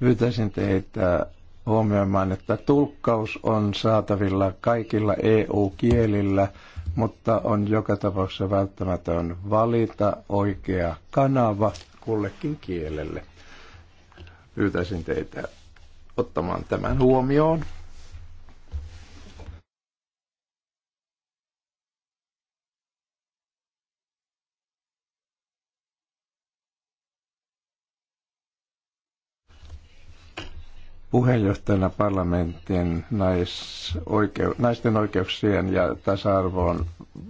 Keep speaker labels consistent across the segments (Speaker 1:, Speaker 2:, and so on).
Speaker 1: Pyytäisin teitä huomioimaan, että tulkkaus on saatavilla kaikilla EU-kielillä, mutta on joka tapauksessa välttämätön valita oikea kanava kullekin kielelle. Pyytäisin teitä ottamaan tämän huomioon. puheenjohtajana parlamentin naisoikeu- naisten oikeuksien ja tasa-arvoon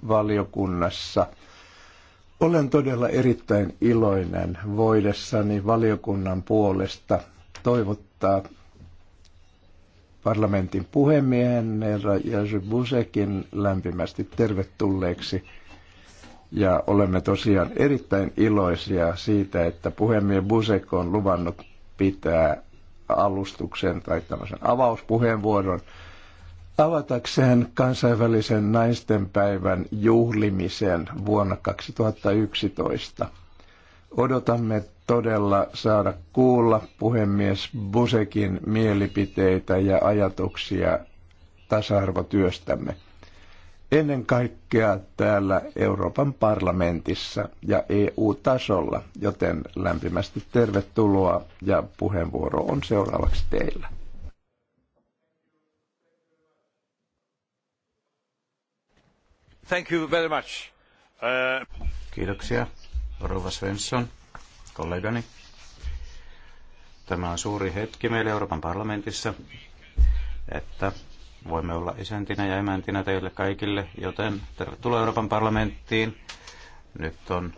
Speaker 1: valiokunnassa. Olen todella erittäin iloinen voidessani valiokunnan puolesta toivottaa parlamentin puhemiehen herra Jerzy Busekin lämpimästi tervetulleeksi. Ja olemme tosiaan erittäin iloisia siitä, että puhemies Busek on luvannut pitää alustuksen tai tämmöisen avauspuheenvuoron avatakseen kansainvälisen naistenpäivän juhlimisen vuonna 2011. Odotamme todella saada kuulla puhemies Busekin mielipiteitä ja ajatuksia tasa-arvotyöstämme ennen kaikkea täällä Euroopan parlamentissa ja EU-tasolla, joten lämpimästi tervetuloa ja puheenvuoro on seuraavaksi teillä.
Speaker 2: Thank you very much. Uh... Kiitoksia, Rova Svensson, kollegani. Tämä on suuri hetki meille Euroopan parlamentissa, että Voimme olla isäntinä ja emäntinä teille kaikille, joten tervetuloa Euroopan parlamenttiin. Nyt on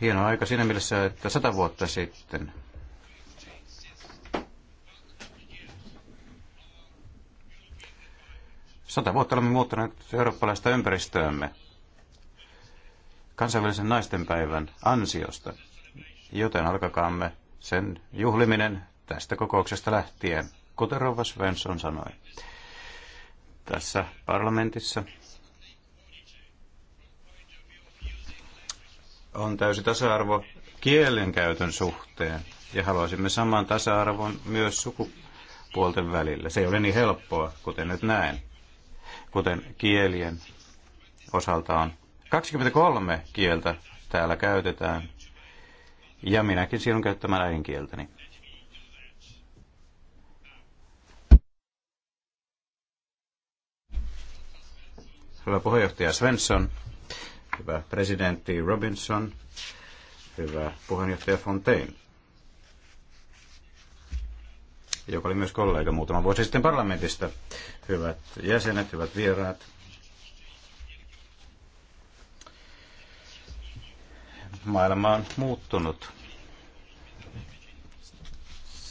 Speaker 2: hieno aika siinä mielessä, että sata vuotta sitten Sata vuotta olemme muuttaneet eurooppalaista ympäristöämme kansainvälisen naistenpäivän ansiosta, joten alkakaamme sen juhliminen tästä kokouksesta lähtien kuten Rova Svensson sanoi. Tässä parlamentissa on täysi tasa-arvo kielenkäytön suhteen ja haluaisimme saman tasa-arvon myös sukupuolten välillä. Se ei ole niin helppoa, kuten nyt näen, kuten kielien osalta on. 23 kieltä täällä käytetään ja minäkin sinun käyttämään äidinkieltäni. hyvä puheenjohtaja Svensson, hyvä presidentti Robinson, hyvä puheenjohtaja Fontaine, joka oli myös kollega muutama vuosi sitten parlamentista. Hyvät jäsenet, hyvät vieraat. Maailma on muuttunut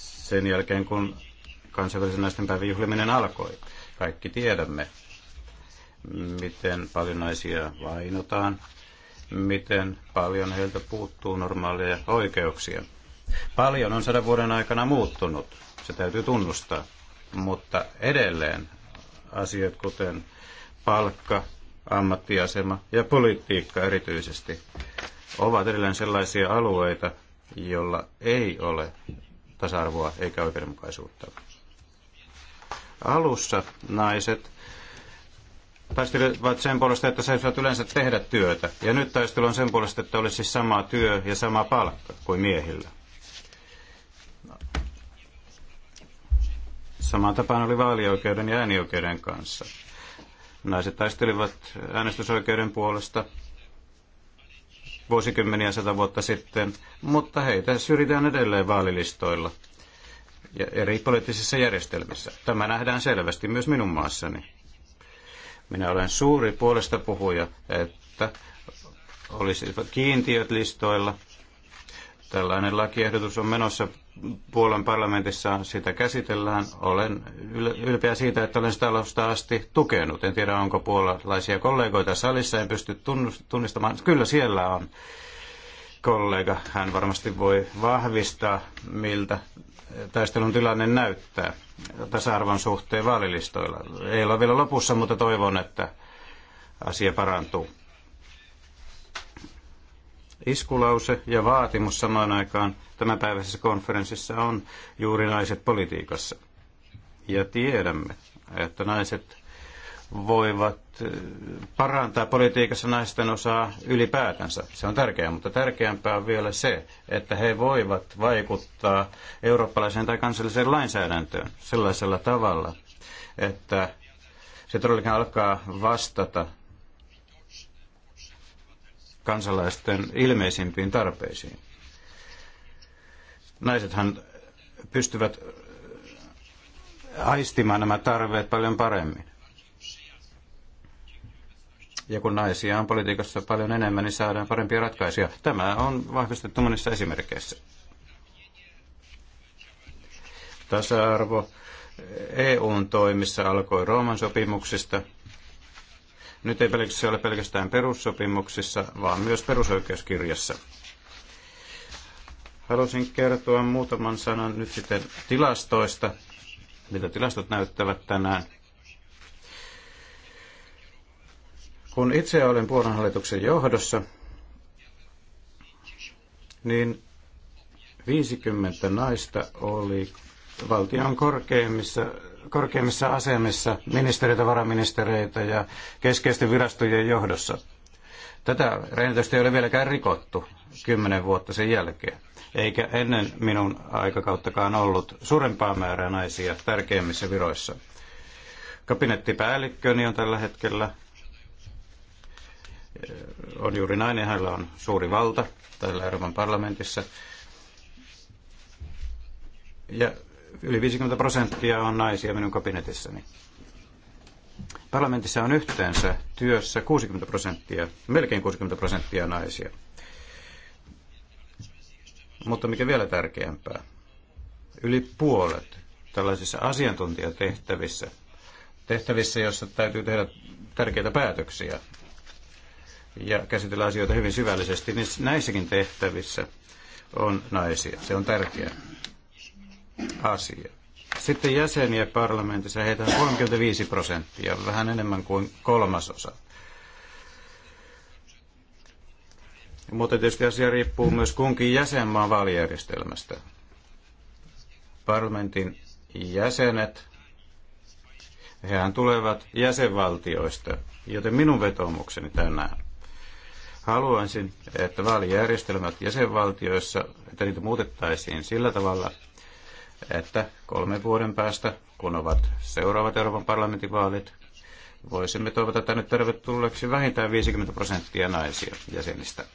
Speaker 2: sen jälkeen, kun kansainvälisen naisten päivän juhliminen alkoi. Kaikki tiedämme, miten paljon naisia vainotaan, miten paljon heiltä puuttuu normaaleja oikeuksia. Paljon on sadan vuoden aikana muuttunut, se täytyy tunnustaa, mutta edelleen asiat kuten palkka, ammattiasema ja politiikka erityisesti ovat edelleen sellaisia alueita, jolla ei ole tasa-arvoa eikä oikeudenmukaisuutta. Alussa naiset taistelivat sen puolesta, että saisivat yleensä tehdä työtä. Ja nyt taistelu on sen puolesta, että olisi siis sama työ ja sama palkka kuin miehillä. Samaan tapaan oli vaalioikeuden ja äänioikeuden kanssa. Naiset taistelivat äänestysoikeuden puolesta vuosikymmeniä sata vuotta sitten, mutta heitä syrjitään edelleen vaalilistoilla ja eri poliittisissa järjestelmissä. Tämä nähdään selvästi myös minun maassani minä olen suuri puolesta puhuja, että olisi kiintiöt listoilla. Tällainen lakiehdotus on menossa Puolan parlamentissa, sitä käsitellään. Olen ylpeä siitä, että olen sitä alusta asti tukenut. En tiedä, onko puolalaisia kollegoita salissa, en pysty tunnistamaan. Kyllä siellä on kollega. Hän varmasti voi vahvistaa, miltä taistelun tilanne näyttää tasa-arvon suhteen vaalilistoilla. Ei ole vielä lopussa, mutta toivon, että asia parantuu. Iskulause ja vaatimus samaan aikaan tämänpäiväisessä konferenssissa on juuri naiset politiikassa. Ja tiedämme, että naiset voivat eh, parantaa politiikassa naisten osaa ylipäätänsä. Se on tärkeää, mutta tärkeämpää on vielä se, että he voivat vaikuttaa eurooppalaiseen tai kansalliseen lainsäädäntöön sellaisella tavalla, että se todellakin alkaa vastata kansalaisten ilmeisimpiin tarpeisiin. Naisethan pystyvät aistimaan nämä tarveet paljon paremmin. Ja kun naisia on politiikassa paljon enemmän, niin saadaan parempia ratkaisuja. Tämä on vahvistettu monissa esimerkkeissä. Tasa-arvo EUn toimissa alkoi Rooman sopimuksista. Nyt ei pelkästään ole pelkästään perussopimuksissa, vaan myös perusoikeuskirjassa. Halusin kertoa muutaman sanan nyt sitten tilastoista, mitä tilastot näyttävät tänään – Kun itse olen Puolan hallituksen johdossa, niin 50 naista oli valtion korkeimmissa, korkeimmissa asemissa ministeriöitä, varaministereitä ja keskeisten virastojen johdossa. Tätä rehellisesti ei ole vieläkään rikottu kymmenen vuotta sen jälkeen, eikä ennen minun aikakauttakaan ollut suurempaa määrää naisia tärkeimmissä viroissa. Kabinettipäällikköni niin on tällä hetkellä on juuri nainen, hänellä on suuri valta täällä Euroopan parlamentissa. Ja yli 50 prosenttia on naisia minun kabinetissani. Parlamentissa on yhteensä työssä 60 prosenttia, melkein 60 prosenttia naisia. Mutta mikä vielä tärkeämpää, yli puolet tällaisissa asiantuntijatehtävissä, tehtävissä, joissa täytyy tehdä tärkeitä päätöksiä, ja käsitellä asioita hyvin syvällisesti, niin näissäkin tehtävissä on naisia. Se on tärkeä asia. Sitten jäseniä parlamentissa heitä on 35 prosenttia, vähän enemmän kuin kolmasosa. Mutta tietysti asia riippuu myös kunkin jäsenmaan vaalijärjestelmästä. Parlamentin jäsenet, hehän tulevat jäsenvaltioista, joten minun vetoomukseni tänään Haluaisin, että vaalijärjestelmät jäsenvaltioissa, että niitä muutettaisiin sillä tavalla, että kolmen vuoden päästä, kun ovat seuraavat Euroopan parlamentin vaalit, voisimme toivota tänne tervetulleeksi vähintään 50 prosenttia naisia jäsenistä.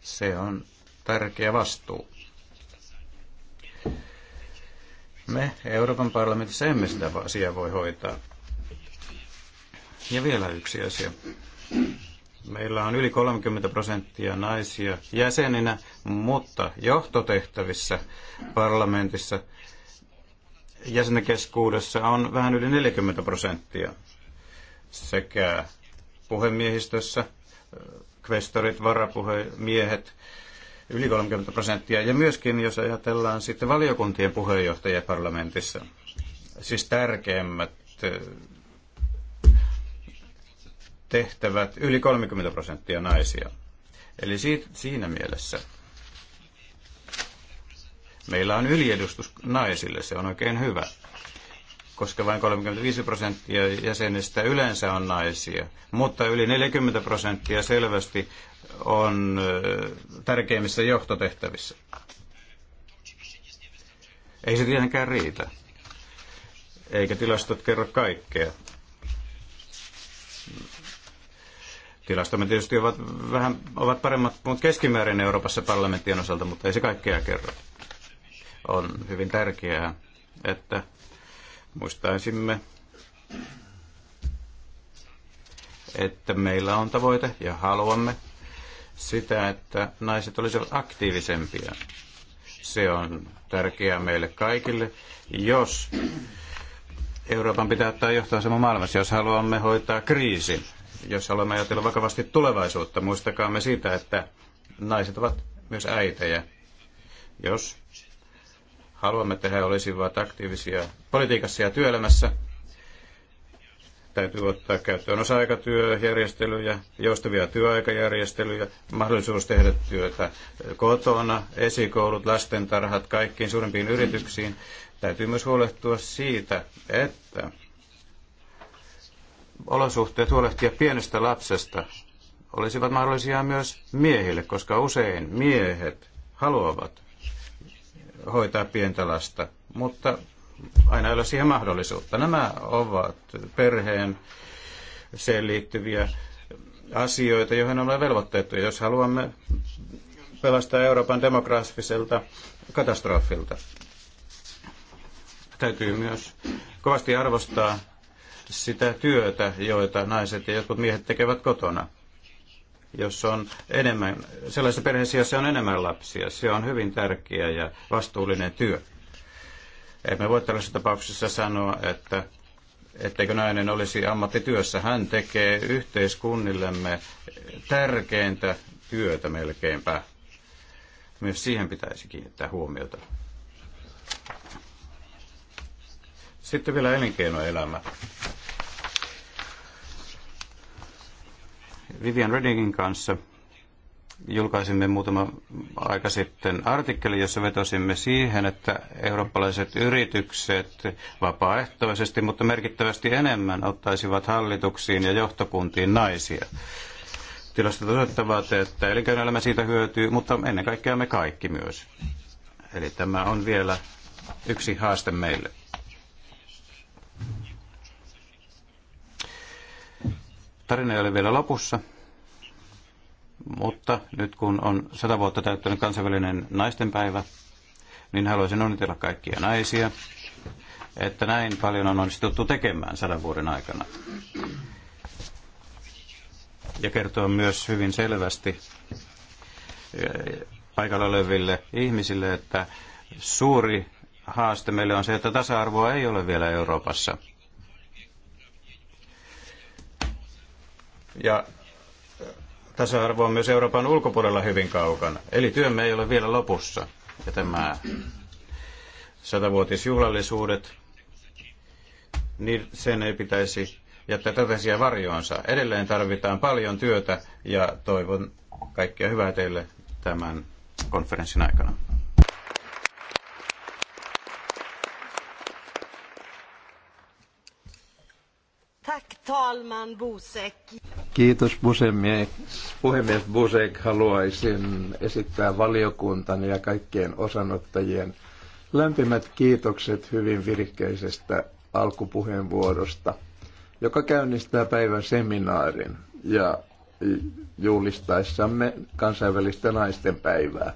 Speaker 2: Se on tärkeä vastuu. Me Euroopan parlamentissa emme sitä asiaa voi hoitaa. Ja vielä yksi asia. Meillä on yli 30 prosenttia naisia jäseninä, mutta johtotehtävissä parlamentissa jäsenkeskuudessa on vähän yli 40 prosenttia sekä puhemiehistössä, kvestorit, varapuhemiehet, yli 30 prosenttia. Ja myöskin, jos ajatellaan sitten valiokuntien puheenjohtajia parlamentissa, siis tärkeimmät tehtävät yli 30 prosenttia naisia. Eli siitä, siinä mielessä meillä on yliedustus naisille, se on oikein hyvä, koska vain 35 prosenttia jäsenistä yleensä on naisia, mutta yli 40 prosenttia selvästi on tärkeimmissä johtotehtävissä. Ei se tietenkään riitä, eikä tilastot kerro kaikkea Tilastomme tietysti ovat, vähän, ovat paremmat kuin keskimäärin Euroopassa parlamenttien osalta, mutta ei se kaikkea kerro. On hyvin tärkeää, että muistaisimme, että meillä on tavoite ja haluamme sitä, että naiset olisivat aktiivisempia. Se on tärkeää meille kaikille, jos Euroopan pitää ottaa johtoasema maailmassa, jos haluamme hoitaa kriisin jos haluamme ajatella vakavasti tulevaisuutta, muistakaamme siitä, että naiset ovat myös äitejä. Jos haluamme, että he olisivat aktiivisia politiikassa ja työelämässä, täytyy ottaa käyttöön osa-aikatyöjärjestelyjä, joustavia työaikajärjestelyjä, mahdollisuus tehdä työtä kotona, esikoulut, lastentarhat, kaikkiin suurempiin yrityksiin. Täytyy myös huolehtua siitä, että olosuhteet huolehtia pienestä lapsesta olisivat mahdollisia myös miehille, koska usein miehet haluavat hoitaa pientä lasta, mutta aina ei ole siihen mahdollisuutta. Nämä ovat perheen sen liittyviä asioita, joihin olemme velvoitettuja, jos haluamme pelastaa Euroopan demografiselta katastrofilta. Täytyy myös kovasti arvostaa sitä työtä, joita naiset ja jotkut miehet tekevät kotona. Jos on enemmän, sellaisessa perheessä, jossa on enemmän lapsia, se on hyvin tärkeä ja vastuullinen työ. Emme voi tällaisessa tapauksessa sanoa, että etteikö nainen olisi ammattityössä. Hän tekee yhteiskunnillemme tärkeintä työtä melkeinpä. Myös siihen pitäisi kiinnittää huomiota. Sitten vielä elinkeinoelämä. Vivian Reddingin kanssa julkaisimme muutama aika sitten artikkeli, jossa vetosimme siihen, että eurooppalaiset yritykset vapaaehtoisesti, mutta merkittävästi enemmän ottaisivat hallituksiin ja johtokuntiin naisia. Tilastot osoittavat, että elinkeinoelämä siitä hyötyy, mutta ennen kaikkea me kaikki myös. Eli tämä on vielä yksi haaste meille. Tarina ei ole vielä lopussa, mutta nyt kun on sata vuotta täyttänyt kansainvälinen naistenpäivä, niin haluaisin onnitella kaikkia naisia, että näin paljon on onnistuttu tekemään sadan vuoden aikana. Ja kertoa myös hyvin selvästi eh, paikalla oleville ihmisille, että suuri haaste meille on se, että tasa-arvoa ei ole vielä Euroopassa – Ja äh, tasa-arvo on myös Euroopan ulkopuolella hyvin kaukana. Eli työmme ei ole vielä lopussa. Ja tämä satavuotisjuhlallisuudet, niin sen ei pitäisi jättää tätä siellä varjoonsa. Edelleen tarvitaan paljon työtä ja toivon kaikkea hyvää teille tämän konferenssin aikana.
Speaker 3: talman Busek.
Speaker 1: Kiitos puhemies. Puhemies Busek haluaisin esittää valiokuntan ja kaikkien osanottajien lämpimät kiitokset hyvin virkkeisestä alkupuheenvuorosta, joka käynnistää päivän seminaarin ja julistaessamme kansainvälistä naistenpäivää.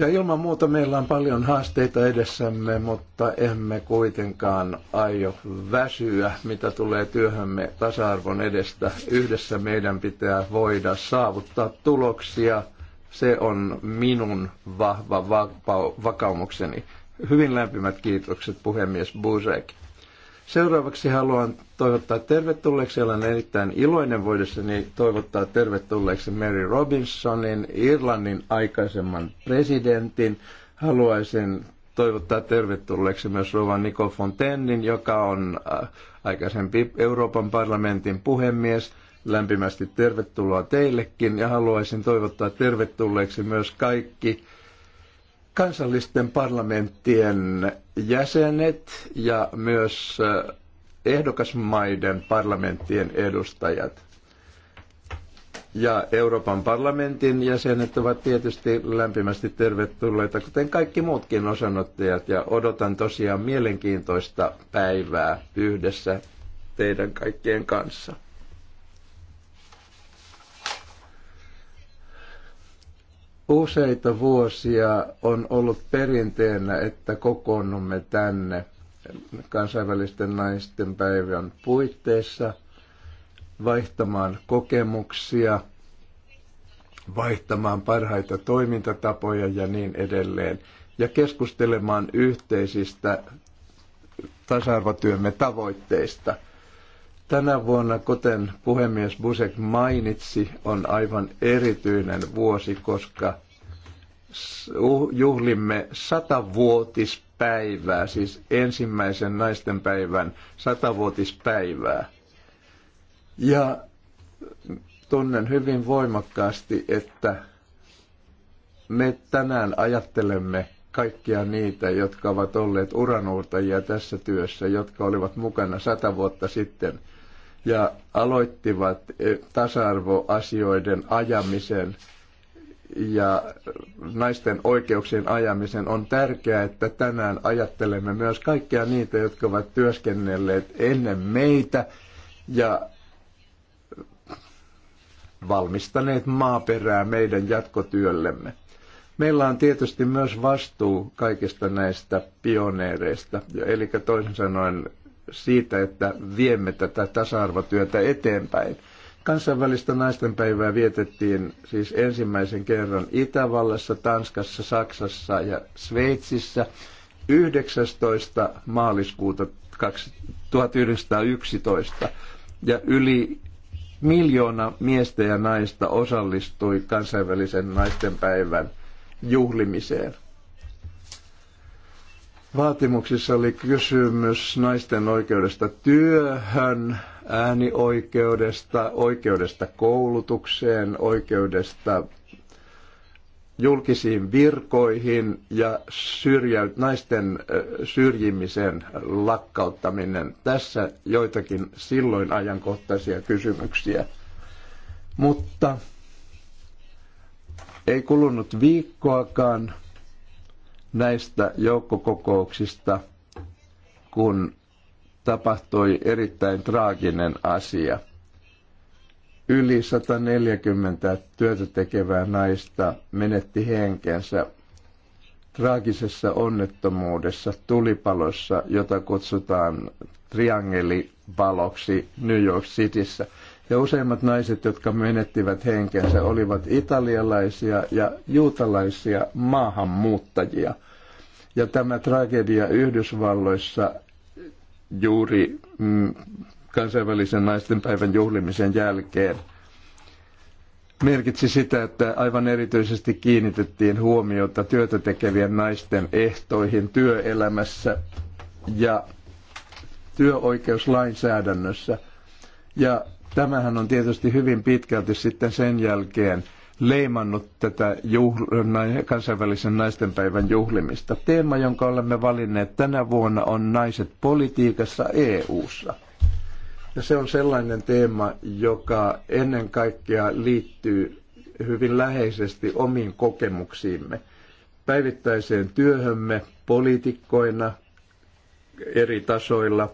Speaker 1: Ja ilman muuta meillä on paljon haasteita edessämme, mutta emme kuitenkaan aio väsyä, mitä tulee työhömme tasa-arvon edestä. Yhdessä meidän pitää voida saavuttaa tuloksia. Se on minun vahva vakaumukseni. Hyvin lämpimät kiitokset puhemies Buzek. Seuraavaksi haluan toivottaa tervetulleeksi. Olen erittäin iloinen voidessani toivottaa tervetulleeksi Mary Robinsonin, Irlannin aikaisemman presidentin. Haluaisin toivottaa tervetulleeksi myös Rova Nico Fontennin, joka on äh, aikaisempi Euroopan parlamentin puhemies. Lämpimästi tervetuloa teillekin ja haluaisin toivottaa tervetulleeksi myös kaikki kansallisten parlamenttien jäsenet ja myös äh, ehdokasmaiden parlamenttien edustajat. Ja Euroopan parlamentin jäsenet ovat tietysti lämpimästi tervetulleita, kuten kaikki muutkin osanottajat, ja odotan tosiaan mielenkiintoista päivää yhdessä teidän kaikkien kanssa. Useita vuosia on ollut perinteenä, että kokoonnumme tänne – kansainvälisten naisten päivän puitteissa vaihtamaan kokemuksia, vaihtamaan parhaita toimintatapoja ja niin edelleen, ja keskustelemaan yhteisistä tasa-arvotyömme tavoitteista. Tänä vuonna, kuten puhemies Busek mainitsi, on aivan erityinen vuosi, koska juhlimme satavuotis päivää, siis ensimmäisen naisten päivän satavuotispäivää. Ja tunnen hyvin voimakkaasti, että me tänään ajattelemme kaikkia niitä, jotka ovat olleet uranuurtajia tässä työssä, jotka olivat mukana sata vuotta sitten ja aloittivat eh, tasa-arvoasioiden ajamisen – ja naisten oikeuksien ajamisen on tärkeää, että tänään ajattelemme myös kaikkia niitä, jotka ovat työskennelleet ennen meitä ja valmistaneet maaperää meidän jatkotyöllemme. Meillä on tietysti myös vastuu kaikista näistä pioneereista, eli toisin sanoen siitä, että viemme tätä tasa-arvotyötä eteenpäin – Kansainvälistä naistenpäivää vietettiin siis ensimmäisen kerran Itävallassa, Tanskassa, Saksassa ja Sveitsissä 19. maaliskuuta 1911 ja yli miljoona miestä ja naista osallistui kansainvälisen naistenpäivän juhlimiseen. Vaatimuksissa oli kysymys naisten oikeudesta työhön, äänioikeudesta, oikeudesta koulutukseen, oikeudesta julkisiin virkoihin ja syrjäyt, naisten syrjimisen lakkauttaminen. Tässä joitakin silloin ajankohtaisia kysymyksiä. Mutta ei kulunut viikkoakaan näistä joukkokokouksista, kun tapahtui erittäin traaginen asia. Yli 140 työtä tekevää naista menetti henkensä traagisessa onnettomuudessa tulipalossa, jota kutsutaan triangelivaloksi New York Cityssä. Ja useimmat naiset, jotka menettivät henkensä, olivat italialaisia ja juutalaisia maahanmuuttajia. Ja tämä tragedia Yhdysvalloissa juuri mm, kansainvälisen naistenpäivän juhlimisen jälkeen merkitsi sitä, että aivan erityisesti kiinnitettiin huomiota työtä tekevien naisten ehtoihin työelämässä ja työoikeuslainsäädännössä. Ja tämähän on tietysti hyvin pitkälti sitten sen jälkeen – leimannut tätä juhl- kansainvälisen naistenpäivän juhlimista. Teema, jonka olemme valinneet tänä vuonna, on naiset politiikassa EU:ssa. Ja se on sellainen teema, joka ennen kaikkea liittyy hyvin läheisesti omiin kokemuksiimme, päivittäiseen työhömme poliitikkoina eri tasoilla,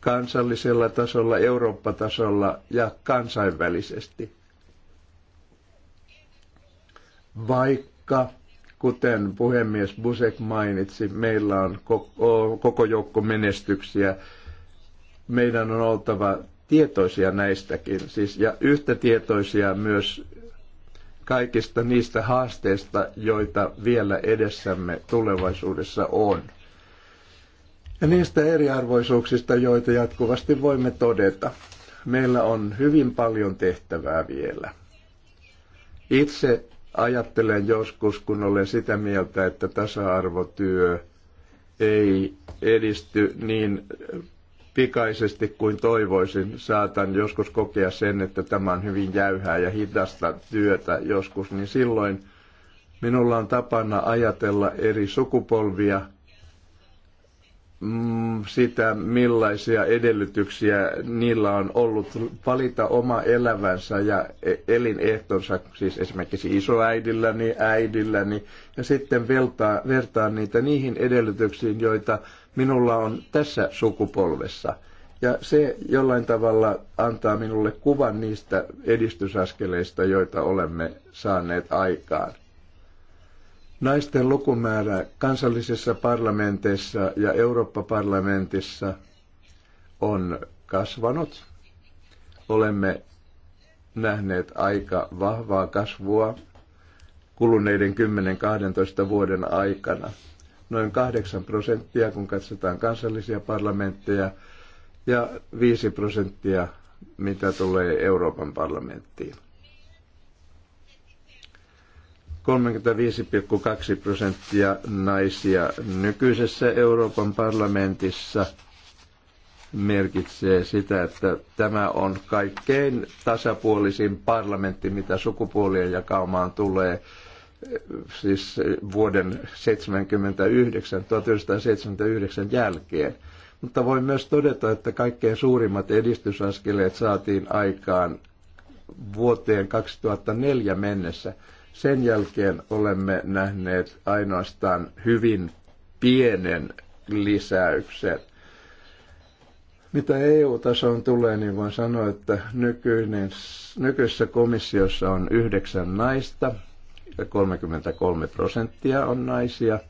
Speaker 1: kansallisella tasolla, Eurooppa-tasolla ja kansainvälisesti – vaikka kuten puhemies Busek mainitsi, meillä on koko joukko menestyksiä. Meidän on oltava tietoisia näistäkin, siis, ja yhtä tietoisia myös kaikista niistä haasteista, joita vielä edessämme tulevaisuudessa on. Ja niistä eriarvoisuuksista, joita jatkuvasti voimme todeta. Meillä on hyvin paljon tehtävää vielä. Itse ajattelen joskus, kun olen sitä mieltä, että tasa-arvotyö ei edisty niin pikaisesti kuin toivoisin. Saatan joskus kokea sen, että tämä on hyvin jäyhää ja hidasta työtä joskus, niin silloin minulla on tapana ajatella eri sukupolvia – Mm, sitä, millaisia edellytyksiä niillä on ollut valita oma elävänsä ja e- elinehtonsa, siis esimerkiksi isoäidilläni, äidilläni, ja sitten veltaa, vertaan niitä niihin edellytyksiin, joita minulla on tässä sukupolvessa. Ja se jollain tavalla antaa minulle kuvan niistä edistysaskeleista, joita olemme saaneet aikaan. Naisten lukumäärä kansallisissa parlamenteissa ja Eurooppa-parlamentissa on kasvanut. Olemme nähneet aika vahvaa kasvua kuluneiden 10-12 vuoden aikana. Noin 8 prosenttia, kun katsotaan kansallisia parlamentteja, ja 5 prosenttia, mitä tulee Euroopan parlamenttiin. 35,2 prosenttia naisia nykyisessä Euroopan parlamentissa merkitsee sitä, että tämä on kaikkein tasapuolisin parlamentti, mitä sukupuolien jakaumaan tulee. Siis vuoden 79, 1979 jälkeen. Mutta voi myös todeta, että kaikkein suurimmat edistysaskeleet saatiin aikaan vuoteen 2004 mennessä – sen jälkeen olemme nähneet ainoastaan hyvin pienen lisäyksen. Mitä EU-tasoon tulee, niin voin sanoa, että nykyinen, nykyisessä komissiossa on yhdeksän naista ja 33 prosenttia on naisia.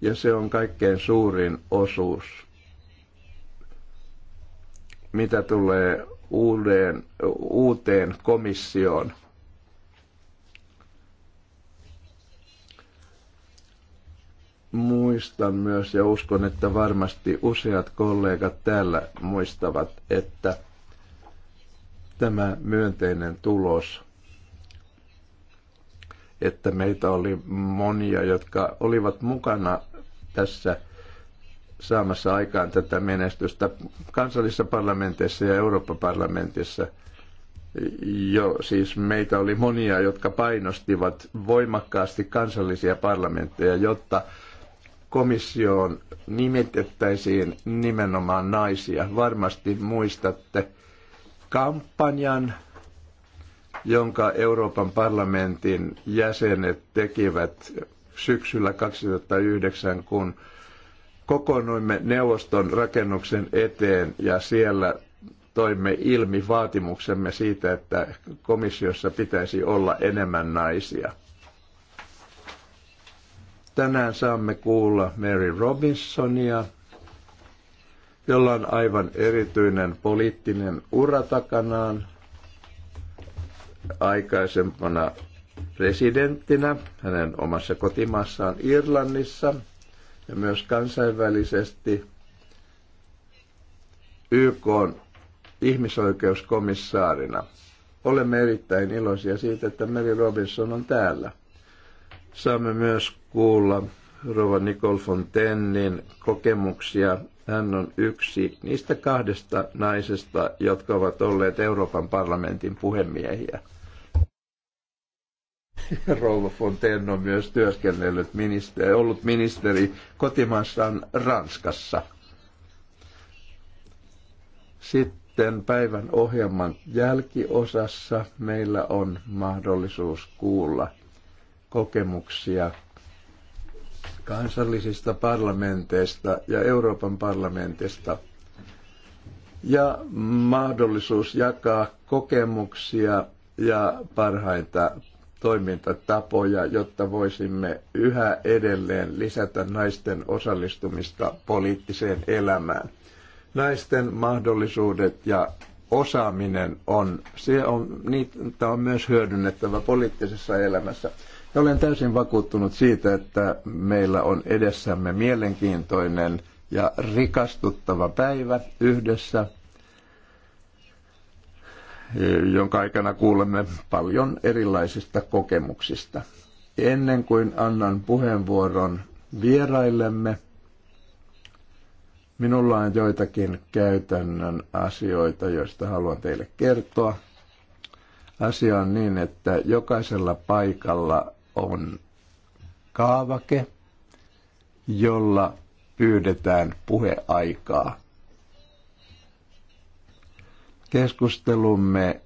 Speaker 1: Ja se on kaikkein suurin osuus, mitä tulee uuteen, uuteen komissioon – muistan myös ja uskon, että varmasti useat kollegat täällä muistavat, että tämä myönteinen tulos, että meitä oli monia, jotka olivat mukana tässä saamassa aikaan tätä menestystä kansallisissa parlamenteissa ja Euroopan parlamentissa. Jo, siis meitä oli monia, jotka painostivat voimakkaasti kansallisia parlamentteja, jotta komissioon nimitettäisiin nimenomaan naisia. Varmasti muistatte kampanjan, jonka Euroopan parlamentin jäsenet tekivät syksyllä 2009, kun kokoonnuimme neuvoston rakennuksen eteen ja siellä toimme ilmi vaatimuksemme siitä, että komissiossa pitäisi olla enemmän naisia. Tänään saamme kuulla Mary Robinsonia, jolla on aivan erityinen poliittinen ura takanaan aikaisempana presidenttinä hänen omassa kotimaassaan Irlannissa ja myös kansainvälisesti YK ihmisoikeuskomissaarina. Olemme erittäin iloisia siitä, että Mary Robinson on täällä. Saamme myös kuulla Rova Nicole Fontennin kokemuksia. Hän on yksi niistä kahdesta naisesta, jotka ovat olleet Euroopan parlamentin puhemiehiä. Rouva Fontaine on myös työskennellyt ministeri, ollut ministeri kotimaassaan Ranskassa. Sitten päivän ohjelman jälkiosassa meillä on mahdollisuus kuulla kokemuksia kansallisista parlamenteista ja Euroopan parlamentista ja mahdollisuus jakaa kokemuksia ja parhaita toimintatapoja, jotta voisimme yhä edelleen lisätä naisten osallistumista poliittiseen elämään. Naisten mahdollisuudet ja osaaminen on, se on, niitä on myös hyödynnettävä poliittisessa elämässä. Ja olen täysin vakuuttunut siitä, että meillä on edessämme mielenkiintoinen ja rikastuttava päivä yhdessä, jonka aikana kuulemme paljon erilaisista kokemuksista. Ennen kuin annan puheenvuoron vieraillemme, minulla on joitakin käytännön asioita, joista haluan teille kertoa asia on niin, että jokaisella paikalla on kaavake, jolla pyydetään puheaikaa. Keskustelumme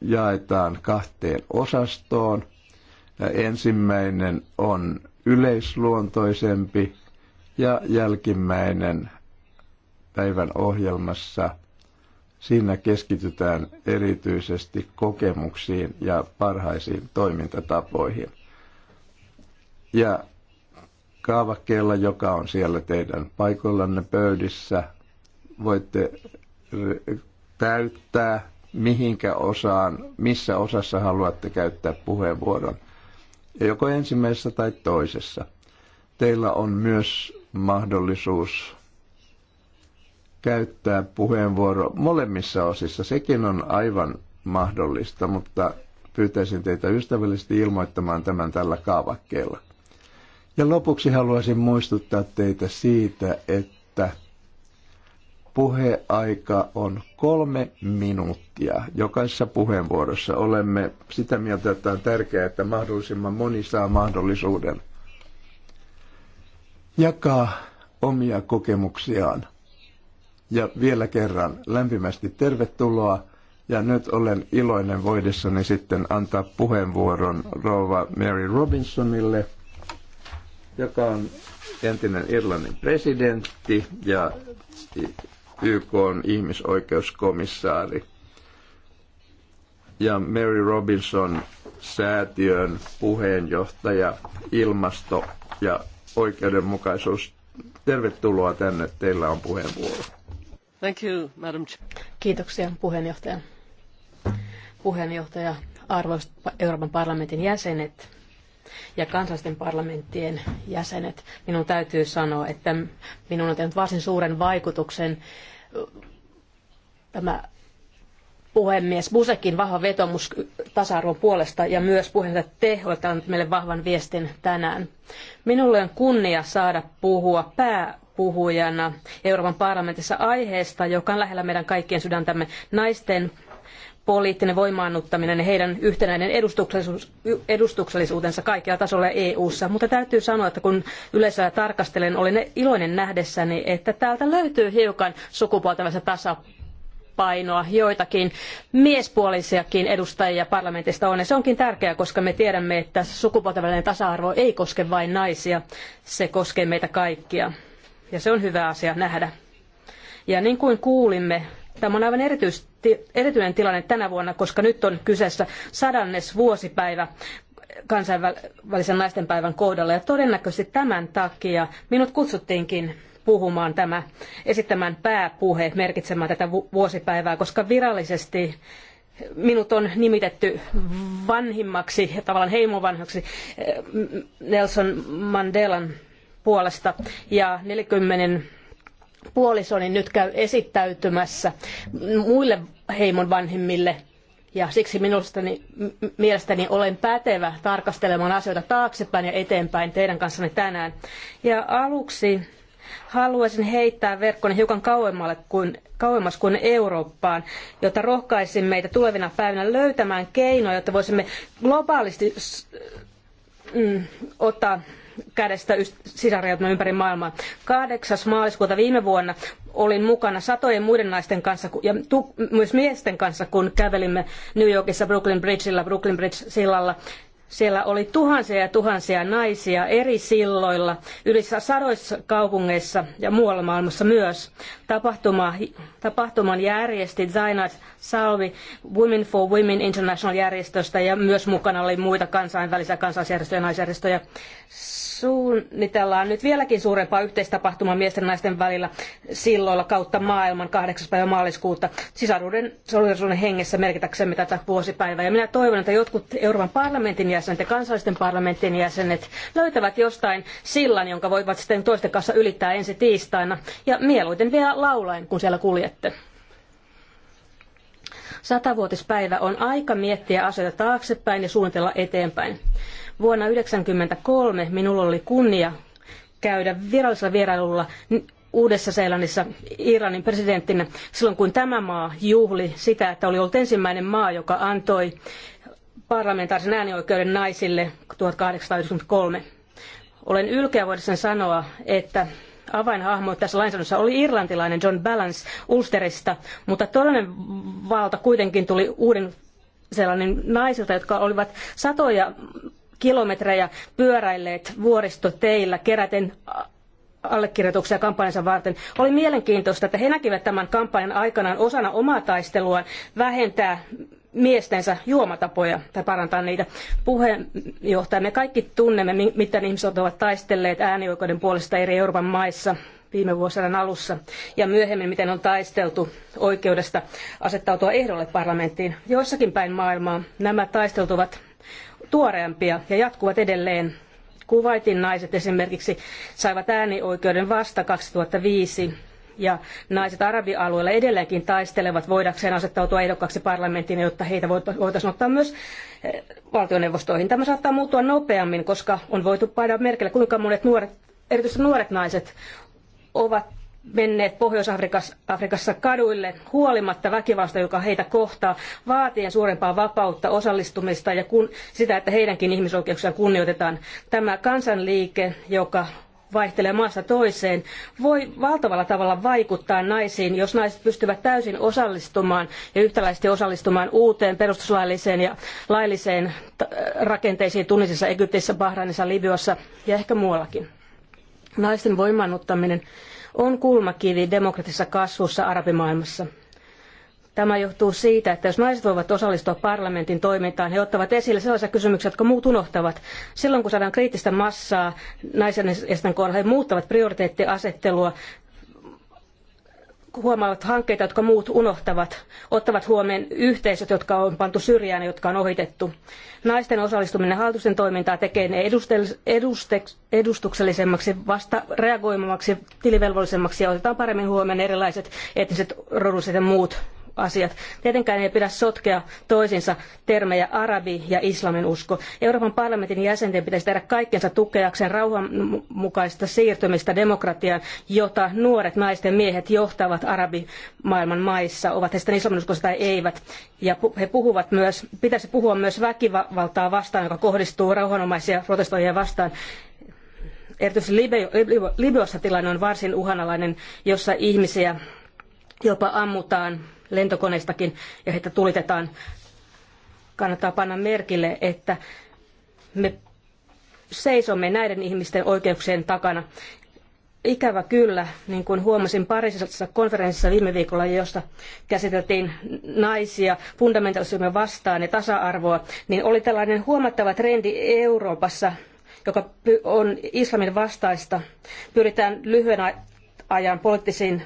Speaker 1: jaetaan kahteen osastoon. Ensimmäinen on yleisluontoisempi ja jälkimmäinen päivän ohjelmassa siinä keskitytään erityisesti kokemuksiin ja parhaisiin toimintatapoihin. Ja kaavakkeella, joka on siellä teidän paikoillanne pöydissä, voitte eh, täyttää, mihinkä osaan, missä osassa haluatte käyttää puheenvuoron. joko ensimmäisessä tai toisessa. Teillä on myös mahdollisuus käyttää puheenvuoro molemmissa osissa. Sekin on aivan mahdollista, mutta pyytäisin teitä ystävällisesti ilmoittamaan tämän tällä kaavakkeella. Ja lopuksi haluaisin muistuttaa teitä siitä, että puheaika on kolme minuuttia. Jokaisessa puheenvuorossa olemme sitä mieltä, että on tärkeää, että mahdollisimman moni saa mahdollisuuden jakaa omia kokemuksiaan. Ja vielä kerran lämpimästi tervetuloa. Ja nyt olen iloinen voidessani sitten antaa puheenvuoron rova Mary Robinsonille – joka on entinen Irlannin presidentti ja YK on ihmisoikeuskomissaari. Ja Mary Robinson säätiön puheenjohtaja ilmasto ja oikeudenmukaisuus. Tervetuloa tänne, teillä on puheenvuoro.
Speaker 3: Thank you, Madam Kiitoksia puheenjohtaja. Puheenjohtaja, arvoisat Euroopan parlamentin jäsenet, ja kansallisten parlamenttien jäsenet. Minun täytyy sanoa, että minun on tehnyt varsin suuren vaikutuksen tämä puhemies Busekin vahva vetomus tasa-arvon puolesta ja myös puheenjohtaja te olette antaneet meille vahvan viestin tänään. Minulle on kunnia saada puhua pääpuhujana Euroopan parlamentissa aiheesta, joka on lähellä meidän kaikkien sydäntämme naisten poliittinen voimaannuttaminen ja heidän yhtenäinen edustuksellisuus, edustuksellisuutensa kaikilla tasolla EU-ssa. Mutta täytyy sanoa, että kun yleisöä tarkastelen, olen iloinen nähdessäni, että täältä löytyy hiukan sukupuolta tasapainoa joitakin miespuolisiakin edustajia parlamentista on. Ja se onkin tärkeää, koska me tiedämme, että sukupuolten välinen tasa-arvo ei koske vain naisia, se koskee meitä kaikkia. Ja se on hyvä asia nähdä. Ja niin kuin kuulimme, Tämä on aivan erityinen tilanne tänä vuonna, koska nyt on kyseessä sadannes vuosipäivä kansainvälisen naistenpäivän kohdalla. Ja todennäköisesti tämän takia minut kutsuttiinkin puhumaan tämä, esittämään pääpuhe merkitsemään tätä vuosipäivää, koska virallisesti minut on nimitetty vanhimmaksi, tavallaan heimovanhaksi eh, Nelson Mandelan puolesta ja 40 puolisoni nyt käy esittäytymässä muille heimon vanhemmille ja siksi minustani, mielestäni olen pätevä tarkastelemaan asioita taaksepäin ja eteenpäin teidän kanssanne tänään. Ja aluksi haluaisin heittää verkkoni hiukan kauemmalle kuin, kauemmas kuin Eurooppaan, jotta rohkaisin meitä tulevina päivinä löytämään keinoja, jotta voisimme globaalisti mm, ottaa kädestä sisarjoutuna ympäri maailmaa. 8. maaliskuuta viime vuonna olin mukana satojen muiden naisten kanssa ja myös miesten kanssa, kun kävelimme New Yorkissa Brooklyn Bridgeillä, Brooklyn Bridge-sillalla. Siellä oli tuhansia ja tuhansia naisia eri silloilla, yli sadoissa kaupungeissa ja muualla maailmassa myös. Tapahtuma, tapahtuman järjesti Zainat Salvi Women for Women International järjestöstä ja myös mukana oli muita kansainvälisiä kansalaisjärjestöjä ja naisjärjestöjä suunnitellaan nyt vieläkin suurempaa yhteistapahtumaa miesten ja naisten välillä silloilla kautta maailman 8. päivä maaliskuuta sisaruuden solidarisuuden hengessä merkitäksemme tätä vuosipäivää. Ja minä toivon, että jotkut Euroopan parlamentin jäsenet ja kansallisten parlamentin jäsenet löytävät jostain sillan, jonka voivat sitten toisten kanssa ylittää ensi tiistaina. Ja mieluiten vielä laulaen, kun siellä kuljette. Satavuotispäivä on aika miettiä asioita taaksepäin ja suunnitella eteenpäin. Vuonna 1993 minulla oli kunnia käydä virallisella vierailulla Uudessa-Seelannissa Iranin presidenttinä silloin, kun tämä maa juhli sitä, että oli ollut ensimmäinen maa, joka antoi parlamentaarisen äänioikeuden naisille 1893. Olen ylkeä voidessaan sanoa, että avainhahmo tässä lainsäädännössä oli irlantilainen John Balance Ulsterista, mutta todellinen valta kuitenkin tuli uuden sellainen naisilta, jotka olivat satoja kilometrejä pyöräilleet vuoristoteillä keräten allekirjoituksia kampanjansa varten. Oli mielenkiintoista, että he näkivät tämän kampanjan aikanaan osana omaa taisteluaan vähentää miestensä juomatapoja tai parantaa niitä. Puheenjohtaja, me kaikki tunnemme, miten ihmiset ovat taistelleet äänioikeuden puolesta eri Euroopan maissa viime vuosien alussa ja myöhemmin, miten on taisteltu oikeudesta asettautua ehdolle parlamenttiin. Joissakin päin maailmaa nämä taistelut ovat tuoreempia ja jatkuvat edelleen. Kuvaitin naiset esimerkiksi saivat äänioikeuden vasta 2005 ja naiset arabialueella edelleenkin taistelevat voidakseen asettautua ehdokkaaksi parlamenttiin, jotta heitä voitaisiin ottaa myös eh, valtioneuvostoihin. Tämä saattaa muuttua nopeammin, koska on voitu painaa merkille, kuinka monet nuoret, erityisesti nuoret naiset, ovat menneet Pohjois-Afrikassa kaduille huolimatta väkivallasta, joka heitä kohtaa, vaatien suurempaa vapautta, osallistumista ja kun, sitä, että heidänkin ihmisoikeuksiaan kunnioitetaan. Tämä kansanliike, joka vaihtelee maasta toiseen, voi valtavalla tavalla vaikuttaa naisiin, jos naiset pystyvät täysin osallistumaan ja yhtäläisesti osallistumaan uuteen perustuslailliseen ja lailliseen äh, rakenteisiin Tunisissa, Egyptissä, Bahrainissa, Libyassa ja ehkä muuallakin. Naisten voimannuttaminen on kulmakivi demokratisessa kasvussa arabimaailmassa. Tämä johtuu siitä, että jos naiset voivat osallistua parlamentin toimintaan, he ottavat esille sellaisia kysymyksiä, jotka muut unohtavat. Silloin kun saadaan kriittistä massaa naisen kohdalla, he muuttavat prioriteettiasettelua huomaavat hankkeita, jotka muut unohtavat, ottavat huomioon yhteisöt, jotka on pantu syrjään ja jotka on ohitettu. Naisten osallistuminen hallitusten toimintaan tekee ne edustuksellisemmaksi, vasta reagoimamaksi, tilivelvollisemmaksi ja otetaan paremmin huomioon erilaiset etniset, rodulliset ja muut asiat. Tietenkään ei pidä sotkea toisinsa termejä arabi ja islamin usko. Euroopan parlamentin jäsenten pitäisi tehdä kaikkensa tukeakseen rauhanmukaista siirtymistä demokratiaan, jota nuoret naiset ja miehet johtavat arabimaailman maissa, ovat he sitten islaminuskoisia tai eivät. Ja he puhuvat myös, pitäisi puhua myös väkivaltaa vastaan, joka kohdistuu rauhanomaisia protestoijia vastaan erityisesti Libyassa tilanne on varsin uhanalainen, jossa ihmisiä jopa ammutaan lentokoneistakin ja heitä tulitetaan. Kannattaa panna merkille, että me seisomme näiden ihmisten oikeuksien takana. Ikävä kyllä, niin kuin huomasin Pariisissa konferenssissa viime viikolla, jossa käsiteltiin naisia fundamentalismia vastaan ja tasa-arvoa, niin oli tällainen huomattava trendi Euroopassa, joka on islamin vastaista. Pyritään lyhyen ajan poliittisiin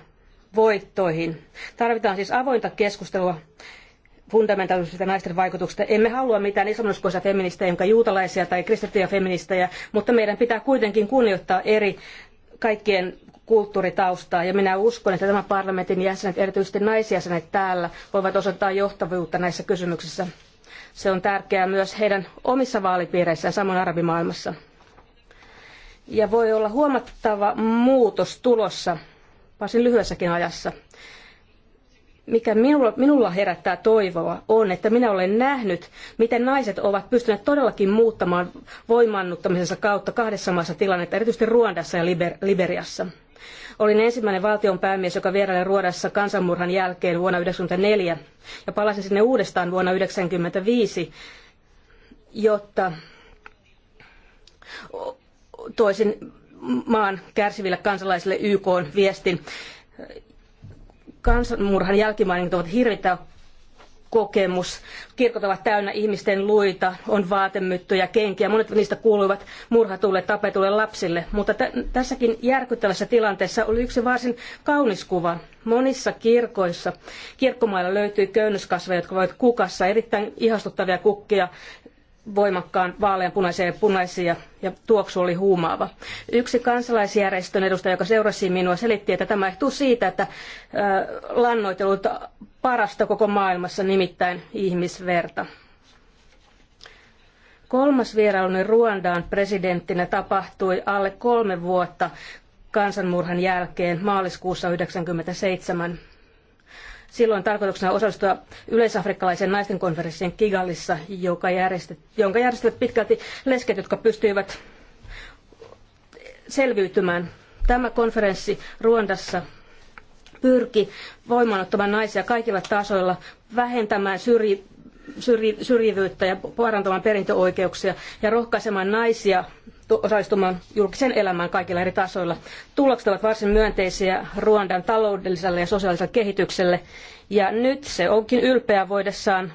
Speaker 3: voittoihin. Tarvitaan siis avointa keskustelua fundamentaalisista naisten vaikutuksista. Emme halua mitään islamuskoisia feministejä, jonka juutalaisia tai kristittyjä feministejä, mutta meidän pitää kuitenkin kunnioittaa eri kaikkien kulttuuritaustaa. Ja minä uskon, että tämän parlamentin jäsenet, erityisesti naisjäsenet täällä, voivat osoittaa johtavuutta näissä kysymyksissä. Se on tärkeää myös heidän omissa vaalipiireissään, samoin arabimaailmassa. Ja voi olla huomattava muutos tulossa varsin lyhyessäkin ajassa. Mikä minulla, minulla herättää toivoa on, että minä olen nähnyt, miten naiset ovat pystyneet todellakin muuttamaan voimannuttamisensa kautta kahdessa maassa tilannetta, erityisesti Ruandassa ja Liber- Liberiassa. Olin ensimmäinen valtion päämies, joka vieraili Ruodassa kansanmurhan jälkeen vuonna 1994 ja palasin sinne uudestaan vuonna 1995, jotta toisin maan kärsiville kansalaisille YK viestin. Kansanmurhan jälkimainingit ovat hirvittävä kokemus. Kirkot ovat täynnä ihmisten luita, on vaatemyttyjä, kenkiä. Monet niistä kuuluivat murhatuille, tapetuille lapsille. Mutta tässäkin järkyttävässä tilanteessa oli yksi varsin kaunis kuva. Monissa kirkoissa kirkkomailla löytyi köynnöskasveja, jotka voivat kukassa, erittäin ihastuttavia kukkia, voimakkaan vaaleanpunaisia ja punaisia ja tuoksu oli huumaava. Yksi kansalaisjärjestön edustaja, joka seurasi minua, selitti, että tämä johtuu siitä, että lannoitelu on parasta koko maailmassa, nimittäin ihmisverta. Kolmas vierailuni Ruandaan presidenttinä tapahtui alle kolme vuotta kansanmurhan jälkeen maaliskuussa 1997. Silloin tarkoituksena osallistua yleisafrikkalaisen naisten konferenssiin Kigalissa, joka järjestet, jonka järjestivät pitkälti lesket, jotka pystyivät selviytymään. Tämä konferenssi Ruondassa pyrki voimanottamaan naisia kaikilla tasoilla, vähentämään syrji, syrji, syrjivyyttä ja parantamaan perintöoikeuksia ja rohkaisemaan naisia osallistumaan julkiseen elämään kaikilla eri tasoilla. Tulokset ovat varsin myönteisiä Ruandan taloudelliselle ja sosiaaliselle kehitykselle ja nyt se onkin ylpeä voidessaan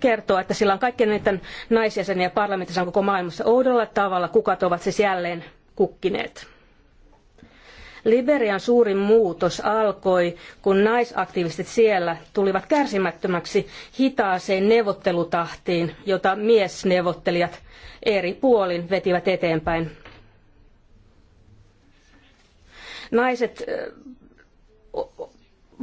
Speaker 3: kertoa, että sillä on kaikkien niiden naisjäseniä parlamentissa on koko maailmassa oudolla tavalla, kukat ovat siis jälleen kukkineet. Liberian suurin muutos alkoi, kun naisaktivistit siellä tulivat kärsimättömäksi hitaaseen neuvottelutahtiin, jota miesneuvottelijat eri puolin vetivät eteenpäin. Naiset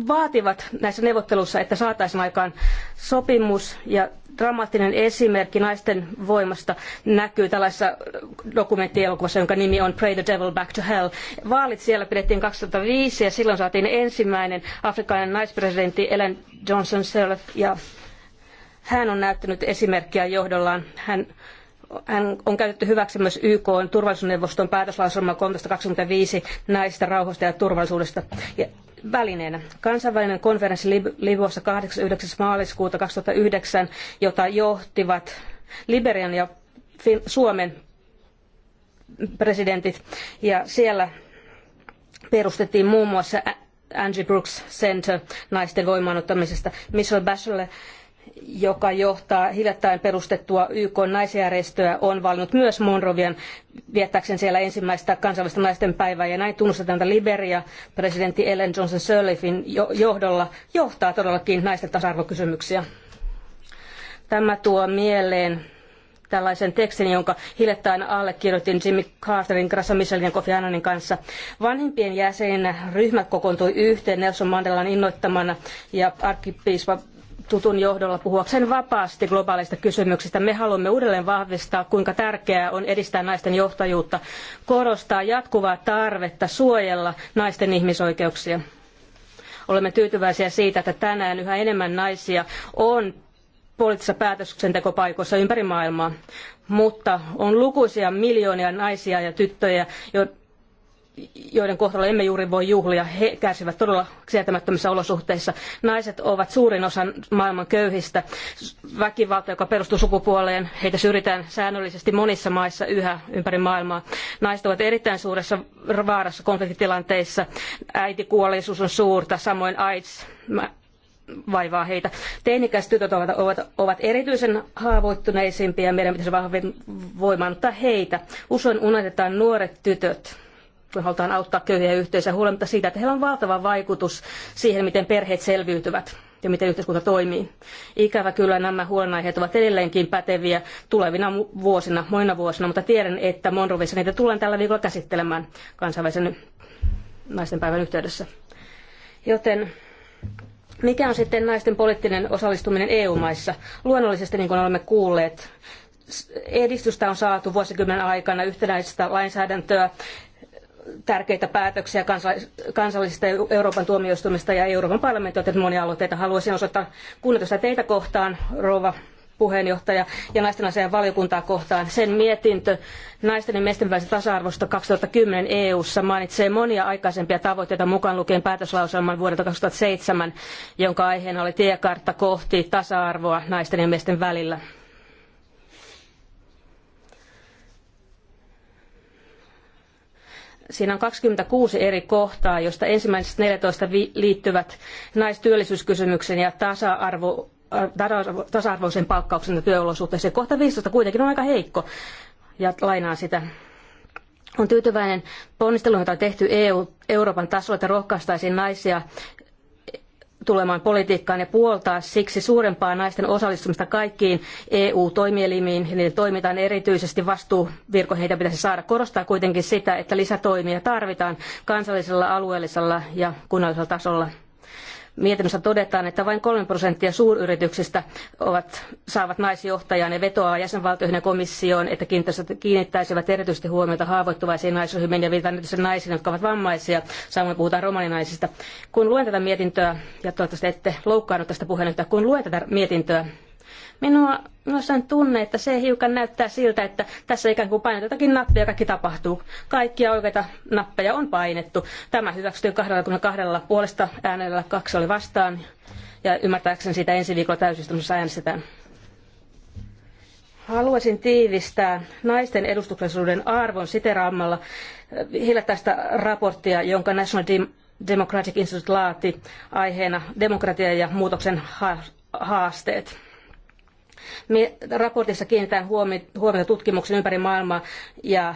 Speaker 3: vaativat näissä neuvotteluissa, että saataisiin aikaan sopimus ja dramaattinen esimerkki naisten voimasta näkyy tällaisessa dokumenttielokuvassa, jonka nimi on Pray the Devil Back to Hell. Vaalit siellä pidettiin 2005 ja silloin saatiin ensimmäinen afrikkalainen naispresidentti Ellen Johnson Sirleaf ja hän on näyttänyt esimerkkiä johdollaan. Hän hän on käytetty hyväksi myös YK turvallisuusneuvoston päätöslauselma 1325 naisista, rauhasta ja turvallisuudesta. Ja välineenä kansainvälinen konferenssi Libyassa 8.9. maaliskuuta 2009, jota johtivat Liberian ja Suomen presidentit. Ja siellä perustettiin muun muassa Angie Brooks Center naisten voimaanottamisesta. Michelle Bachelet joka johtaa hiljattain perustettua YK naisjärjestöä, on valinnut myös Monrovian viettääkseen siellä ensimmäistä kansainvälistä naisten päivää. Ja näin tunnustetaan, että Liberia presidentti Ellen Johnson Sirleafin johdolla johtaa todellakin naisten tasa-arvokysymyksiä. Tämä tuo mieleen tällaisen tekstin, jonka hiljattain allekirjoitin Jimmy Carterin, Grassa Michelin ja Kofi Annanin kanssa. Vanhimpien jäsenen ryhmät kokoontui yhteen Nelson Mandelan innoittamana ja arkkipiispa tutun johdolla puhuakseen vapaasti globaaleista kysymyksistä. Me haluamme uudelleen vahvistaa, kuinka tärkeää on edistää naisten johtajuutta, korostaa jatkuvaa tarvetta suojella naisten ihmisoikeuksia. Olemme tyytyväisiä siitä, että tänään yhä enemmän naisia on poliittisissa päätöksentekopaikoissa ympäri maailmaa, mutta on lukuisia miljoonia naisia ja tyttöjä, joiden kohdalla emme juuri voi juhlia, he kärsivät todella sietämättömissä olosuhteissa. Naiset ovat suurin osa maailman köyhistä. Väkivalta, joka perustuu sukupuoleen, heitä syrjitään säännöllisesti monissa maissa yhä ympäri maailmaa. Naiset ovat erittäin suuressa vaarassa konfliktitilanteissa. Äitikuolleisuus on suurta, samoin AIDS vaivaa heitä. Teinikäiset tytöt ovat, ovat, ovat erityisen haavoittuneisimpia ja meidän pitäisi voimaannuttaa heitä. Usein unohdetaan nuoret tytöt kun halutaan auttaa köyhiä yhteisöjä huolimatta siitä, että heillä on valtava vaikutus siihen, miten perheet selviytyvät ja miten yhteiskunta toimii. Ikävä kyllä nämä huolenaiheet ovat edelleenkin päteviä tulevina vuosina, moina vuosina, mutta tiedän, että Monrovissa niitä tullaan tällä viikolla käsittelemään kansainvälisen päivän yhteydessä. Joten mikä on sitten naisten poliittinen osallistuminen EU-maissa? Luonnollisesti, niin kuin olemme kuulleet, edistystä on saatu vuosikymmenen aikana yhtenäistä lainsäädäntöä, tärkeitä päätöksiä kansallisista Euroopan tuomioistuimista ja Euroopan parlamentti on monia aloitteita. Haluaisin osoittaa kunnioitusta teitä kohtaan, rouva puheenjohtaja, ja naisten asian valiokuntaa kohtaan. Sen mietintö naisten ja miesten välisestä tasa-arvosta 2010 EU-ssa mainitsee monia aikaisempia tavoitteita mukaan lukien päätöslauselman vuodelta 2007, jonka aiheena oli tiekartta kohti tasa-arvoa naisten ja miesten välillä Siinä on 26 eri kohtaa, joista ensimmäiset 14 liittyvät naistyöllisyyskysymyksen ja äh, tasa-arvo, tasa-arvoisen palkkauksen ja työolosuhteeseen. Kohta 15 kuitenkin on aika heikko, ja lainaan sitä. On tyytyväinen ponnisteluun, jota on tehty EU, Euroopan tasolla, että rohkaistaisiin naisia tulemaan politiikkaan ja puoltaa siksi suurempaa naisten osallistumista kaikkiin EU-toimielimiin ja niiden toimintaan erityisesti vastuuvirko heitä pitäisi saada. Korostaa kuitenkin sitä, että lisätoimia tarvitaan kansallisella, alueellisella ja kunnallisella tasolla. Mietinnössä todetaan, että vain 3 prosenttia suuryrityksistä ovat, saavat naisjohtajan ja vetoaa jäsenvaltioihin ja komissioon, että kiinnittäisivät erityisesti huomiota haavoittuvaisiin naisryhmiin ja viitataan erityisesti naisiin, jotka ovat vammaisia. Samoin puhutaan romaninaisista. Kun luen tätä mietintöä, ja toivottavasti ette loukkaannut tästä puheenjohtaja, kun luen tätä mietintöä, Minua myös on tunne, että se hiukan näyttää siltä, että tässä ikään kuin painetaan jotakin nappia ja kaikki tapahtuu. Kaikkia oikeita nappeja on painettu. Tämä hyväksyttiin 22 puolesta äänellä, kaksi oli vastaan. Ja ymmärtääkseni siitä ensi viikolla täysistunnossa äänestetään. Haluaisin tiivistää naisten edustuksellisuuden arvon siteraamalla hiljattaista raporttia, jonka National Democratic Institute laati aiheena demokratia ja muutoksen haasteet. Raportissa kiinnitetään huomiota tutkimuksen ympäri maailmaa ja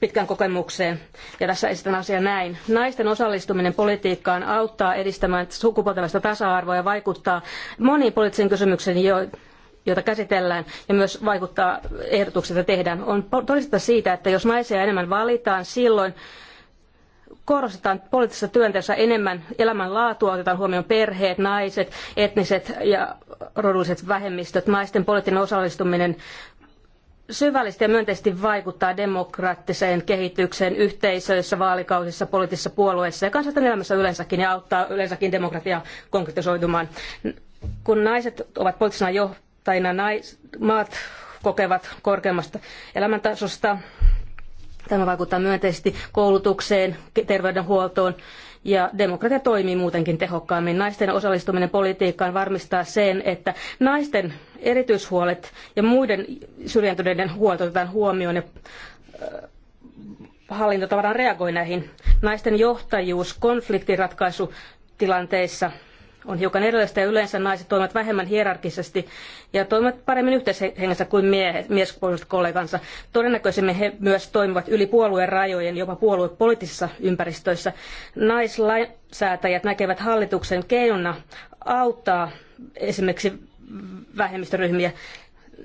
Speaker 3: pitkän kokemukseen. Ja tässä esitän asia näin. Naisten osallistuminen politiikkaan auttaa edistämään sukupuolten välistä tasa-arvoa ja vaikuttaa moniin poliittisiin kysymyksiin, joita käsitellään ja myös vaikuttaa ehdotukset, joita tehdään. On todisteta siitä, että jos naisia enemmän valitaan, silloin korostetaan poliittisessa työnteossa enemmän elämänlaatua, otetaan huomioon perheet, naiset, etniset ja rodulliset vähemmistöt, naisten poliittinen osallistuminen syvällisesti ja myönteisesti vaikuttaa demokraattiseen kehitykseen yhteisöissä, vaalikausissa, poliittisissa puolueissa ja kansalaisten elämässä yleensäkin ja auttaa yleensäkin demokratiaa konkretisoitumaan. Kun naiset ovat poliittisina johtajina, nais, maat kokevat korkeammasta elämäntasosta, Tämä vaikuttaa myönteisesti koulutukseen, terveydenhuoltoon ja demokratia toimii muutenkin tehokkaammin. Naisten osallistuminen politiikkaan varmistaa sen, että naisten erityishuolet ja muiden syrjäytyneiden huolet otetaan huomioon ja äh, hallinto tavallaan reagoi näihin. Naisten johtajuus konfliktinratkaisutilanteissa on hiukan erilaista ja yleensä naiset toimivat vähemmän hierarkisesti ja toimivat paremmin yhteishengessä kuin miespuoliset kollegansa. Todennäköisemmin he myös toimivat yli puolueen rajojen, jopa puoluepoliittisissa ympäristöissä. Naislainsäätäjät näkevät hallituksen keinona auttaa esimerkiksi vähemmistöryhmiä.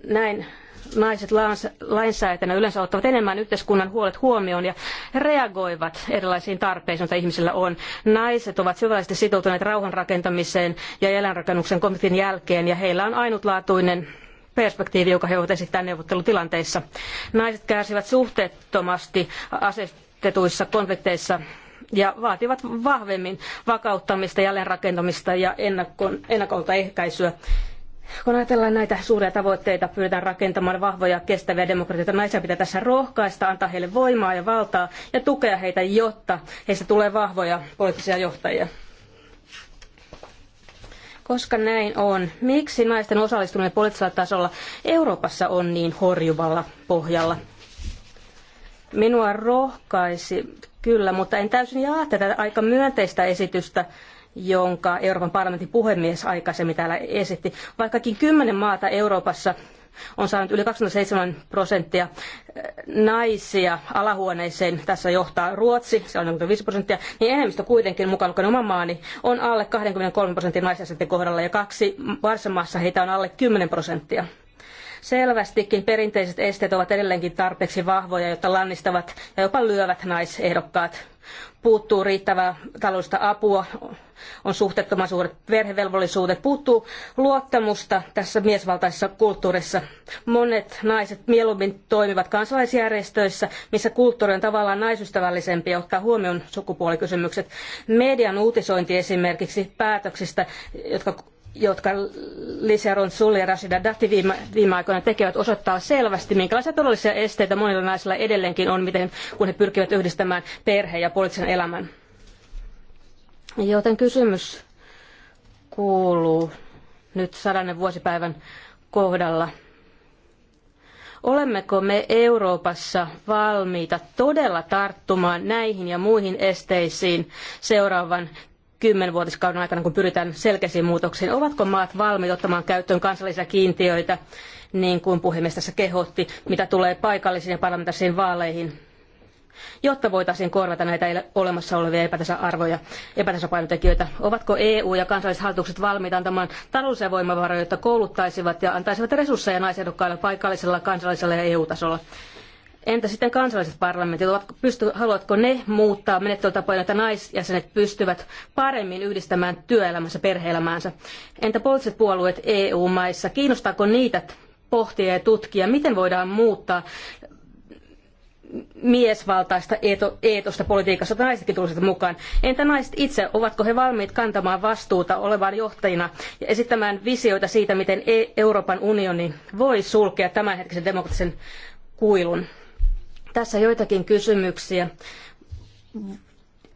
Speaker 3: Näin naiset lainsäätänä yleensä ottavat enemmän yhteiskunnan huolet huomioon ja reagoivat erilaisiin tarpeisiin, joita ihmisillä on. Naiset ovat syvällisesti sitoutuneet rauhanrakentamiseen ja eläinrakennuksen konfliktin jälkeen ja heillä on ainutlaatuinen perspektiivi, joka he voivat esittää neuvottelutilanteissa. Naiset kärsivät suhteettomasti asetetuissa konflikteissa ja vaativat vahvemmin vakauttamista, jälleenrakentamista ja ennakolta ehkäisyä kun ajatellaan näitä suuria tavoitteita, pyritään rakentamaan vahvoja kestäviä demokratioita. Niin naisia pitää tässä rohkaista, antaa heille voimaa ja valtaa ja tukea heitä, jotta heistä tulee vahvoja poliittisia johtajia. Koska näin on, miksi naisten osallistuminen poliittisella tasolla Euroopassa on niin horjuvalla pohjalla? Minua rohkaisi kyllä, mutta en täysin jaa tätä aika myönteistä esitystä jonka Euroopan parlamentin puhemies aikaisemmin täällä esitti. Vaikkakin kymmenen maata Euroopassa on saanut yli 27 prosenttia eh, naisia alahuoneeseen, tässä johtaa Ruotsi, se on 45 prosenttia, niin enemmistö kuitenkin mukaan lukien oma maani on alle 23 prosentin naisjäsenten kohdalla ja kaksi varsin maassa heitä on alle 10 prosenttia. Selvästikin perinteiset esteet ovat edelleenkin tarpeeksi vahvoja, jotta lannistavat ja jopa lyövät naisehdokkaat. Puuttuu riittävää taloudellista apua, on suhteettoman suuret perhevelvollisuudet, puuttuu luottamusta tässä miesvaltaisessa kulttuurissa. Monet naiset mieluummin toimivat kansalaisjärjestöissä, missä kulttuuri on tavallaan naisystävällisempi ja ottaa huomioon sukupuolikysymykset. Median uutisointi esimerkiksi päätöksistä, jotka jotka Lisa Ronsulli ja Rashida Dati viime, viime aikoina tekevät, osoittaa selvästi, minkälaisia todellisia esteitä monilla naisilla edelleenkin on, miten, kun he pyrkivät yhdistämään perheen ja poliittisen elämän. Joten kysymys kuuluu nyt sadannen vuosipäivän kohdalla. Olemmeko me Euroopassa valmiita todella tarttumaan näihin ja muihin esteisiin seuraavan kymmenvuotiskauden aikana, kun pyritään selkeisiin muutoksiin. Ovatko maat valmiit ottamaan käyttöön kansallisia kiintiöitä, niin kuin puhemies tässä kehotti, mitä tulee paikallisiin ja parlamentaarisiin vaaleihin, jotta voitaisiin korvata näitä olemassa olevia epätasa-arvoja, epätasapainotekijöitä. Ovatko EU ja kansalliset hallitukset valmiita antamaan taloudellisia voimavaroja, jotta kouluttaisivat ja antaisivat resursseja naisehdokkaille paikallisella, kansallisella ja EU-tasolla? Entä sitten kansalliset parlamentit? Pysty, haluatko ne muuttaa menettelytapoja, että naisjäsenet pystyvät paremmin yhdistämään työelämänsä perheelämäänsä? Entä poliittiset puolueet EU-maissa? Kiinnostaako niitä pohtia ja tutkia, miten voidaan muuttaa miesvaltaista eeto, eetosta politiikassa, että naisetkin tulisivat mukaan. Entä naiset itse, ovatko he valmiit kantamaan vastuuta olevaan johtajina ja esittämään visioita siitä, miten e- Euroopan unioni voi sulkea tämänhetkisen demokraattisen kuilun? Tässä joitakin kysymyksiä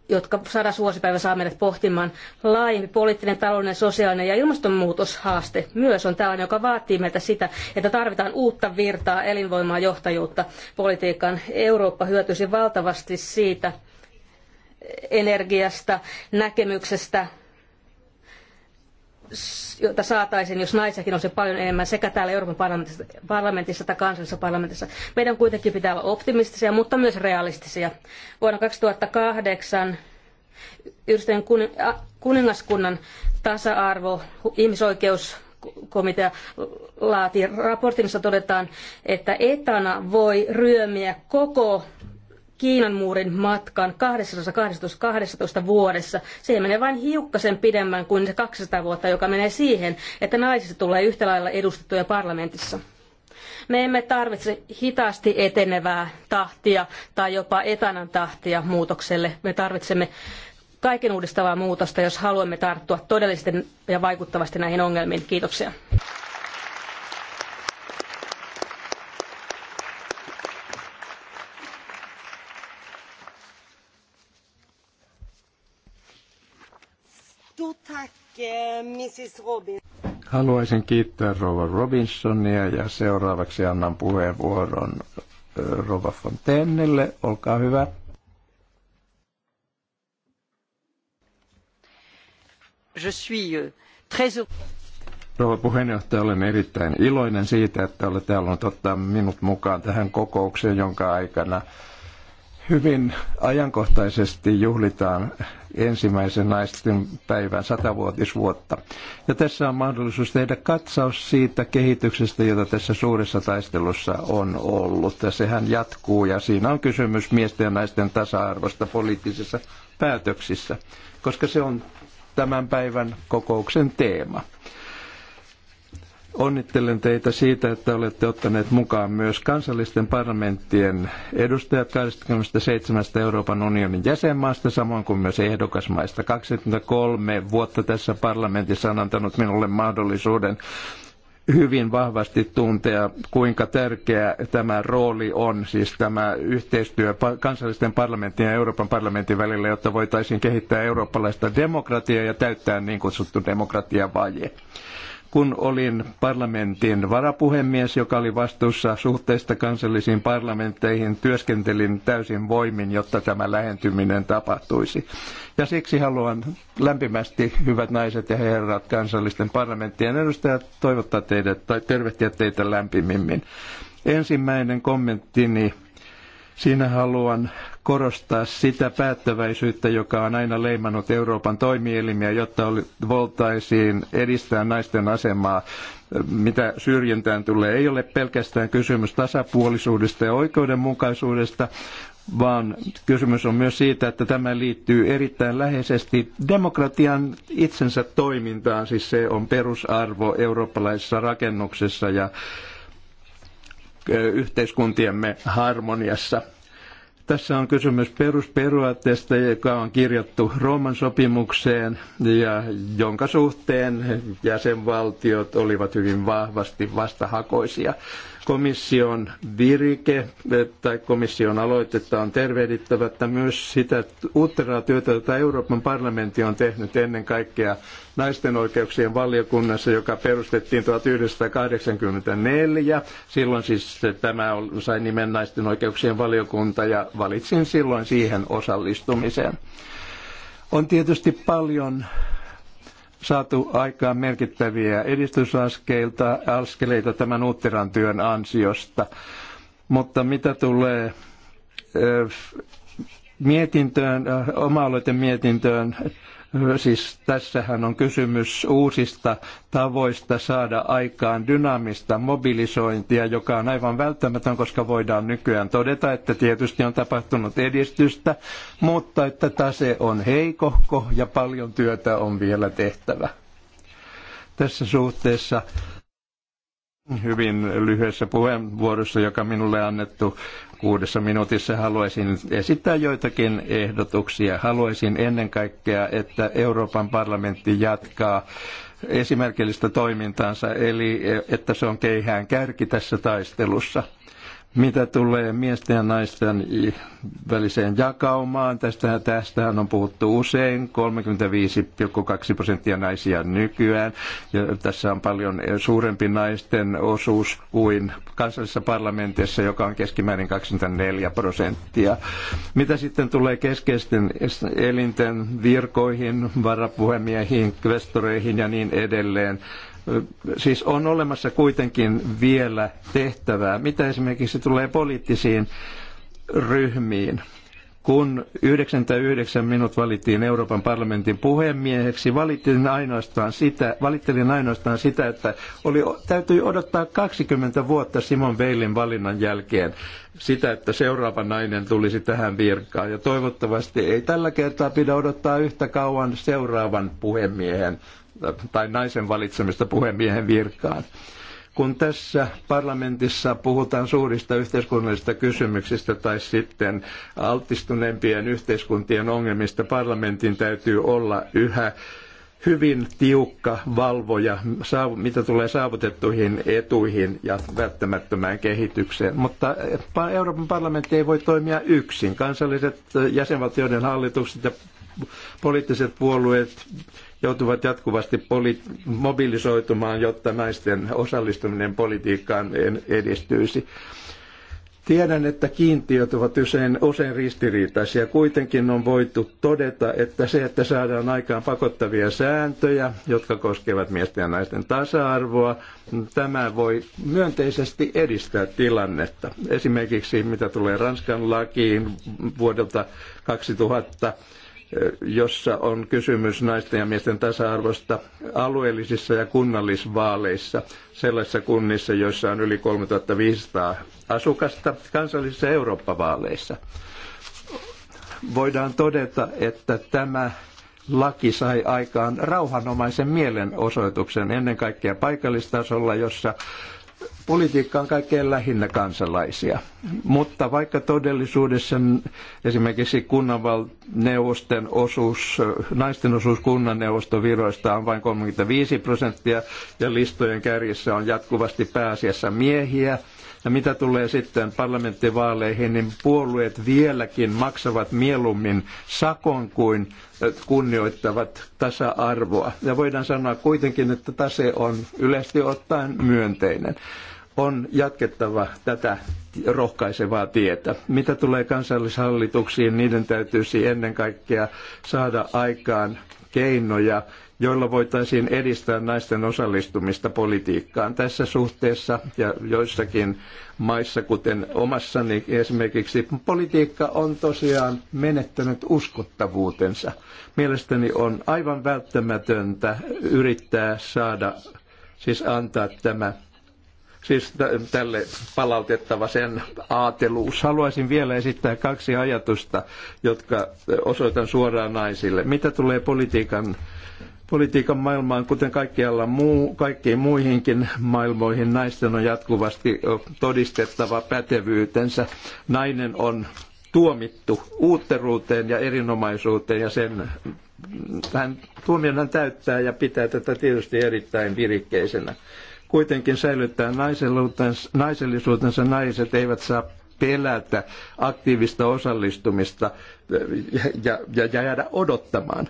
Speaker 3: jotka sadas vuosipäivä saa meidät pohtimaan. Laajempi poliittinen, taloudellinen, sosiaalinen ja ilmastonmuutoshaaste myös on tällainen, joka vaatii meiltä sitä, että tarvitaan uutta virtaa, elinvoimaa, johtajuutta politiikkaan. Eurooppa hyötyisi valtavasti siitä energiasta, näkemyksestä, jota saataisiin, jos naisiakin on se paljon enemmän sekä täällä Euroopan parlamentissa, parlamentissa että kansallisessa parlamentissa. Meidän kuitenkin pitää olla optimistisia, mutta myös realistisia. Vuonna 2008 Yhdistyneen kuningaskunnan tasa-arvo, ihmisoikeus, komitea laati raportin, jossa todetaan, että etana voi ryömiä koko Kiinan muurin matkan 12, vuodessa. Se menee vain hiukkasen pidemmän kuin se 200 vuotta, joka menee siihen, että naisista tulee yhtä lailla edustettuja parlamentissa. Me emme tarvitse hitaasti etenevää tahtia tai jopa etanan tahtia muutokselle. Me tarvitsemme kaiken uudistavaa muutosta, jos haluamme tarttua todellisesti ja vaikuttavasti näihin ongelmiin. Kiitoksia.
Speaker 1: Haluaisin kiittää Rova Robinsonia ja seuraavaksi annan puheenvuoron Rova Fontennelle. Olkaa hyvä.
Speaker 2: Je suis très
Speaker 1: Rouva puheenjohtaja, olen erittäin iloinen siitä, että olette halunnut ottaa minut mukaan tähän kokoukseen, jonka aikana hyvin ajankohtaisesti juhlitaan ensimmäisen naisten päivän satavuotisvuotta. Ja tässä on mahdollisuus tehdä katsaus siitä kehityksestä, jota tässä suuressa taistelussa on ollut. Ja sehän jatkuu ja siinä on kysymys miesten ja naisten tasa-arvosta poliittisissa päätöksissä, koska se on tämän päivän kokouksen teema. Onnittelen teitä siitä, että olette ottaneet mukaan myös kansallisten parlamenttien edustajat 27 Euroopan unionin jäsenmaasta, samoin kuin myös ehdokasmaista. 23 vuotta tässä parlamentissa on antanut minulle mahdollisuuden hyvin vahvasti tuntea, kuinka tärkeä tämä rooli on, siis tämä yhteistyö kansallisten parlamenttien ja Euroopan parlamentin välillä, jotta voitaisiin kehittää eurooppalaista demokratiaa ja täyttää niin kutsuttu demokratiavaje kun olin parlamentin varapuhemies, joka oli vastuussa suhteesta kansallisiin parlamentteihin, työskentelin täysin voimin, jotta tämä lähentyminen tapahtuisi. Ja siksi haluan lämpimästi, hyvät naiset ja herrat, kansallisten parlamenttien edustajat, toivottaa teidät tai tervehtiä teitä lämpimimmin. Ensimmäinen kommenttini, siinä haluan korostaa sitä päättäväisyyttä, joka on aina leimannut Euroopan toimielimiä, jotta voltaisiin edistää naisten asemaa. Mitä syrjintään tulee, ei ole pelkästään kysymys tasapuolisuudesta ja oikeudenmukaisuudesta, vaan kysymys on myös siitä, että tämä liittyy erittäin läheisesti demokratian itsensä toimintaan, siis se on perusarvo eurooppalaisessa rakennuksessa ja yhteiskuntiemme harmoniassa. Tässä on kysymys perusperiaatteesta, joka on kirjattu Rooman sopimukseen ja jonka suhteen jäsenvaltiot olivat hyvin vahvasti vastahakoisia komission virike tai komission aloitetta on että myös sitä uutteraa työtä, jota Euroopan parlamentti on tehnyt ennen kaikkea naisten oikeuksien valiokunnassa, joka perustettiin 1984. Silloin siis tämä sai nimen naisten oikeuksien valiokunta ja valitsin silloin siihen osallistumisen. On tietysti paljon saatu aikaan merkittäviä edistysaskeleita tämän uutteran työn ansiosta. Mutta mitä tulee mietintöön, oma mietintöön, Siis tässähän on kysymys uusista tavoista saada aikaan dynaamista mobilisointia, joka on aivan välttämätön, koska voidaan nykyään todeta, että tietysti on tapahtunut edistystä, mutta että tase on heikohko ja paljon työtä on vielä tehtävä. Tässä suhteessa hyvin lyhyessä puheenvuorossa, joka minulle annettu, kuudessa minuutissa haluaisin esittää joitakin ehdotuksia. Haluaisin ennen kaikkea, että Euroopan parlamentti jatkaa esimerkillistä toimintaansa, eli eh, että se on keihään kärki tässä taistelussa. Mitä tulee miesten ja naisten väliseen jakaumaan, tästä, tästähän on puhuttu usein, 35,2 prosenttia naisia nykyään. Ja tässä on paljon suurempi naisten osuus kuin kansallisessa parlamentissa, joka on keskimäärin 24 prosenttia. Mitä sitten tulee keskeisten elinten virkoihin, varapuhemiehiin, kvestoreihin ja niin edelleen, Siis on olemassa kuitenkin vielä tehtävää, mitä esimerkiksi tulee poliittisiin ryhmiin. Kun 99 minut valittiin Euroopan parlamentin puhemieheksi, valittelin ainoastaan sitä, valittelin ainoastaan sitä että oli, täytyi odottaa 20 vuotta Simon Veilin valinnan jälkeen sitä, että seuraava nainen tulisi tähän virkaan. Ja toivottavasti ei tällä kertaa pidä odottaa yhtä kauan seuraavan puhemiehen tai naisen valitsemista puhemiehen virkaan. Kun tässä parlamentissa puhutaan suurista yhteiskunnallisista kysymyksistä tai sitten altistuneempien yhteiskuntien ongelmista, parlamentin täytyy olla yhä hyvin tiukka valvoja, mitä tulee saavutettuihin etuihin ja välttämättömään kehitykseen. Mutta eh, Euroopan parlamentti ei voi toimia yksin. Kansalliset eh, jäsenvaltioiden hallitukset ja poliittiset puolueet joutuvat jatkuvasti poli- mobilisoitumaan, jotta naisten osallistuminen politiikkaan edistyisi. Tiedän, että kiintiöt ovat usein, usein ristiriitaisia. Kuitenkin on voitu todeta, että se, että saadaan aikaan pakottavia sääntöjä, jotka koskevat miesten ja naisten tasa-arvoa, tämä voi myönteisesti edistää tilannetta. Esimerkiksi mitä tulee Ranskan lakiin vuodelta 2000, jossa on kysymys naisten ja miesten tasa-arvosta alueellisissa ja kunnallisvaaleissa sellaisissa kunnissa, joissa on yli 3500 asukasta kansallisissa Eurooppa-vaaleissa. Voidaan todeta, että tämä laki sai aikaan rauhanomaisen mielenosoituksen ennen kaikkea paikallistasolla, jossa politiikka on kaikkein lähinnä kansalaisia. Mutta vaikka todellisuudessa esimerkiksi kunnanvalneuvosten osuus, naisten osuus viroista on vain 35 prosenttia ja listojen kärjessä on jatkuvasti pääasiassa miehiä, ja mitä tulee sitten parlamenttivaaleihin, niin puolueet vieläkin maksavat mieluummin sakon kuin kunnioittavat tasa-arvoa. Ja voidaan sanoa kuitenkin, että tase on yleisesti ottaen myönteinen on jatkettava tätä rohkaisevaa tietä. Mitä tulee kansallishallituksiin, niiden täytyisi ennen kaikkea saada aikaan keinoja, joilla voitaisiin edistää naisten osallistumista politiikkaan. Tässä suhteessa ja joissakin maissa, kuten omassani esimerkiksi, politiikka on tosiaan menettänyt uskottavuutensa. Mielestäni on aivan välttämätöntä yrittää saada, siis antaa tämä siis tälle palautettava sen aateluus. Haluaisin vielä esittää kaksi ajatusta, jotka osoitan suoraan naisille. Mitä tulee politiikan politiikan maailmaan, kuten kaikkialla muu, kaikkiin muihinkin maailmoihin, naisten on jatkuvasti todistettava pätevyytensä. Nainen on tuomittu uutteruuteen ja erinomaisuuteen ja sen hän, tuomion hän täyttää ja pitää tätä tietysti erittäin virikkeisenä kuitenkin säilyttää naisellisuutensa, naiset eivät saa pelätä aktiivista osallistumista ja, ja, ja jäädä odottamaan.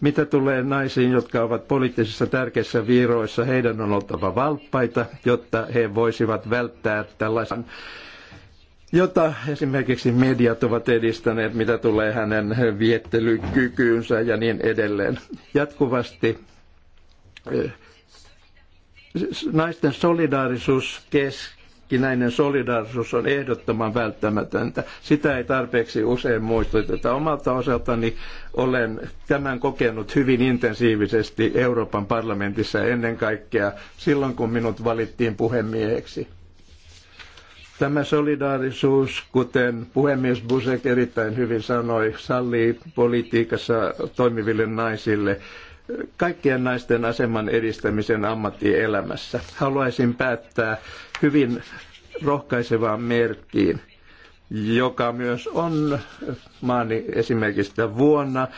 Speaker 1: Mitä tulee naisiin, jotka ovat poliittisissa tärkeissä viroissa, heidän on oltava valppaita, jotta he voisivat välttää tällaisen jota esimerkiksi mediat ovat edistäneet, mitä tulee hänen viettelykykyynsä ja niin edelleen. Jatkuvasti eh, naisten solidaarisuus keskinäinen solidaarisuus on ehdottoman välttämätöntä. Sitä ei tarpeeksi usein muistuteta. Omalta osaltani olen tämän kokenut hyvin intensiivisesti Euroopan parlamentissa ennen kaikkea silloin, kun minut valittiin puhemieheksi. Tämä solidaarisuus, kuten puhemies Busek erittäin hyvin sanoi, sallii politiikassa toimiville naisille kaikkien naisten aseman edistämisen ammattielämässä. Haluaisin päättää hyvin rohkaisevaan merkkiin, joka myös on maani esimerkistä vuonna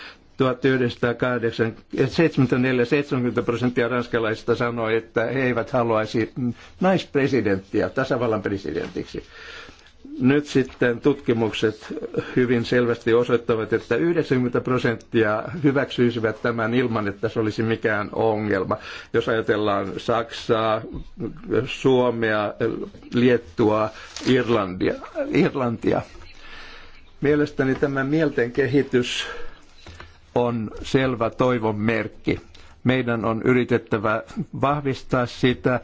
Speaker 1: 1974-70 prosenttia ranskalaisista sanoi, että he eivät haluaisi naispresidenttiä tasavallan presidentiksi. Nyt sitten tutkimukset hyvin selvästi osoittavat, että 90 prosenttia hyväksyisivät tämän ilman, että se olisi mikään ongelma. Jos ajatellaan Saksaa, Suomea, Liettua, Irlandia, Irlantia. Mielestäni tämä mielten kehitys on selvä toivon merkki. Meidän on yritettävä vahvistaa sitä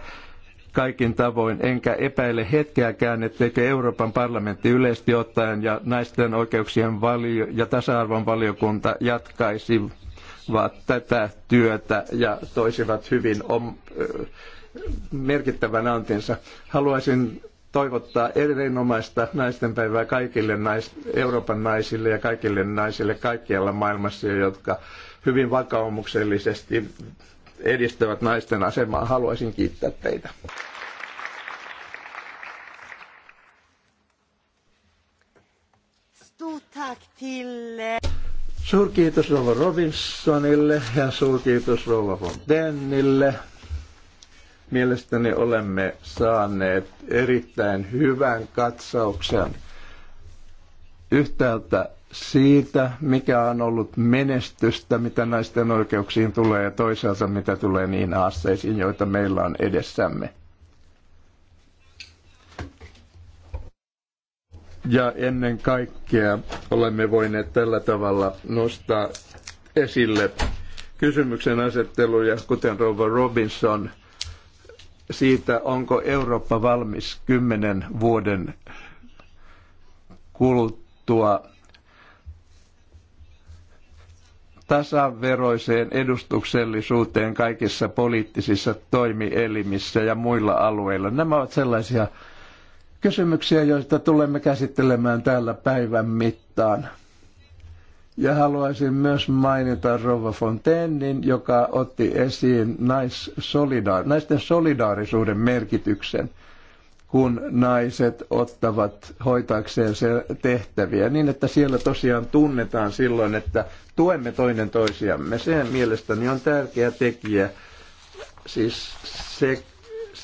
Speaker 1: kaikin tavoin, enkä epäile hetkeäkään, etteikö Euroopan parlamentti yleisesti ottaen ja naisten oikeuksien valio ja tasa-arvon valiokunta jatkaisi tätä työtä ja toisivat hyvin om, merkittävän antinsa. Haluaisin toivottaa erinomaista naistenpäivää kaikille nais, Euroopan naisille ja kaikille naisille kaikkialla maailmassa, jotka hyvin vakaumuksellisesti edistävät naisten asemaa. Haluaisin kiittää teitä.
Speaker 3: Stort tack till... Eh,
Speaker 1: suurkiitos Rova Robinsonille ja suurkiitos Rova Fontennille. Mielestäni olemme saaneet erittäin hyvän katsauksen yhtäältä siitä, mikä on ollut menestystä, mitä naisten oikeuksiin tulee, ja toisaalta mitä tulee niihin haasteisiin, joita meillä on edessämme. Ja ennen kaikkea olemme voineet tällä tavalla nostaa esille kysymyksen asetteluja, kuten Rova Robinson, siitä, onko Eurooppa valmis kymmenen vuoden kuluttua tasaveroiseen edustuksellisuuteen kaikissa poliittisissa toimielimissä ja muilla alueilla. Nämä ovat sellaisia kysymyksiä, joita tulemme käsittelemään täällä päivän mittaan. Ja haluaisin myös mainita Rova Fontainein, joka otti esiin naissolidaar- naisten solidaarisuuden merkityksen, kun naiset ottavat hoitaakseen se tehtäviä, niin että siellä tosiaan tunnetaan silloin, että tuemme toinen toisiamme. Se mielestäni on tärkeä tekijä, siis se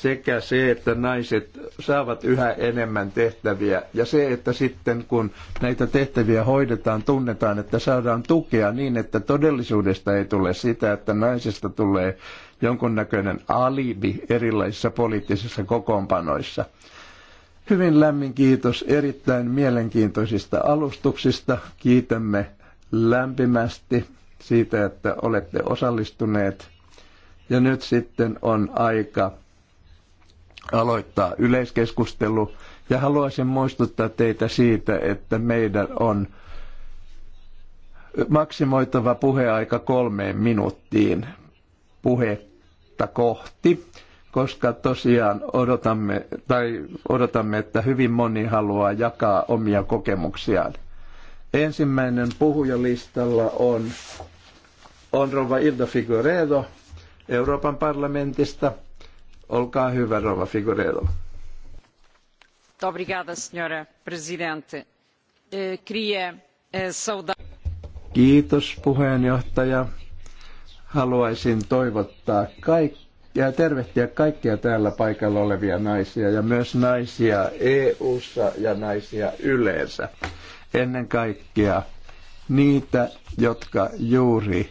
Speaker 1: sekä se, että naiset saavat yhä enemmän tehtäviä ja se, että sitten kun näitä tehtäviä hoidetaan, tunnetaan, että saadaan tukea niin, että todellisuudesta ei tule sitä, että naisesta tulee jonkunnäköinen alibi erilaisissa poliittisissa kokoonpanoissa. Hyvin lämmin kiitos erittäin mielenkiintoisista alustuksista. Kiitämme lämpimästi siitä, että olette osallistuneet. Ja nyt sitten on aika aloittaa yleiskeskustelu ja haluaisin muistuttaa teitä siitä, että meidän on maksimoitava puheaika kolmeen minuuttiin puhetta kohti, koska tosiaan odotamme, tai odotamme, että hyvin moni haluaa jakaa omia kokemuksiaan. Ensimmäinen puhujalistalla on, on Rova Ildo Figueredo Euroopan parlamentista – Olkaa hyvä, Rova Figueiredo.
Speaker 3: Eh, eh,
Speaker 1: Kiitos puheenjohtaja. Haluaisin toivottaa kaikki ja tervehtiä kaikkia täällä paikalla olevia naisia ja myös naisia EU:ssa ja naisia yleensä. Ennen kaikkea niitä, jotka juuri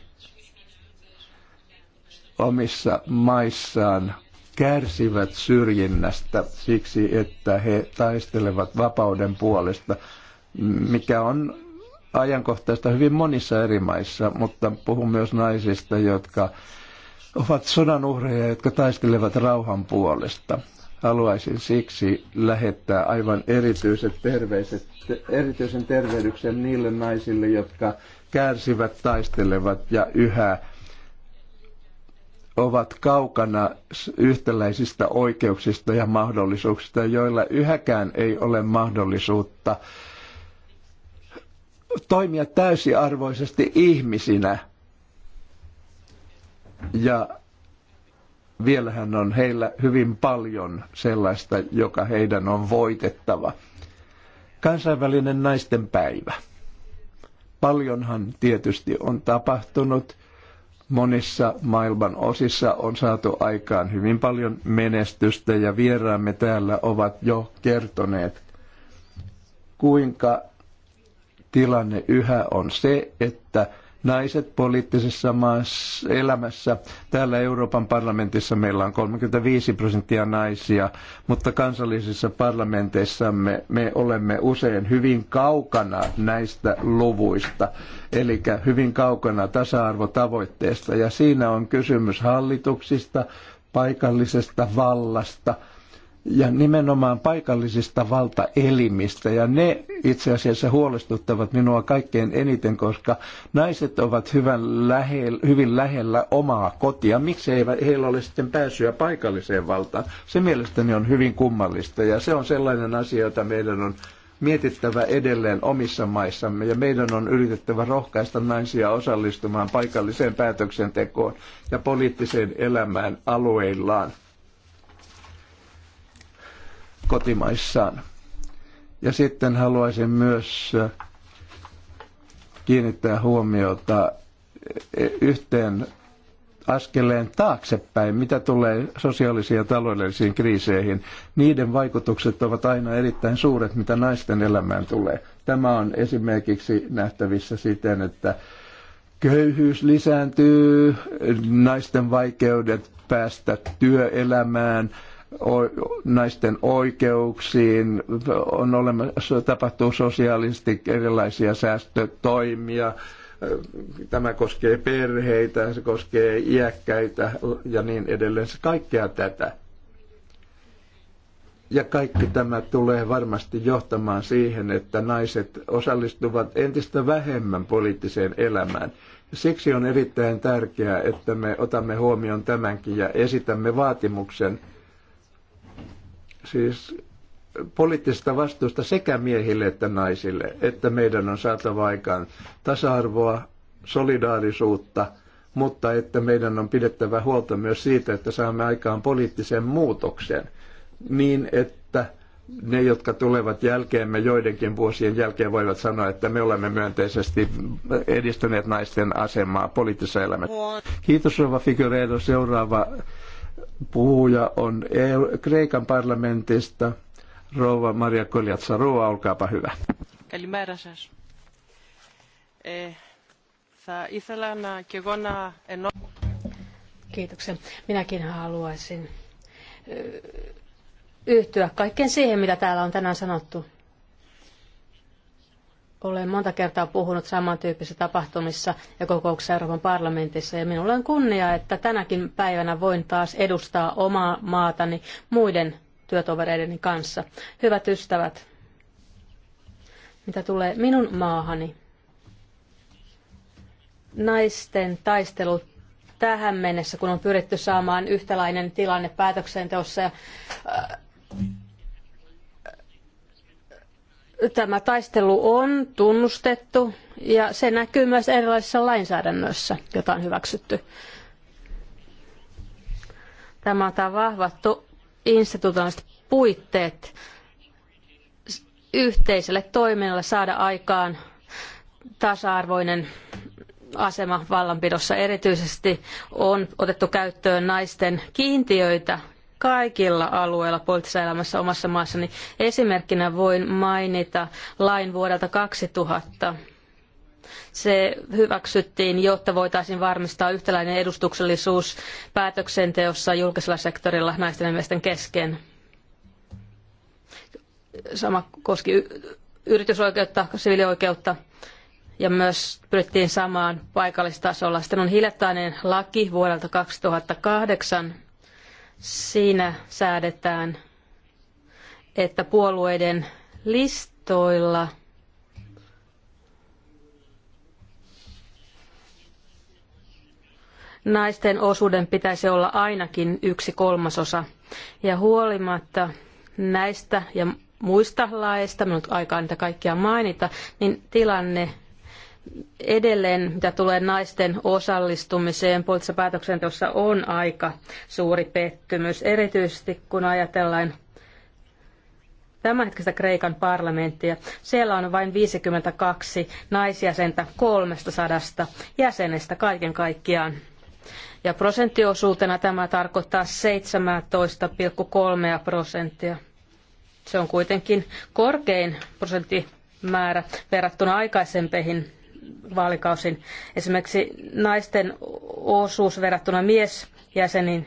Speaker 1: omissa maissaan kärsivät syrjinnästä siksi, että he taistelevat vapauden puolesta, mikä on ajankohtaista hyvin monissa eri maissa, mutta puhun myös naisista, jotka ovat sodan uhreja, jotka taistelevat rauhan puolesta. Haluaisin siksi lähettää aivan erityiset terveiset, erityisen tervehdyksen niille naisille, jotka kärsivät, taistelevat ja yhä ovat kaukana yhtäläisistä oikeuksista ja mahdollisuuksista, joilla yhäkään ei ole mahdollisuutta toimia täysiarvoisesti ihmisinä. Ja vielähän on heillä hyvin paljon sellaista, joka heidän on voitettava. Kansainvälinen naisten päivä. Paljonhan tietysti on tapahtunut – monissa maailman osissa on saatu aikaan hyvin paljon menestystä ja vieraamme täällä ovat jo kertoneet, kuinka tilanne yhä on se, että naiset poliittisessa maassa, elämässä. Täällä Euroopan parlamentissa meillä on 35 prosenttia naisia, mutta kansallisissa parlamenteissamme me olemme usein hyvin kaukana näistä luvuista, eli hyvin kaukana tasa-arvotavoitteesta. Ja siinä on kysymys hallituksista, paikallisesta vallasta – ja nimenomaan paikallisista valtaelimistä. Ja ne itse asiassa huolestuttavat minua kaikkein eniten, koska naiset ovat hyvän lähellä, hyvin lähellä omaa kotia. Miksi ei heillä ole sitten pääsyä paikalliseen valtaan? Se mielestäni on hyvin kummallista ja se on sellainen asia, jota meidän on mietittävä edelleen omissa maissamme ja meidän on yritettävä rohkaista naisia osallistumaan paikalliseen päätöksentekoon ja poliittiseen elämään alueillaan kotimaissaan. Ja sitten haluaisin myös äh, kiinnittää huomiota äh, yhteen askeleen taaksepäin, mitä tulee sosiaalisiin ja taloudellisiin kriiseihin. Niiden vaikutukset ovat aina erittäin suuret, mitä naisten elämään tulee. Tämä on esimerkiksi nähtävissä siten, että köyhyys lisääntyy, naisten vaikeudet päästä työelämään – naisten oikeuksiin, on olemassa, tapahtuu sosiaalisesti erilaisia säästötoimia, tämä koskee perheitä, se koskee iäkkäitä ja niin edelleen, kaikkea tätä. Ja kaikki tämä tulee varmasti johtamaan siihen, että naiset osallistuvat entistä vähemmän poliittiseen elämään. Siksi on erittäin tärkeää, että me otamme huomioon tämänkin ja esitämme vaatimuksen – siis poliittista vastuusta sekä miehille että naisille, että meidän on saatava aikaan tasa-arvoa, solidaarisuutta, mutta että meidän on pidettävä huolta myös siitä, että saamme aikaan poliittisen muutoksen niin, että ne, jotka tulevat jälkeemme joidenkin vuosien jälkeen, voivat sanoa, että me olemme myönteisesti edistäneet naisten asemaa poliittisessa elämässä. Kiitos Rova Figueiredo. Seuraava Puhuja on EU, Kreikan parlamentista. Rouva Maria Koljatsarova, olkaapa hyvä. Καλημέρα σας. Ε, θα ήθελα να, και εγώ να ενώ...
Speaker 3: Kiitoksia. Minäkin haluaisin yhtyä kaikkeen siihen, mitä täällä on tänään sanottu. Olen monta kertaa puhunut samantyyppisissä tapahtumissa ja kokouksissa Euroopan parlamentissa ja minulla on kunnia, että tänäkin päivänä voin taas edustaa omaa maatani muiden työtovereideni kanssa. Hyvät ystävät, mitä tulee minun maahani, naisten taistelu tähän mennessä, kun on pyritty saamaan yhtäläinen tilanne päätöksenteossa ja äh, Tämä taistelu on tunnustettu ja se näkyy myös erilaisissa lainsäädännöissä, jota on hyväksytty. Tämä on vahvat institutionaaliset puitteet yhteiselle toiminnalle saada aikaan tasa-arvoinen asema vallanpidossa. Erityisesti on otettu käyttöön naisten kiintiöitä kaikilla alueilla poliittisessa elämässä omassa maassani. Esimerkkinä voin mainita lain vuodelta 2000. Se hyväksyttiin, jotta voitaisiin varmistaa yhtäläinen edustuksellisuus päätöksenteossa julkisella sektorilla naisten ja miesten kesken. Sama koski yritysoikeutta, siviilioikeutta ja myös pyrittiin samaan paikallistasolla. Sitten on hiljattainen laki vuodelta 2008, Siinä säädetään, että puolueiden listoilla naisten osuuden pitäisi olla ainakin yksi kolmasosa. Ja huolimatta näistä ja muista laeista, minun aikaa niitä kaikkia mainita, niin tilanne edelleen, mitä tulee naisten osallistumiseen, poliittisessa päätöksenteossa on aika suuri pettymys, erityisesti kun ajatellaan tämänhetkistä Kreikan parlamenttia. Siellä on vain 52 naisjäsentä 300 jäsenestä kaiken kaikkiaan. Ja prosenttiosuutena tämä tarkoittaa 17,3 prosenttia. Se on kuitenkin korkein prosenttimäärä verrattuna aikaisempiin vaalikausin. Esimerkiksi naisten osuus verrattuna miesjäseniin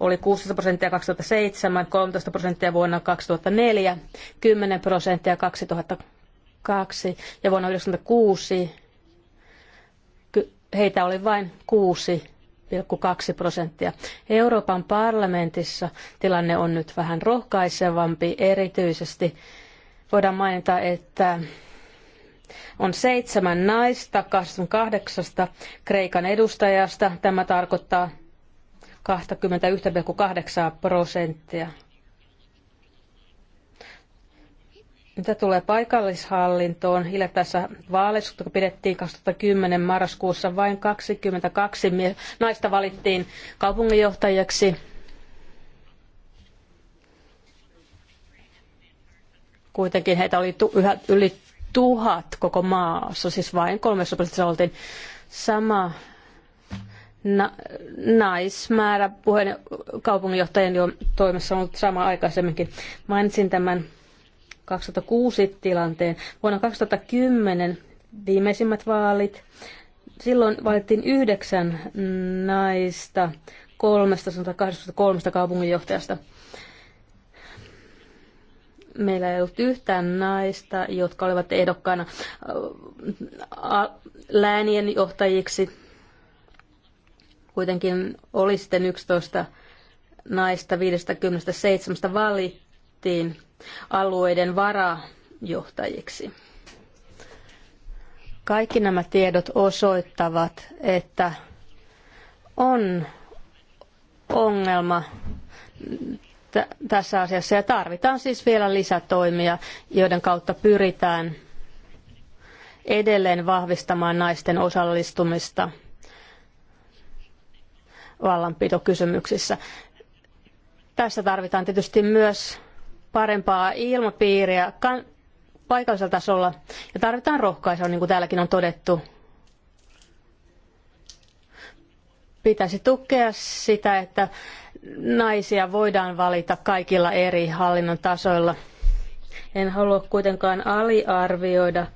Speaker 3: oli 16 prosenttia 2007, 13 prosenttia vuonna 2004, 10 prosenttia 2002 ja vuonna 1996 heitä oli vain 6 2 prosenttia. Euroopan parlamentissa tilanne on nyt vähän rohkaisevampi erityisesti. Voidaan mainita, että on seitsemän naista 28 Kreikan edustajasta. Tämä tarkoittaa 21,8 prosenttia. Mitä tulee paikallishallintoon, hiljattaessa vaaleissa, kun pidettiin 2010 marraskuussa, vain 22 naista valittiin kaupunginjohtajaksi. Kuitenkin heitä oli yhä yli tuhat koko maassa, siis vain 3 prosentissa oltiin. Sama naismäärä puheen kaupunginjohtajien jo toimessa on ollut sama aikaisemminkin. Mainitsin tämän 2006 tilanteen. Vuonna 2010 viimeisimmät vaalit. Silloin valittiin yhdeksän naista 323 kaupunginjohtajasta meillä ei ollut yhtään naista, jotka olivat ehdokkaana äh, läänien johtajiksi. Kuitenkin oli sitten 11 naista 57 valittiin alueiden varajohtajiksi. Kaikki nämä tiedot osoittavat, että on ongelma tässä asiassa. Ja tarvitaan siis vielä lisätoimia, joiden kautta pyritään edelleen vahvistamaan naisten osallistumista vallanpitokysymyksissä. Tässä tarvitaan tietysti myös parempaa ilmapiiriä paikallisella tasolla ja tarvitaan rohkaisua, niin kuin täälläkin on todettu. Pitäisi tukea sitä, että naisia voidaan valita kaikilla eri hallinnon tasoilla. En halua kuitenkaan aliarvioida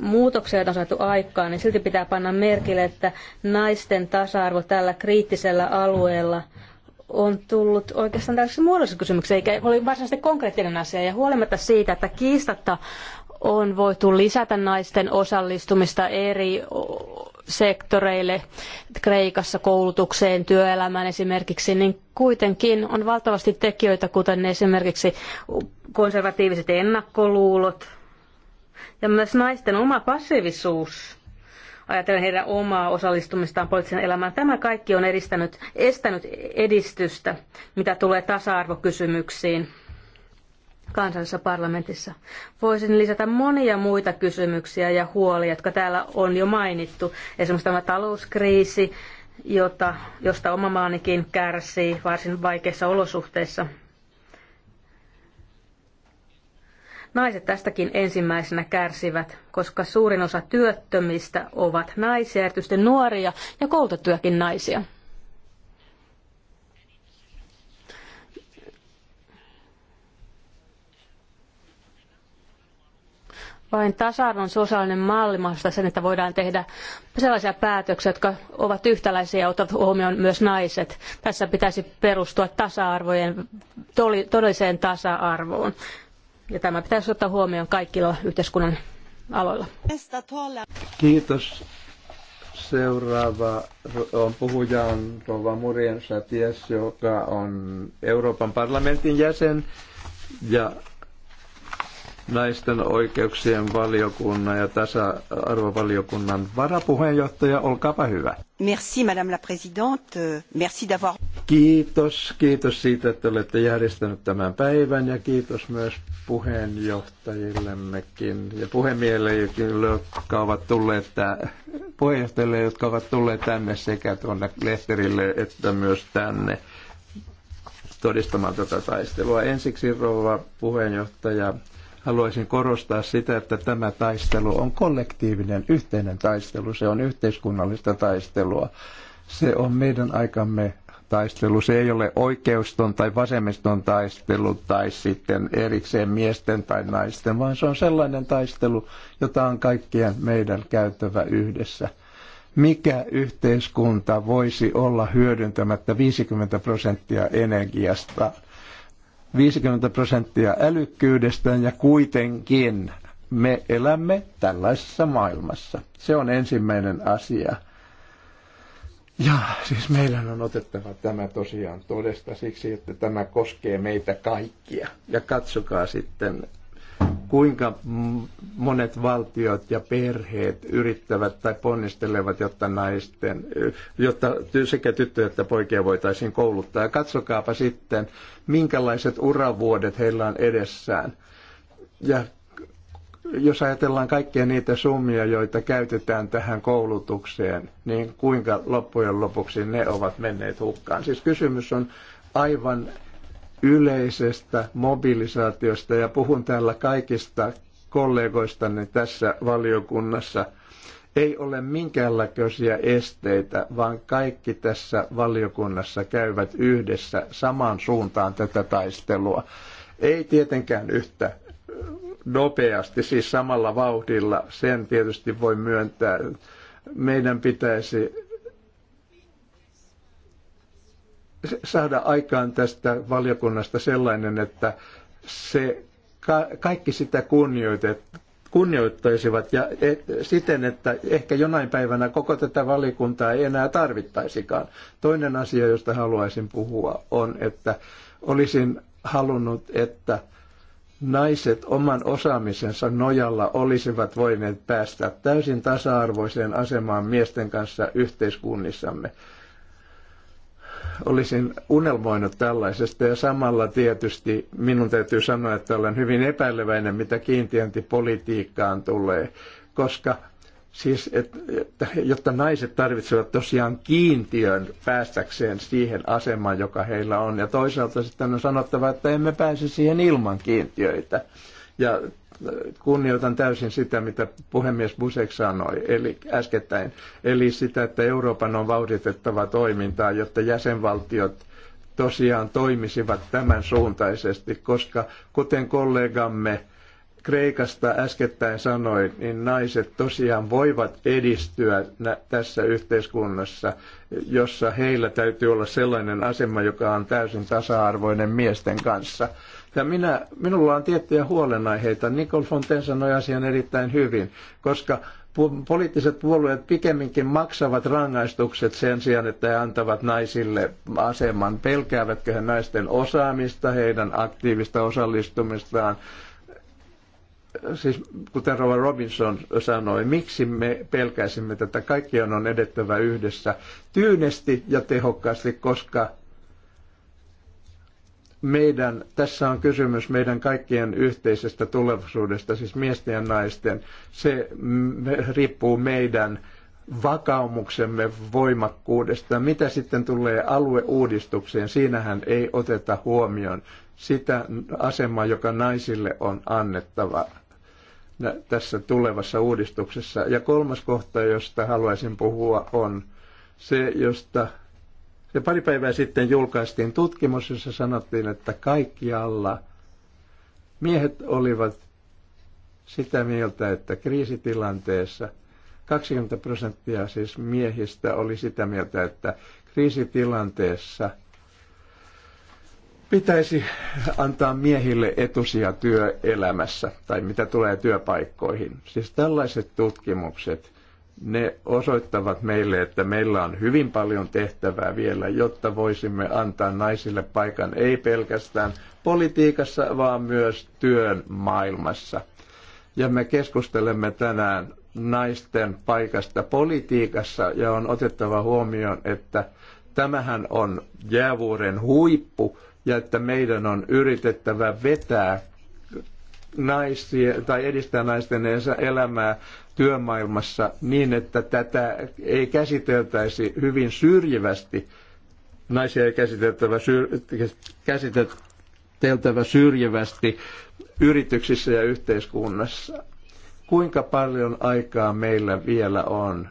Speaker 3: muutoksia, joita on saatu aikaan, niin silti pitää panna merkille, että naisten tasa-arvo tällä kriittisellä alueella on tullut oikeastaan tällaisessa muodollisessa kysymyksessä, eikä ole varsinaisesti konkreettinen asia. Ja huolimatta siitä, että kiistatta on voitu lisätä naisten osallistumista eri sektoreille, Kreikassa koulutukseen, työelämään esimerkiksi, niin kuitenkin on valtavasti tekijöitä, kuten esimerkiksi konservatiiviset ennakkoluulot ja myös naisten oma passiivisuus ajatellen heidän omaa osallistumistaan poliittiseen elämään. Tämä kaikki on edistänyt, estänyt edistystä, mitä tulee tasa-arvokysymyksiin kansallisessa parlamentissa. Voisin lisätä monia muita kysymyksiä ja huolia, jotka täällä on jo mainittu. Esimerkiksi tämä talouskriisi, jota, josta oma maanikin kärsii varsin vaikeissa olosuhteissa. Naiset tästäkin ensimmäisenä kärsivät, koska suurin osa työttömistä ovat naisia, erityisesti nuoria ja koulutettujakin naisia. Vain tasa-arvon sosiaalinen malli mahdollistaa sen, että voidaan tehdä sellaisia päätöksiä, jotka ovat yhtäläisiä ja ottavat huomioon myös naiset. Tässä pitäisi perustua tasa-arvojen, todelliseen tasa-arvoon. Ja tämä pitäisi ottaa huomioon kaikilla yhteiskunnan aloilla.
Speaker 1: Kiitos. Seuraava on puhuja on Rova Murien Saties, joka on Euroopan parlamentin jäsen ja naisten oikeuksien valiokunnan ja tasa-arvovaliokunnan varapuheenjohtaja. Olkaapa hyvä.
Speaker 2: Merci madame la présidente.
Speaker 1: Merci d'avoir... Kiitos, kiitos siitä, että olette järjestänyt tämän päivän ja kiitos myös puheenjohtajillemmekin ja puhemiehillekin, jotka ovat tulleet tää, puheenjohtajille, jotka ovat tulleet tänne sekä tuonne lehterille että myös tänne todistamaan tätä taistelua. Ensiksi rouva puheenjohtaja haluaisin korostaa sitä, että tämä taistelu on kollektiivinen, yhteinen taistelu. Se on yhteiskunnallista taistelua. Se on meidän aikamme taistelu. Se ei ole oikeuston tai vasemmiston taistelu tai sitten erikseen miesten tai naisten, vaan se on sellainen taistelu, jota on kaikkien meidän käytävä yhdessä. Mikä yhteiskunta voisi olla hyödyntämättä 50 prosenttia energiasta 50 prosenttia älykkyydestään ja kuitenkin me elämme tällaisessa maailmassa. Se on ensimmäinen asia. Ja siis meidän on otettava tämä tosiaan todesta siksi, että tämä koskee meitä kaikkia. Ja katsokaa sitten kuinka monet valtiot ja perheet yrittävät tai ponnistelevat, jotta, naisten, jotta sekä tyttöjä että poikia voitaisiin kouluttaa. Ja katsokaapa sitten, minkälaiset uravuodet heillä on edessään. Ja jos ajatellaan kaikkia niitä summia, joita käytetään tähän koulutukseen, niin kuinka loppujen lopuksi ne ovat menneet hukkaan. Siis kysymys on aivan yleisestä mobilisaatiosta ja puhun täällä kaikista kollegoistani tässä valiokunnassa. Ei ole minkäänlaisia esteitä, vaan kaikki tässä valiokunnassa käyvät yhdessä samaan suuntaan tätä taistelua. Ei tietenkään yhtä nopeasti, siis samalla vauhdilla, sen tietysti voi myöntää. Meidän pitäisi saada aikaan tästä valiokunnasta sellainen, että se ka- kaikki sitä kunnioittaisivat ja et, siten, että ehkä jonain päivänä koko tätä valiokuntaa ei enää tarvittaisikaan. Toinen asia, josta haluaisin puhua, on, että olisin halunnut, että naiset oman osaamisensa nojalla olisivat voineet päästä täysin tasa-arvoiseen asemaan miesten kanssa yhteiskunnissamme olisin unelmoinut tällaisesta ja samalla tietysti minun täytyy sanoa, että olen hyvin epäileväinen, mitä kiintiöintipolitiikkaan tulee, koska siis, että, jotta naiset tarvitsevat tosiaan kiintiön päästäkseen siihen asemaan, joka heillä on. Ja toisaalta sitten on sanottava, että emme pääse siihen ilman kiintiöitä. Ja äh, kunnioitan täysin sitä, mitä puhemies Busek sanoi eli äskettäin, eli sitä, että Euroopan on vauhditettava toimintaa, jotta jäsenvaltiot tosiaan toimisivat tämän suuntaisesti, koska kuten kollegamme Kreikasta äskettäin sanoi, niin naiset tosiaan voivat edistyä tässä yhteiskunnassa, jossa heillä täytyy olla sellainen asema, joka on täysin tasa-arvoinen miesten kanssa. Ja minä, minulla on tiettyjä huolenaiheita. Nicole Fontaine sanoi asian erittäin hyvin, koska poliittiset puolueet pikemminkin maksavat rangaistukset sen sijaan, että he antavat naisille aseman. Pelkäävätkö he naisten osaamista, heidän aktiivista osallistumistaan? Siis kuten Rova Robinson sanoi, miksi me pelkäisimme tätä? Kaikkien on edettävä yhdessä tyynesti ja tehokkaasti, koska meidän, tässä on kysymys meidän kaikkien yhteisestä tulevaisuudesta, siis miesten ja naisten. Se riippuu meidän vakaumuksemme voimakkuudesta. Mitä sitten tulee alueuudistukseen, siinähän ei oteta huomioon sitä asemaa, joka naisille on annettava tässä tulevassa uudistuksessa. Ja kolmas kohta, josta haluaisin puhua, on se, josta se pari päivää sitten julkaistiin tutkimus, jossa sanottiin, että kaikkialla miehet olivat sitä mieltä, että kriisitilanteessa 20 prosenttia siis miehistä oli sitä mieltä, että kriisitilanteessa pitäisi antaa miehille etusia työelämässä tai mitä tulee työpaikkoihin. Siis tällaiset tutkimukset ne osoittavat meille, että meillä on hyvin paljon tehtävää vielä, jotta voisimme antaa naisille paikan ei pelkästään politiikassa, vaan myös työn maailmassa. Ja me keskustelemme tänään naisten paikasta politiikassa ja on otettava huomioon, että tämähän on jäävuoren huippu ja että meidän on yritettävä vetää naisia, tai edistää naisten elämää työmaailmassa niin, että tätä ei käsiteltäisi hyvin syrjivästi. Naisia ei käsiteltävä, syr, käsiteltävä syrjivästi yrityksissä ja yhteiskunnassa. Kuinka paljon aikaa meillä vielä on?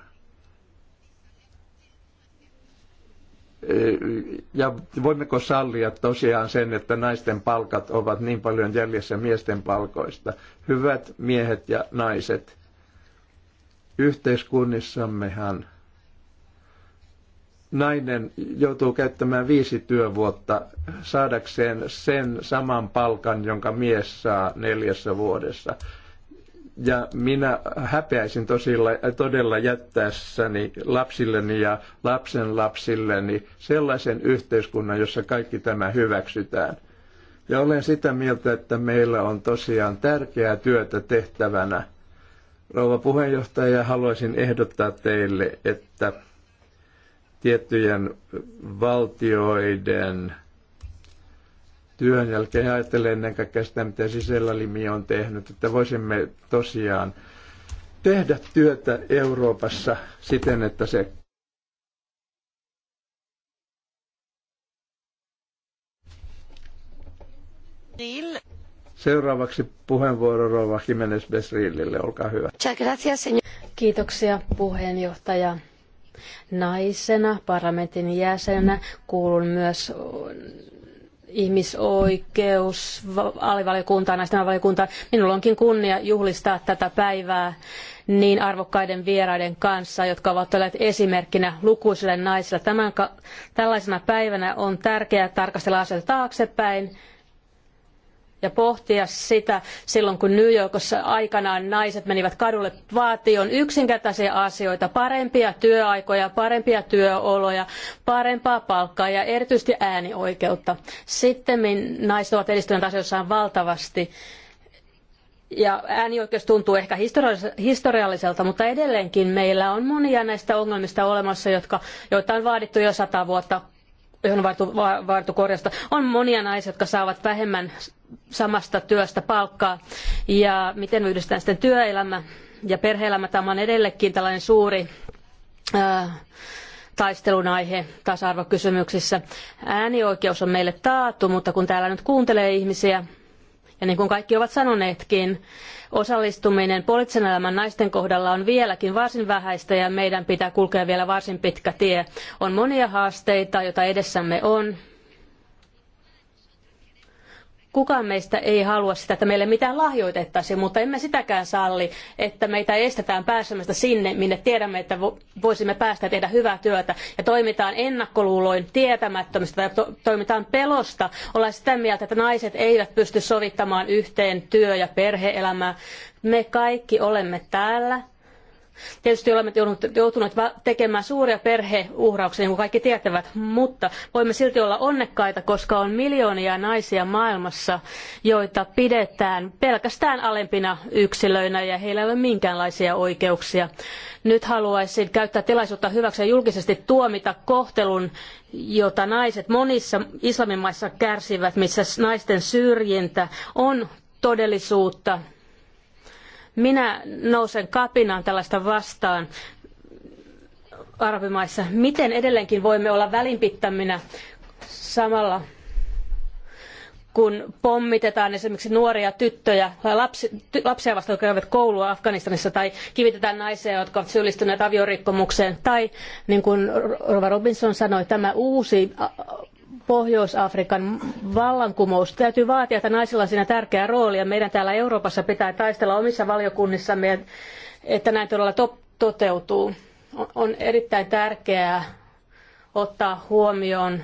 Speaker 1: ja voimmeko sallia tosiaan sen, että naisten palkat ovat niin paljon jäljessä miesten palkoista? Hyvät miehet ja naiset, Yhteiskunnissammehan nainen joutuu käyttämään viisi työvuotta saadakseen sen saman palkan, jonka mies saa neljässä vuodessa. Ja minä häpeäisin tosilla, todella jättäessäni lapsilleni ja lapsen lapsilleni sellaisen yhteiskunnan, jossa kaikki tämä hyväksytään. Ja olen sitä mieltä, että meillä on tosiaan tärkeää työtä tehtävänä Rouva puheenjohtaja, haluaisin ehdottaa teille, että tiettyjen valtioiden työn jälkeen ajattelen ennen kaikkea sitä, mitä sisällä limi on tehnyt, että voisimme tosiaan tehdä työtä Euroopassa siten, että se Niin, Seuraavaksi puheenvuoro Rova Jimenez Besrillille, olkaa hyvä.
Speaker 3: Kiitoksia puheenjohtaja. Naisena, parlamentin jäsenenä, kuulun myös ihmisoikeus, alivaliokuntaan, naisten valiokuntaan. Minulla onkin kunnia juhlistaa tätä päivää niin arvokkaiden vieraiden kanssa, jotka ovat olleet esimerkkinä lukuisille naisille. Tämän, tällaisena päivänä on tärkeää tarkastella asioita taaksepäin ja pohtia sitä silloin, kun New Yorkissa aikanaan naiset menivät kadulle vaation yksinkertaisia asioita, parempia työaikoja, parempia työoloja, parempaa palkkaa ja erityisesti äänioikeutta. Sitten naiset ovat edistyneet asioissaan valtavasti ja äänioikeus tuntuu ehkä historialliselta, mutta edelleenkin meillä on monia näistä ongelmista olemassa, jotka, joita on vaadittu jo sata vuotta johon vaadittu, korjausta. On monia naisia, jotka saavat vähemmän samasta työstä palkkaa. Ja miten yhdistetään sitten työelämä ja perheelämä? Tämä on edellekin tällainen suuri ää, taistelun aihe tasa-arvokysymyksissä. Äänioikeus on meille taattu, mutta kun täällä nyt kuuntelee ihmisiä, ja niin kuin kaikki ovat sanoneetkin, osallistuminen poliittisen elämän naisten kohdalla on vieläkin varsin vähäistä ja meidän pitää kulkea vielä varsin pitkä tie. On monia haasteita, joita edessämme on, Kukaan meistä ei halua sitä, että meille mitään lahjoitettaisiin, mutta emme sitäkään salli, että meitä estetään pääsemästä sinne, minne tiedämme, että voisimme päästä ja tehdä hyvää työtä. Ja toimitaan ennakkoluuloin tietämättömistä tai to- toimitaan pelosta. Ollaan sitä mieltä, että naiset eivät pysty sovittamaan yhteen työ- ja perhe-elämää. Me kaikki olemme täällä Tietysti olemme joutuneet tekemään suuria perheuhrauksia, niin kuin kaikki tietävät, mutta voimme silti olla onnekkaita, koska on miljoonia naisia maailmassa, joita pidetään pelkästään alempina yksilöinä ja heillä ei ole minkäänlaisia oikeuksia. Nyt haluaisin käyttää tilaisuutta hyväksi ja julkisesti tuomita kohtelun, jota naiset monissa islamimaissa kärsivät, missä naisten syrjintä on todellisuutta minä nousen kapinaan tällaista vastaan arabimaissa. Miten edelleenkin voimme olla välinpittäminä samalla kun pommitetaan esimerkiksi nuoria tyttöjä tai lapsi, lapsia vastaan, jotka käyvät koulua Afganistanissa, tai kivitetään naisia, jotka ovat syyllistyneet aviorikkomukseen, tai niin kuin Rova Robinson sanoi, tämä uusi Pohjois-Afrikan vallankumous. Täytyy vaatia, että naisilla on siinä tärkeä rooli ja meidän täällä Euroopassa pitää taistella omissa valiokunnissamme, että näin todella to- toteutuu. On erittäin tärkeää ottaa huomioon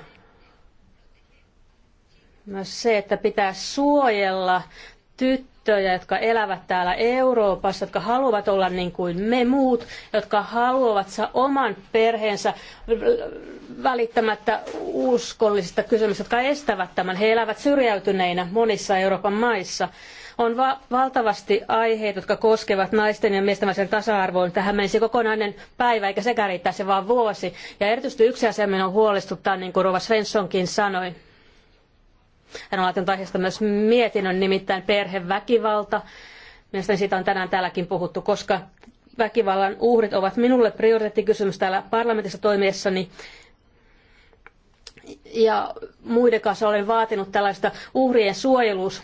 Speaker 3: myös se, että pitää suojella tyttöjä tyttöjä, jotka elävät täällä Euroopassa, jotka haluavat olla niin kuin me muut, jotka haluavat saa oman perheensä välittämättä uskollisista kysymyksistä, jotka estävät tämän. He elävät syrjäytyneinä monissa Euroopan maissa on va valtavasti aiheet, jotka koskevat naisten ja miesten välisen tasa-arvoon. Tähän menisi kokonainen päivä, eikä sekä riittäisi vaan vuosi. Ja erityisesti yksi asia minua huolestuttaa, niin kuin Rova Svenssonkin sanoi. Hän on laatinut aiheesta myös mietinnön, nimittäin perheväkivalta. Mielestäni siitä on tänään täälläkin puhuttu, koska väkivallan uhrit ovat minulle prioriteettikysymys täällä parlamentissa toimiessani. Ja muiden kanssa olen vaatinut tällaista uhrien suojelus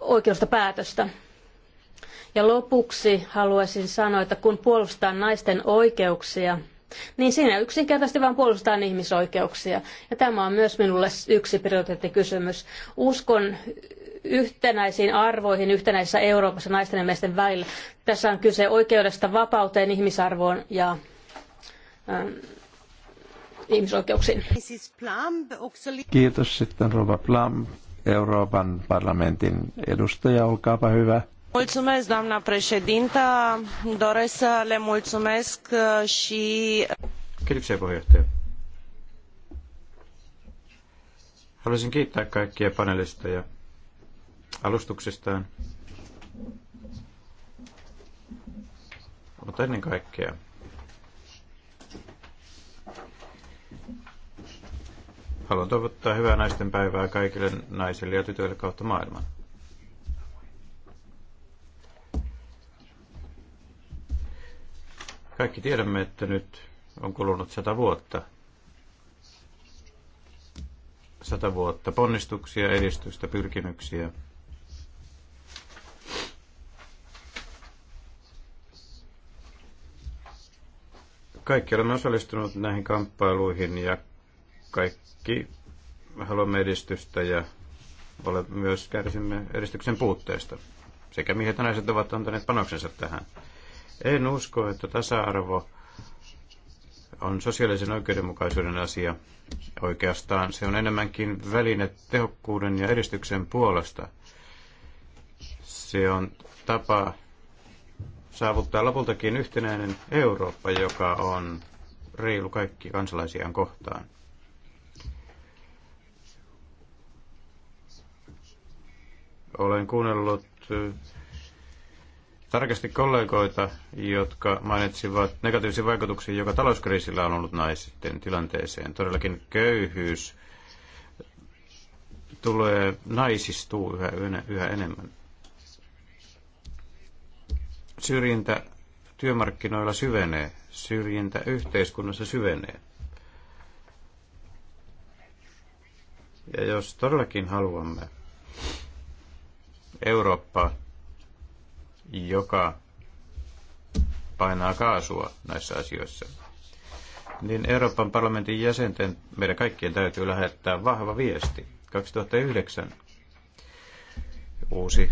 Speaker 3: oikeusta päätöstä. Ja lopuksi haluaisin sanoa, että kun puolustan naisten oikeuksia, niin siinä yksinkertaisesti vain puolustetaan ihmisoikeuksia. Ja tämä on myös minulle yksi prioriteettikysymys. Uskon yhtenäisiin arvoihin yhtenäisessä Euroopassa naisten ja miesten välillä. Tässä on kyse oikeudesta vapauteen, ihmisarvoon ja ähm, ihmisoikeuksiin.
Speaker 1: Kiitos sitten Rova Plum, Euroopan parlamentin edustaja, olkaapa hyvä
Speaker 3: doresc să le mulțumesc uh,
Speaker 2: și... Kiitoksia puheenjohtaja. Haluaisin kiittää kaikkia panelisteja alustuksistaan. Mutta ennen kaikkea haluan toivottaa hyvää naisten päivää kaikille naisille ja tytöille kautta maailman. Kaikki tiedämme, että nyt on kulunut sata vuotta. Sata vuotta ponnistuksia, edistystä, pyrkimyksiä. Kaikki olemme osallistuneet näihin kamppailuihin ja kaikki haluamme edistystä ja ole, myös kärsimme edistyksen puutteesta. Sekä miehet ja naiset ovat antaneet panoksensa tähän. En usko, että tasa-arvo on sosiaalisen oikeudenmukaisuuden asia. Oikeastaan se on enemmänkin väline tehokkuuden ja edistyksen puolesta. Se on tapa saavuttaa lopultakin yhtenäinen Eurooppa, joka on reilu kaikki kansalaisiaan kohtaan. Olen kuunnellut tarkasti kollegoita, jotka mainitsivat negatiivisia vaikutuksia, joka talouskriisillä on ollut naisten tilanteeseen. Todellakin köyhyys tulee naisistuu yhä, yhä enemmän. Syrjintä työmarkkinoilla syvenee, syrjintä yhteiskunnassa syvenee. Ja jos todellakin haluamme Eurooppaa joka painaa kaasua näissä asioissa, niin Euroopan parlamentin jäsenten meidän kaikkien täytyy lähettää vahva viesti. 2009 uusi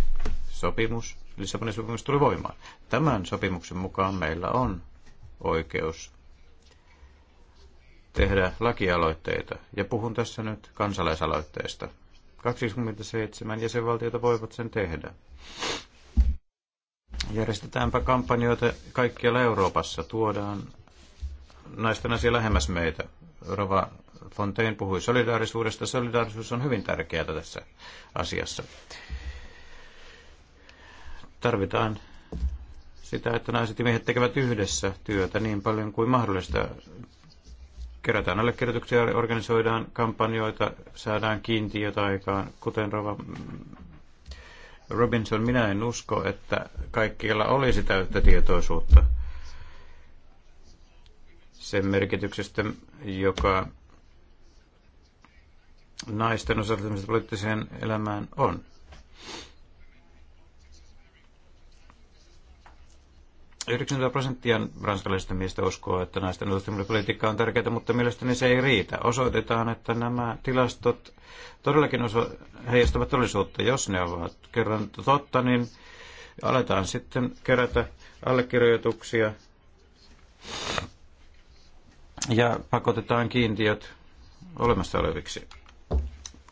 Speaker 2: sopimus, Lissabonin sopimus tuli voimaan. Tämän sopimuksen mukaan meillä on oikeus tehdä lakialoitteita, ja puhun tässä nyt kansalaisaloitteesta. 27 jäsenvaltiota voivat sen tehdä. Järjestetäänpä kampanjoita kaikkialla Euroopassa. Tuodaan naisten asia lähemmäs meitä. Rova Fontaine puhui solidaarisuudesta. Solidaarisuus on hyvin tärkeää tässä asiassa. Tarvitaan sitä, että naiset ja miehet tekevät yhdessä työtä niin paljon kuin mahdollista. Kerätään allekirjoituksia, organisoidaan kampanjoita, saadaan kiintiötä aikaan, kuten Rova Robinson, minä en usko, että kaikkialla olisi täyttä tietoisuutta sen merkityksestä, joka naisten osallistumista poliittiseen elämään on. 90 prosenttia ranskalaisista miestä uskoo, että naisten politiikka on tärkeää, mutta mielestäni se ei riitä. Osoitetaan, että nämä tilastot todellakin oso- heijastavat todellisuutta. Jos ne ovat kerran totta, niin aletaan sitten kerätä allekirjoituksia ja pakotetaan kiintiöt olemassa oleviksi.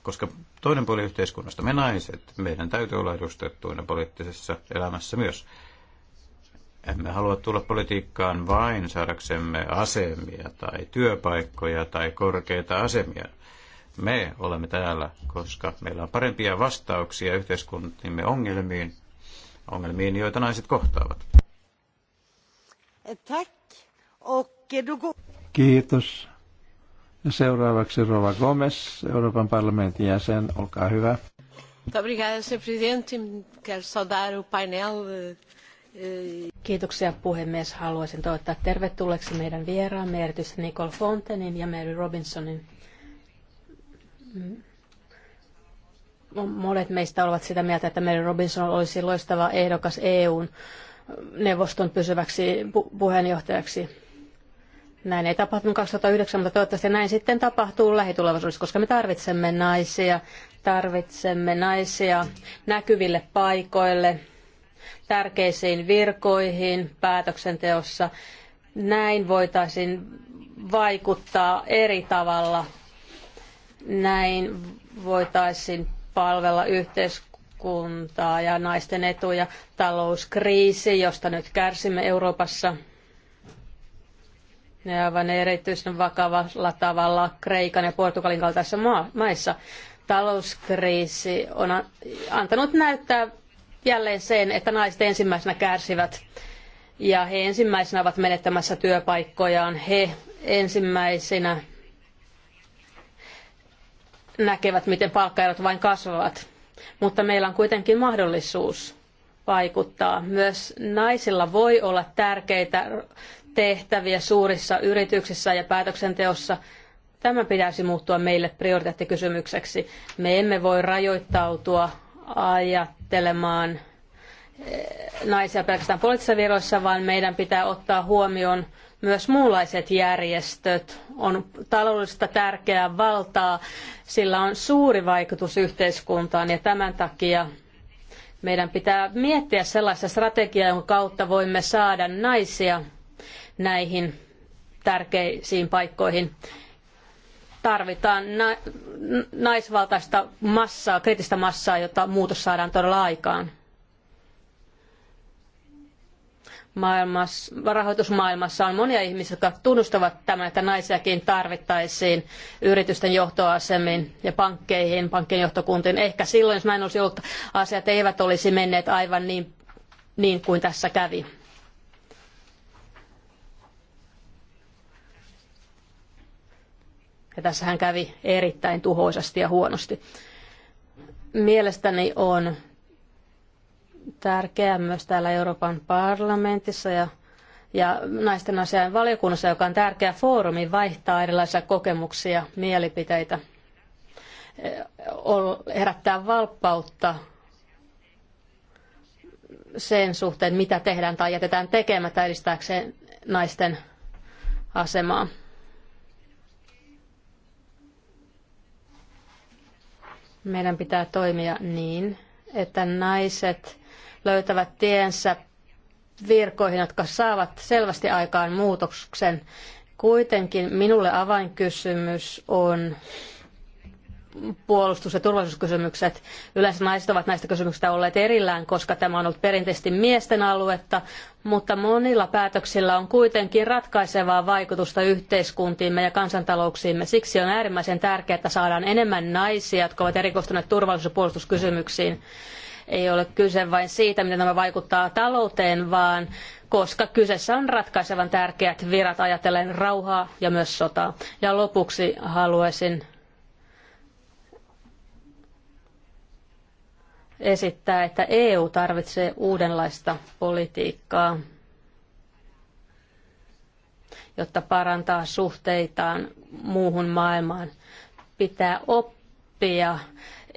Speaker 2: Koska toinen puoli yhteiskunnasta, me naiset, meidän täytyy olla edustettuina poliittisessa elämässä myös. Emme halua tulla politiikkaan vain saadaksemme asemia tai työpaikkoja tai korkeita asemia. Me olemme täällä, koska meillä on parempia vastauksia yhteiskuntimme ongelmiin, ongelmiin, joita naiset kohtaavat.
Speaker 1: Kiitos. Ja seuraavaksi Rova Gomez, Euroopan parlamentin jäsen, olkaa hyvä.
Speaker 3: Muito obrigada, Presidente. Quero saudar o painel eh, Kiitoksia puhemies. Haluaisin toivottaa tervetulleeksi meidän vieraamme erityisesti Nicole Fontenin ja Mary Robinsonin. Mm. Monet meistä ovat sitä mieltä, että Mary Robinson olisi loistava ehdokas EUn neuvoston pysyväksi puheenjohtajaksi. Näin ei tapahtunut 2009, mutta toivottavasti näin sitten tapahtuu lähitulevaisuudessa, koska me tarvitsemme naisia, tarvitsemme naisia näkyville paikoille, tärkeisiin virkoihin päätöksenteossa. Näin voitaisiin vaikuttaa eri tavalla. Näin voitaisiin palvella yhteiskuntaa ja naisten etuja. Talouskriisi, josta nyt kärsimme Euroopassa, ja aivan erityisen vakavalla tavalla Kreikan ja Portugalin kaltaisissa maissa. Talouskriisi on antanut näyttää jälleen sen, että naiset ensimmäisenä kärsivät ja he ensimmäisenä ovat menettämässä työpaikkojaan. He ensimmäisenä näkevät, miten palkkaerot vain kasvavat. Mutta meillä on kuitenkin mahdollisuus vaikuttaa. Myös naisilla voi olla tärkeitä tehtäviä suurissa yrityksissä ja päätöksenteossa. Tämä pitäisi muuttua meille prioriteettikysymykseksi. Me emme voi rajoittautua ajattelemaan eh, naisia pelkästään poliittisissa viroissa, vaan meidän pitää ottaa huomioon myös muunlaiset järjestöt. On taloudellista tärkeää valtaa, sillä on suuri vaikutus yhteiskuntaan ja tämän takia meidän pitää miettiä sellaista strategiaa, jonka kautta voimme saada naisia näihin tärkeisiin paikkoihin tarvitaan na- naisvaltaista massaa, kriittistä massaa, jotta muutos saadaan todella aikaan. Maailmassa, rahoitusmaailmassa on monia ihmisiä, jotka tunnustavat tämän, että naisiakin tarvittaisiin yritysten johtoasemiin ja pankkeihin, pankkien johtokuntiin. Ehkä silloin, jos näin olisi ollut, asiat eivät olisi menneet aivan niin, niin kuin tässä kävi Ja tässähän kävi erittäin tuhoisasti ja huonosti. Mielestäni on tärkeää myös täällä Euroopan parlamentissa ja, ja naisten asian valiokunnassa, joka on tärkeä foorumi vaihtaa erilaisia kokemuksia, mielipiteitä, eh, herättää valppautta sen suhteen, mitä tehdään tai jätetään tekemättä edistääkseen naisten asemaa. Meidän pitää toimia niin, että naiset löytävät tiensä virkoihin, jotka saavat selvästi aikaan muutoksen. Kuitenkin minulle avainkysymys on puolustus- ja turvallisuuskysymykset. Yleensä naiset ovat näistä kysymyksistä olleet erillään, koska tämä on ollut perinteisesti miesten aluetta, mutta monilla päätöksillä on kuitenkin ratkaisevaa vaikutusta yhteiskuntiimme ja kansantalouksiimme. Siksi on äärimmäisen tärkeää, että saadaan enemmän naisia, jotka ovat erikoistuneet turvallisuus- ja puolustuskysymyksiin. Ei ole kyse vain siitä, miten tämä vaikuttaa talouteen, vaan koska kyseessä on ratkaisevan tärkeät virat ajatellen rauhaa ja myös sotaa. Ja lopuksi haluaisin esittää, että EU tarvitsee uudenlaista politiikkaa, jotta parantaa suhteitaan muuhun maailmaan. Pitää oppia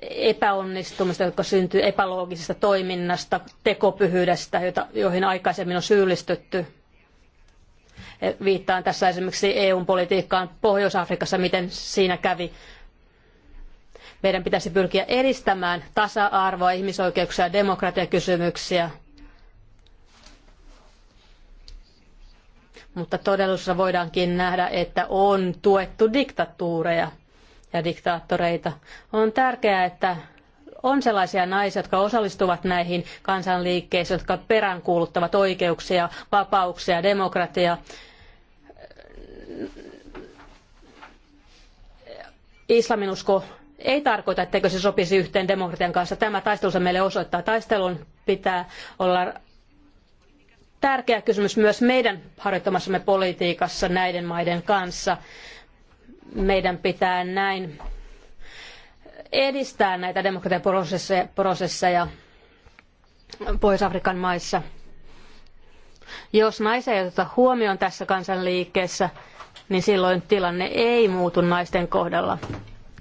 Speaker 3: epäonnistumista, jotka syntyy epäloogisesta toiminnasta, tekopyhyydestä, joihin aikaisemmin on syyllistytty. Viittaan tässä esimerkiksi EUn politiikkaan Pohjois-Afrikassa, miten siinä kävi meidän pitäisi pyrkiä edistämään tasa-arvoa, ihmisoikeuksia ja demokratiakysymyksiä. Mutta todellisuudessa voidaankin nähdä, että on tuettu diktatuureja ja diktaattoreita. On tärkeää, että on sellaisia naisia, jotka osallistuvat näihin kansanliikkeisiin, jotka peräänkuuluttavat oikeuksia, vapauksia, demokratiaa. Islaminusko ei tarkoita, etteikö se sopisi yhteen demokratian kanssa. Tämä taistelunsa meille osoittaa. Taistelun pitää olla tärkeä kysymys myös meidän harjoittamassamme politiikassa näiden maiden kanssa. Meidän pitää näin edistää näitä demokratiaprosesseja Pohjois-Afrikan maissa. Jos naisia ei oteta huomioon tässä kansanliikkeessä, niin silloin tilanne ei muutu naisten kohdalla.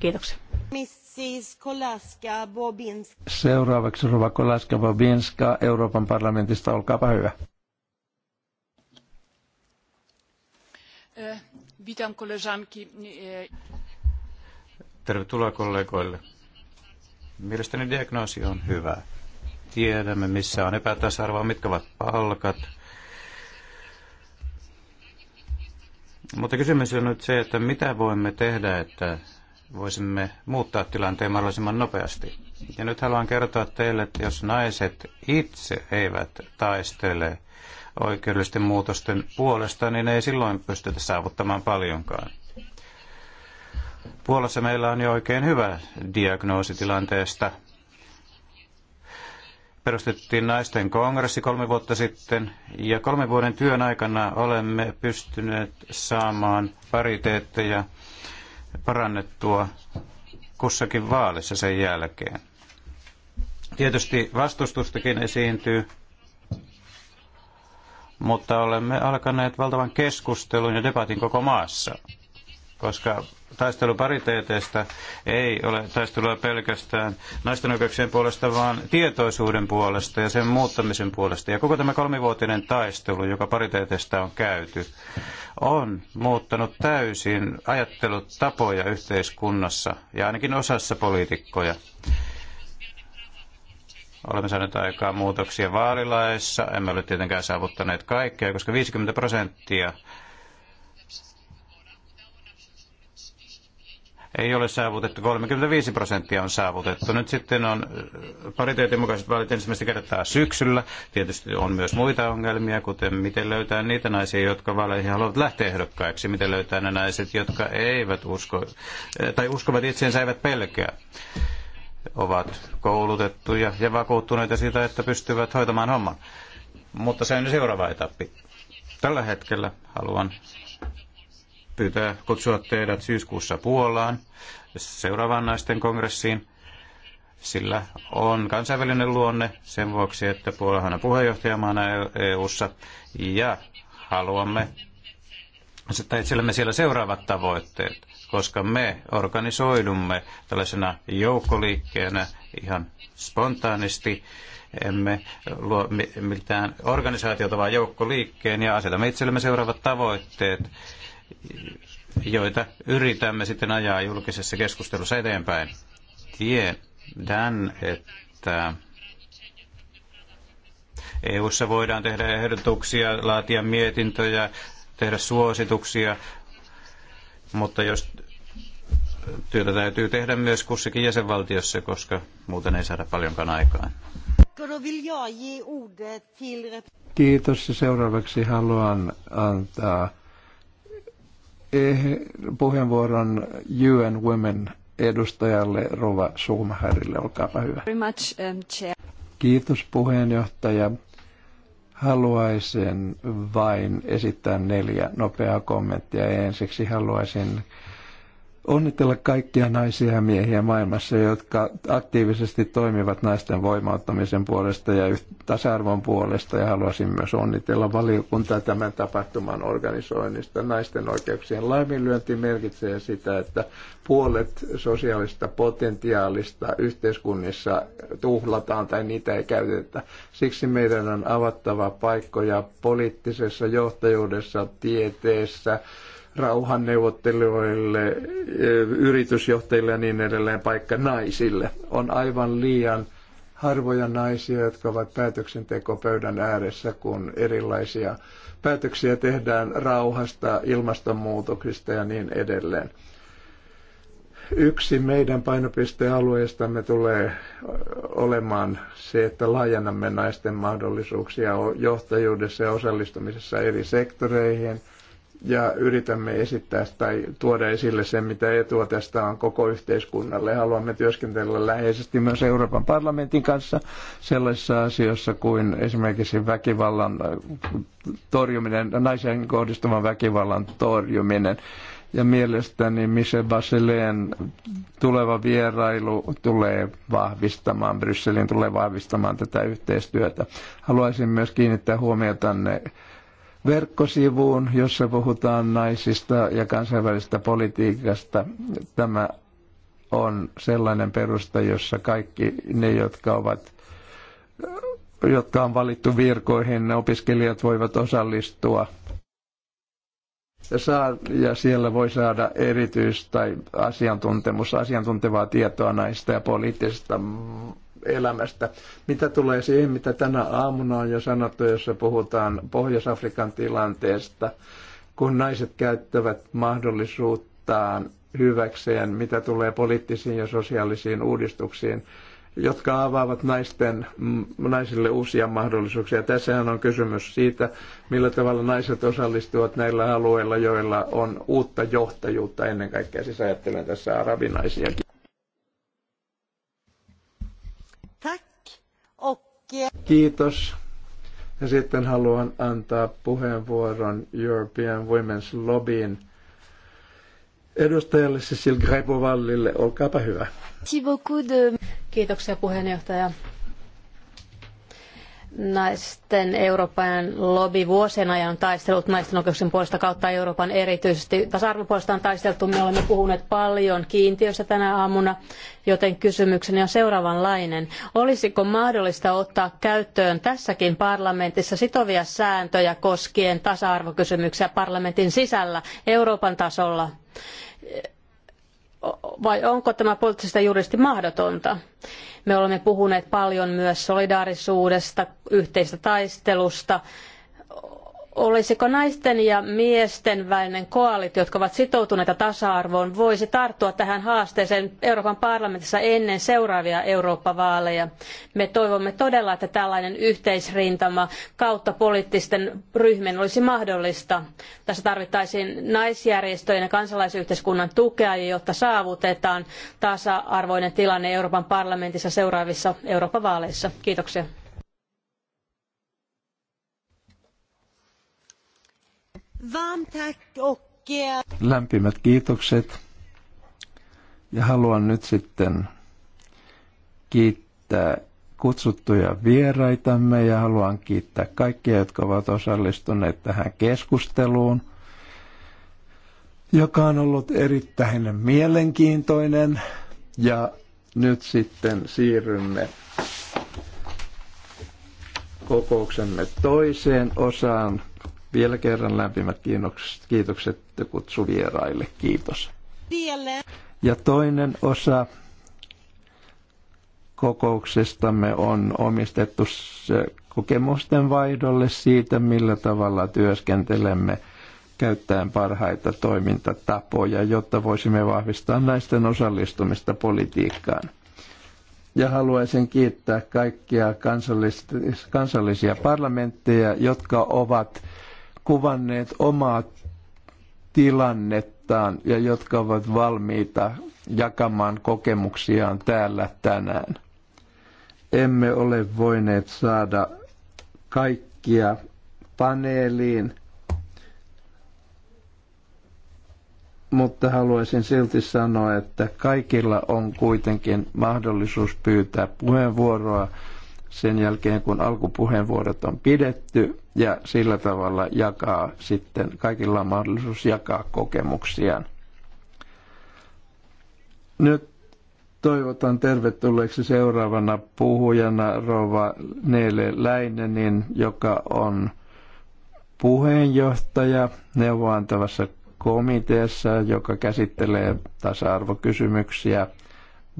Speaker 3: Kiitoksia. Mrs. Kolaska Bobinska.
Speaker 1: Seuraavaksi Rova Kolaska Bobinska Euroopan
Speaker 2: parlamentista, olkaapa hyvä. Eh, witam koleżanki. Eh. Tervetuloa kollegoille. Mielestäni diagnoosi on hyvä. Tiedämme, missä on epätasa mitkä ovat palkat. Mutta kysymys on nyt se, että mitä voimme tehdä, että voisimme muuttaa tilanteen mahdollisimman nopeasti. Ja nyt haluan kertoa teille, että jos naiset itse eivät taistele oikeudellisten muutosten puolesta, niin ei silloin pystytä saavuttamaan paljonkaan. Puolassa meillä on jo oikein hyvä diagnoosi tilanteesta. Perustettiin naisten kongressi kolme vuotta sitten ja kolmen vuoden työn aikana olemme pystyneet saamaan pariteetteja parannettua kussakin vaalissa sen jälkeen. Tietysti vastustustakin esiintyy, mutta olemme alkaneet valtavan keskustelun ja debatin koko maassa, koska taistelu pariteeteista ei ole taistelua pelkästään naisten oikeuksien puolesta, vaan tietoisuuden puolesta ja sen muuttamisen puolesta. Ja koko tämä kolmivuotinen taistelu, joka pariteeteista on käyty, on muuttanut täysin ajattelutapoja yhteiskunnassa ja ainakin osassa poliitikkoja. Olemme saaneet aikaa muutoksia vaalilaissa, emme ole tietenkään saavuttaneet kaikkea, koska 50 prosenttia ei ole saavutettu, 35 prosenttia on saavutettu. Nyt sitten on äh, pariteetin mukaiset vaalit ensimmäistä kertaa syksyllä. Tietysti on myös muita ongelmia, kuten miten löytää niitä naisia, jotka vaaleihin haluavat lähteä ehdokkaiksi, miten löytää ne naiset, jotka eivät usko, äh, tai uskovat itseensä eivät pelkää ovat koulutettuja ja vakuuttuneita siitä, että pystyvät hoitamaan homman. Mutta se on seuraava etappi. Tällä hetkellä haluan pyytää kutsua teidät syyskuussa Puolaan seuraavaan naisten kongressiin. Sillä on kansainvälinen luonne sen vuoksi, että Puolahan on puheenjohtajamaana EU-ssa ja haluamme asettaa itsellemme siellä seuraavat tavoitteet, koska me organisoidumme tällaisena joukkoliikkeenä ihan spontaanisti emme luo mitään organisaatiota, vaan joukkoliikkeen ja asetamme itsellemme seuraavat tavoitteet joita yritämme sitten ajaa julkisessa keskustelussa eteenpäin. Tiedän, että EU:ssa voidaan tehdä ehdotuksia, laatia mietintöjä, tehdä suosituksia, mutta jos työtä täytyy tehdä myös kussakin jäsenvaltiossa, koska muuten ei saada paljonkaan aikaan.
Speaker 1: Kiitos ja seuraavaksi haluan antaa Eh, puheenvuoron UN Women edustajalle Rova Schumacherille. Olkaapa hyvä.
Speaker 3: Um,
Speaker 1: Kiitos puheenjohtaja. Haluaisin vain esittää neljä nopeaa kommenttia. Ensiksi haluaisin onnitella kaikkia naisia ja miehiä maailmassa, jotka aktiivisesti toimivat naisten voimauttamisen puolesta ja tasa-arvon puolesta. Ja haluaisin myös onnitella valiokuntaa tämän tapahtuman organisoinnista. Naisten oikeuksien laiminlyönti merkitsee sitä, että puolet sosiaalista potentiaalista yhteiskunnissa tuhlataan tai niitä ei käytetä. Siksi meidän on avattava paikkoja poliittisessa johtajuudessa, tieteessä, rauhanneuvottelijoille, eh, yritysjohtajille ja niin edelleen paikka naisille. On aivan liian harvoja naisia, jotka ovat päätöksentekopöydän ääressä, kun erilaisia päätöksiä tehdään rauhasta, ilmastonmuutoksista ja niin edelleen. Yksi meidän painopistealueistamme tulee olemaan se, että laajennamme naisten mahdollisuuksia johtajuudessa ja osallistumisessa eri sektoreihin – ja yritämme esittää tai tuoda esille sen, mitä etua tästä on koko yhteiskunnalle. Haluamme työskentellä läheisesti myös Euroopan parlamentin kanssa sellaisissa asioissa kuin esimerkiksi väkivallan torjuminen, naisen kohdistuvan väkivallan torjuminen. Ja mielestäni Michel Basileen tuleva vierailu tulee vahvistamaan, Brysselin tulee vahvistamaan tätä yhteistyötä. Haluaisin myös kiinnittää huomiota tänne verkkosivuun, jossa puhutaan naisista ja kansainvälisestä politiikasta. Tämä on sellainen perusta, jossa kaikki ne, jotka ovat jotka on valittu virkoihin, opiskelijat voivat osallistua saa, ja siellä voi saada erityis- tai asiantuntemus, asiantuntevaa tietoa naista ja poliittisista elämästä. Mitä tulee siihen, mitä tänä aamuna on jo sanottu, jossa puhutaan Pohjois-Afrikan tilanteesta, kun naiset käyttävät mahdollisuuttaan hyväkseen, mitä tulee poliittisiin ja sosiaalisiin uudistuksiin, jotka avaavat naisten, mm, naisille uusia mahdollisuuksia. Tässähän on kysymys siitä, millä tavalla naiset osallistuvat näillä alueilla, joilla on uutta johtajuutta ennen kaikkea. Siis ajattelen tässä arabinaisiakin. Kiitos. Ja sitten haluan antaa puheenvuoron European Women's Lobbyin edustajalle Cecil Grepovallille. Olkaapa hyvä.
Speaker 3: Kiitoksia puheenjohtaja. Naisten Euroopan lobby vuosien ajan taistellut naisten oikeuksien puolesta kautta Euroopan erityisesti. Tasa-arvon puolesta on taisteltu, me olemme puhuneet paljon kiintiöistä tänä aamuna, joten kysymykseni on seuraavanlainen. Olisiko mahdollista ottaa käyttöön tässäkin parlamentissa sitovia sääntöjä koskien tasa-arvokysymyksiä parlamentin sisällä Euroopan tasolla? vai onko tämä ja juristi mahdotonta? Me olemme puhuneet paljon myös solidaarisuudesta, yhteisestä taistelusta, olisiko naisten ja miesten välinen koalitio, jotka ovat sitoutuneita tasa-arvoon, voisi tarttua tähän haasteeseen Euroopan parlamentissa ennen seuraavia Eurooppa-vaaleja. Me toivomme todella, että tällainen yhteisrintama kautta poliittisten ryhmien olisi mahdollista. Tässä tarvittaisiin naisjärjestöjen ja kansalaisyhteiskunnan tukea, jotta saavutetaan tasa-arvoinen tilanne Euroopan parlamentissa seuraavissa Eurooppa-vaaleissa. Kiitoksia. Eh,
Speaker 1: Lämpimät kiitokset. Ja haluan nyt sitten kiittää kutsuttuja vieraitamme ja haluan kiittää kaikkia, jotka ovat osallistuneet tähän keskusteluun, joka on ollut erittäin mielenkiintoinen. Ja nyt sitten siirrymme kokouksemme toiseen osaan. Vielä kerran lämpimät kiitokset, kiitokset kutsuvieraille. Kiitos. Ja toinen osa kokouksestamme on omistettu kokemusten vaihdolle siitä, millä tavalla työskentelemme käyttäen parhaita toimintatapoja, jotta voisimme vahvistaa naisten osallistumista politiikkaan. Ja haluaisin kiittää kaikkia kansallisia parlamentteja, jotka ovat kuvanneet omaa tilannettaan ja jotka ovat valmiita jakamaan kokemuksiaan täällä tänään. Emme ole voineet saada kaikkia paneeliin, mutta haluaisin silti sanoa, että kaikilla on kuitenkin mahdollisuus pyytää puheenvuoroa sen jälkeen, kun alkupuheenvuorot on pidetty ja sillä tavalla jakaa sitten, kaikilla on mahdollisuus jakaa kokemuksiaan. Nyt toivotan tervetulleeksi seuraavana puhujana Rova Neele Läinenin, joka on puheenjohtaja neuvoantavassa komiteassa, joka käsittelee tasa-arvokysymyksiä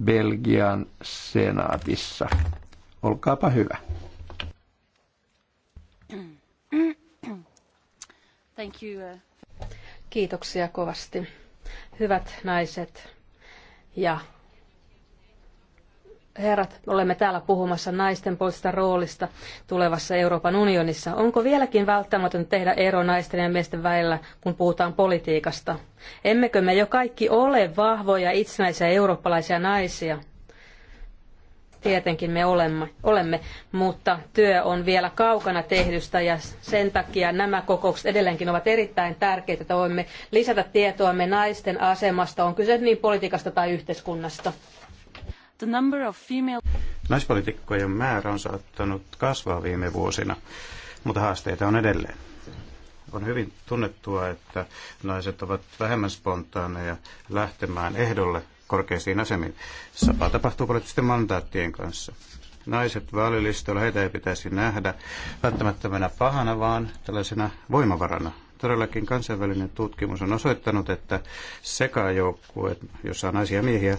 Speaker 1: Belgian senaatissa. Olkaapa hyvä.
Speaker 2: Thank you. Uh,
Speaker 3: Kiitoksia kovasti. Hyvät naiset ja herrat, olemme täällä puhumassa naisten poista roolista tulevassa Euroopan unionissa. Onko vieläkin välttämätöntä tehdä ero naisten ja miesten välillä, kun puhutaan politiikasta? Emmekö me jo kaikki ole vahvoja itsenäisiä eurooppalaisia naisia? tietenkin me olemme, olemme, mutta työ on vielä kaukana tehdystä ja sen takia nämä kokoukset edelleenkin ovat erittäin tärkeitä, että voimme lisätä tietoamme naisten asemasta, on kyse niin politiikasta tai yhteiskunnasta. The number of female...
Speaker 2: Naispolitiikkojen määrä on saattanut kasvaa viime vuosina, mutta haasteita on edelleen. On hyvin tunnettua, että naiset ovat vähemmän spontaaneja lähtemään ehdolle korkeisiin asemiin. Sapa tapahtuu poliittisten mandaattien kanssa. Naiset vaalilistoilla, heitä ei pitäisi nähdä välttämättömänä pahana, vaan tällaisena voimavarana. Todellakin kansainvälinen tutkimus on osoittanut, että sekajoukkueet, jossa on naisia ja miehiä,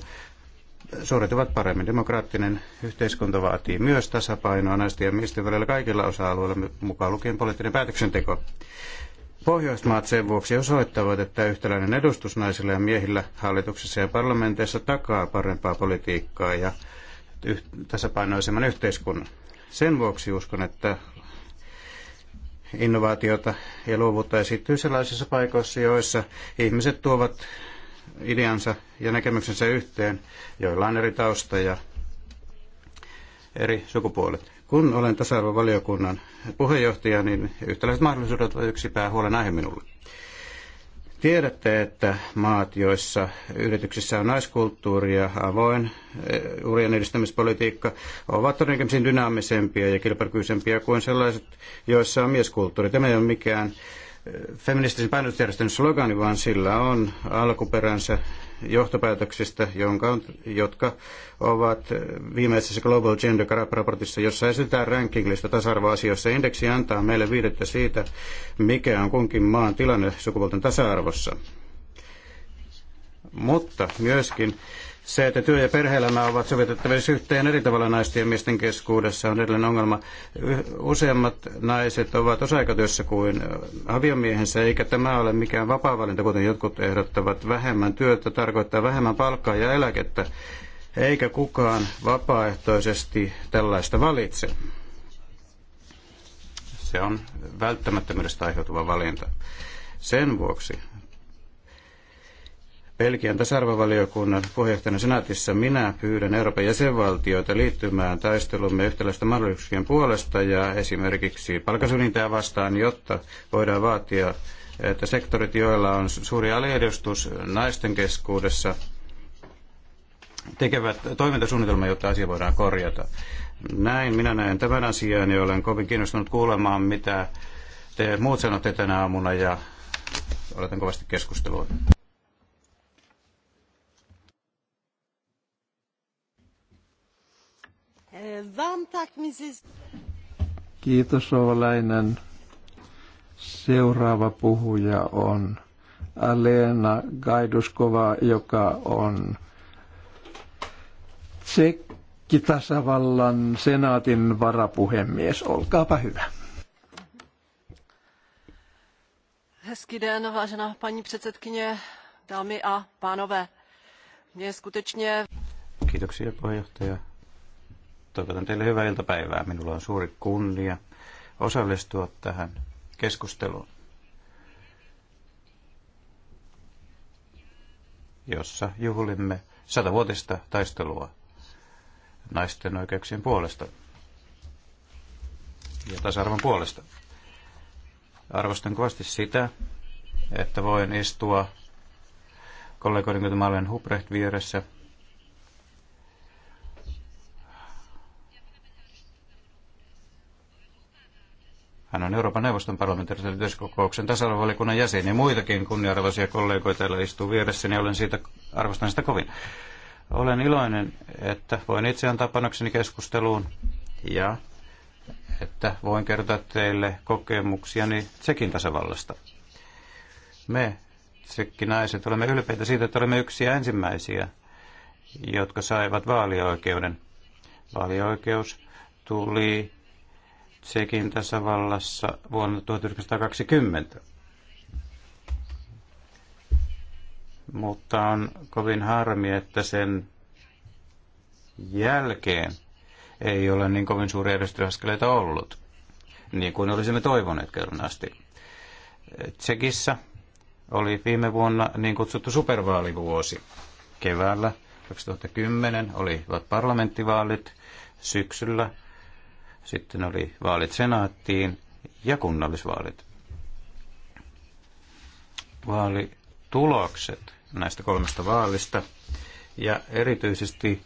Speaker 2: suorituvat paremmin. Demokraattinen yhteiskunta vaatii myös tasapainoa naisten ja miesten välillä kaikilla osa-alueilla, mukaan lukien poliittinen päätöksenteko. Pohjoismaat sen vuoksi osoittavat, että yhtäläinen edustus naisilla ja miehillä hallituksessa ja parlamenteissa takaa parempaa politiikkaa ja tasapainoisemman yhteiskunnan. Sen vuoksi uskon, että innovaatiota ja luovuutta esiintyy sellaisissa paikoissa, joissa ihmiset tuovat ideansa ja näkemyksensä yhteen, joilla on eri tausta ja eri sukupuolet. Kun olen tasa-arvovaliokunnan puheenjohtaja, niin yhtäläiset mahdollisuudet ovat yksi päähuolen aihe minulle. Tiedätte, että maat, joissa yrityksissä on naiskulttuuri ja avoin eh, urien edistämispolitiikka, ovat todennäköisesti dynaamisempia ja kilpailukykyisempiä kuin sellaiset, joissa on mieskulttuuri. Tämä ei ole mikään eh, feministisen painotusjärjestön slogani, vaan sillä on alkuperänsä johtopäätöksistä, jonka on, jotka ovat viimeisessä Global Gender Gap-raportissa, jossa esitetään rankinglista tasa-arvoasioissa. Indeksi antaa meille viidettä siitä, mikä on kunkin maan tilanne sukupuolten tasa-arvossa. Mutta myöskin se, että työ ja perhe-elämä ovat sovitettavissa yhteen eri tavalla naisten ja miesten keskuudessa, on edelleen ongelma. Useimmat naiset ovat osa-aikatyössä kuin aviomiehensä, eikä tämä ole mikään vapaa-valinta, kuten jotkut ehdottavat. Vähemmän työtä tarkoittaa vähemmän palkkaa ja eläkettä, eikä kukaan vapaaehtoisesti tällaista valitse. Se on välttämättömyydestä aiheutuva valinta. Sen vuoksi Belgian tasa-arvovaliokunnan puheenjohtajana senaatissa minä pyydän Euroopan jäsenvaltioita liittymään taistelumme yhtäläisten mahdollisuuksien puolesta ja esimerkiksi palkasyrjintää vastaan, jotta voidaan vaatia, että sektorit, joilla on suuri aliedustus naisten keskuudessa, tekevät toimintasuunnitelman, jotta asia voidaan korjata. Näin minä näen tämän asian ja olen kovin kiinnostunut kuulemaan, mitä te muut sanotte tänä aamuna ja odotan kovasti keskustelua.
Speaker 1: Kiitos Oulainen. Seuraava puhuja on Alena Gaiduskova, joka on Tsekki-tasavallan senaatin varapuhemies. Olkaapa hyvä.
Speaker 2: Hezký den, vážená paní předsedkyně, dámy a pánové. Mě skutečně... Kiitoksia puheenjohtaja, Toivotan teille hyvää iltapäivää. Minulla on suuri kunnia osallistua tähän keskusteluun, jossa juhlimme satavuotista taistelua naisten oikeuksien puolesta ja tasa-arvon puolesta. Arvostan kovasti sitä, että voin istua kollegoiden kuten Malen Hubrecht vieressä – Hän on Euroopan neuvoston parlamentaarisen yleiskokouksen tasa-arvovaliokunnan jäsen ja muitakin kunnianarvoisia kollegoita täällä istuu vieressäni niin ja olen siitä, arvostan sitä kovin. Olen iloinen, että voin itse antaa panokseni keskusteluun ja että voin kertoa teille kokemuksiani Tsekin tasavallasta. Me tsekki naiset olemme ylpeitä siitä, että olemme yksi ensimmäisiä, jotka saivat vaalioikeuden. Vaalioikeus tuli Tsekin tasavallassa vuonna 1920. Mutta on kovin harmi, että sen jälkeen ei ole niin kovin suuria edistysaskeleita ollut, niin kuin olisimme toivoneet kerran asti. Tsekissä oli viime vuonna niin kutsuttu supervaalivuosi. Keväällä 2010 olivat parlamenttivaalit, syksyllä sitten oli vaalit senaattiin ja kunnallisvaalit. Vaalitulokset näistä kolmesta vaalista ja erityisesti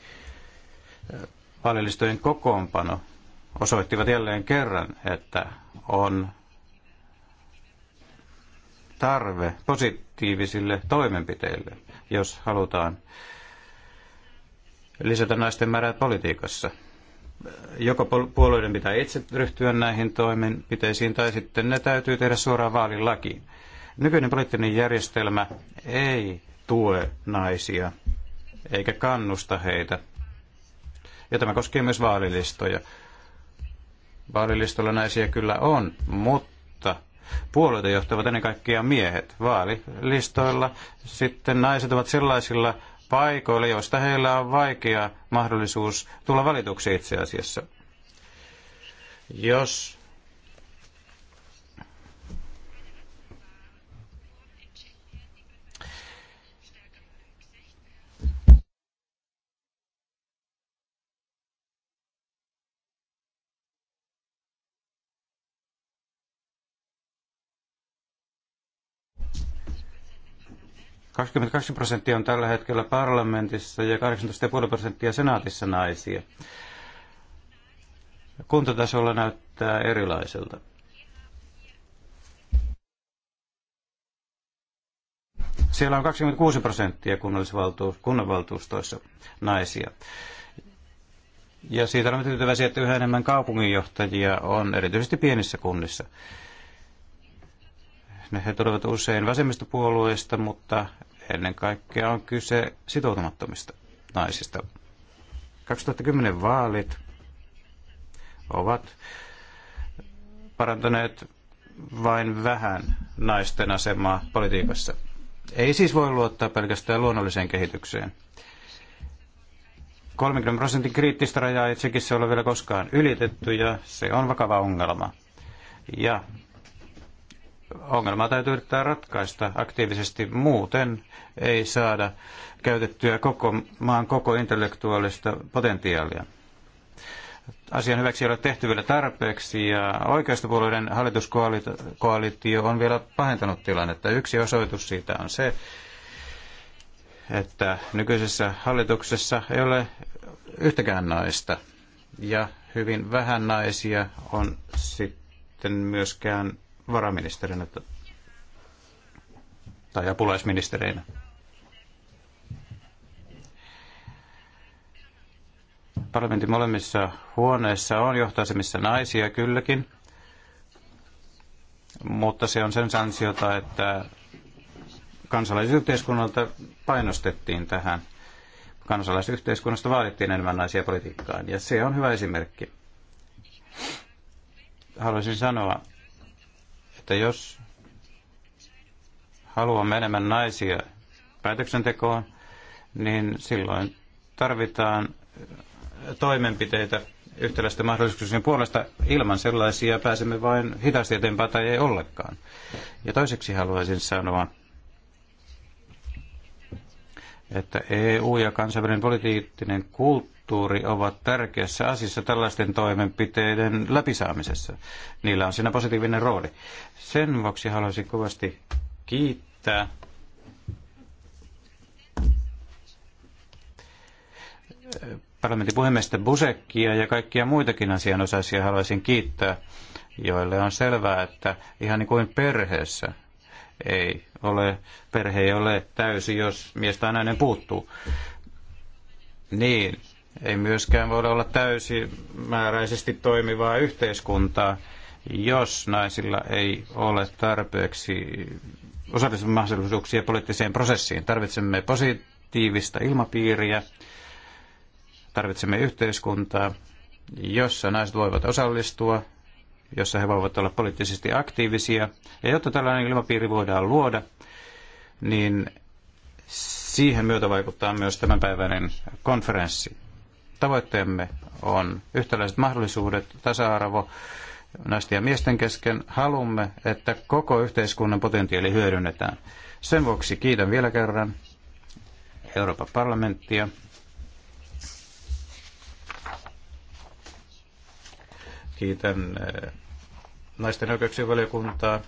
Speaker 2: eh, vaalilistojen kokoonpano osoittivat jälleen kerran, että on tarve positiivisille toimenpiteille, jos halutaan lisätä naisten määrää politiikassa joko puolueiden pitää itse ryhtyä näihin toimenpiteisiin tai sitten ne täytyy tehdä suoraan vaalilakiin. Nykyinen poliittinen järjestelmä ei tue naisia eikä kannusta heitä. Ja tämä koskee myös vaalilistoja. Vaalilistolla naisia kyllä on, mutta puolueita johtavat ennen kaikkea miehet. Vaalilistoilla sitten naiset ovat sellaisilla paikoille, joista heillä on vaikea mahdollisuus tulla valituksi itse asiassa. Jos 22 prosenttia on tällä hetkellä parlamentissa ja 18,5 prosenttia senaatissa naisia. Kuntatasolla näyttää erilaiselta. Siellä on 26 prosenttia kunnanvaltuustoissa naisia. Ja siitä olemme tyytyväisiä, että yhä enemmän kaupunginjohtajia on erityisesti pienissä kunnissa. Ne he tulevat usein vasemmistopuolueista, mutta ennen kaikkea on kyse sitoutumattomista naisista. 2010 vaalit ovat parantaneet vain vähän naisten asemaa politiikassa. Ei siis voi luottaa pelkästään luonnolliseen kehitykseen. 30 prosentin kriittistä rajaa ei Tsekissä ole vielä koskaan ylitetty ja se on vakava ongelma. Ja ongelma täytyy yrittää ratkaista aktiivisesti, muuten ei saada käytettyä koko maan koko intellektuaalista potentiaalia. Asian hyväksi ei ole tehty vielä tarpeeksi ja oikeistopuolueiden hallituskoalitio on vielä pahentanut tilannetta. Yksi osoitus siitä on se, että nykyisessä hallituksessa ei ole yhtäkään naista ja hyvin vähän naisia on sitten myöskään varaministerinä tai apulaisministereinä. Parlamentin molemmissa huoneissa on johtaisemissa naisia kylläkin, mutta se on sen ansiota, että kansalaisyhteiskunnalta painostettiin tähän. Kansalaisyhteiskunnasta vaadittiin enemmän naisia politiikkaan, ja se on hyvä esimerkki. Haluaisin sanoa, että jos haluamme enemmän naisia päätöksentekoon, niin silloin tarvitaan toimenpiteitä yhtäläisten mahdollisuuksien puolesta. Ilman sellaisia pääsemme vain hitaasti eteenpäin tai ei ollenkaan. Ja toiseksi haluaisin sanoa, että EU ja kansainvälinen poliittinen kulttuuri ovat tärkeässä asiassa tällaisten toimenpiteiden läpisaamisessa. Niillä on siinä positiivinen rooli. Sen vuoksi haluaisin kovasti kiittää parlamentin puhemiestä Busekkia ja kaikkia muitakin asianosaisia haluaisin kiittää, joille on selvää, että ihan niin kuin perheessä – ei ole, perhe ei ole täysi, jos mies tai nainen puuttuu. Niin, ei myöskään voi olla täysimääräisesti toimivaa yhteiskuntaa, jos naisilla ei ole tarpeeksi mahdollisuuksia poliittiseen prosessiin. Tarvitsemme positiivista ilmapiiriä, tarvitsemme yhteiskuntaa, jossa naiset voivat osallistua jossa he voivat olla poliittisesti aktiivisia. Ja jotta tällainen ilmapiiri voidaan luoda, niin siihen myötä vaikuttaa myös tämänpäiväinen konferenssi. Tavoitteemme on yhtäläiset mahdollisuudet, tasa-arvo naisten ja miesten kesken. Haluamme, että koko yhteiskunnan potentiaali hyödynnetään. Sen vuoksi kiitän vielä kerran Euroopan parlamenttia Kiitän naisten oikeuksien valiokuntaa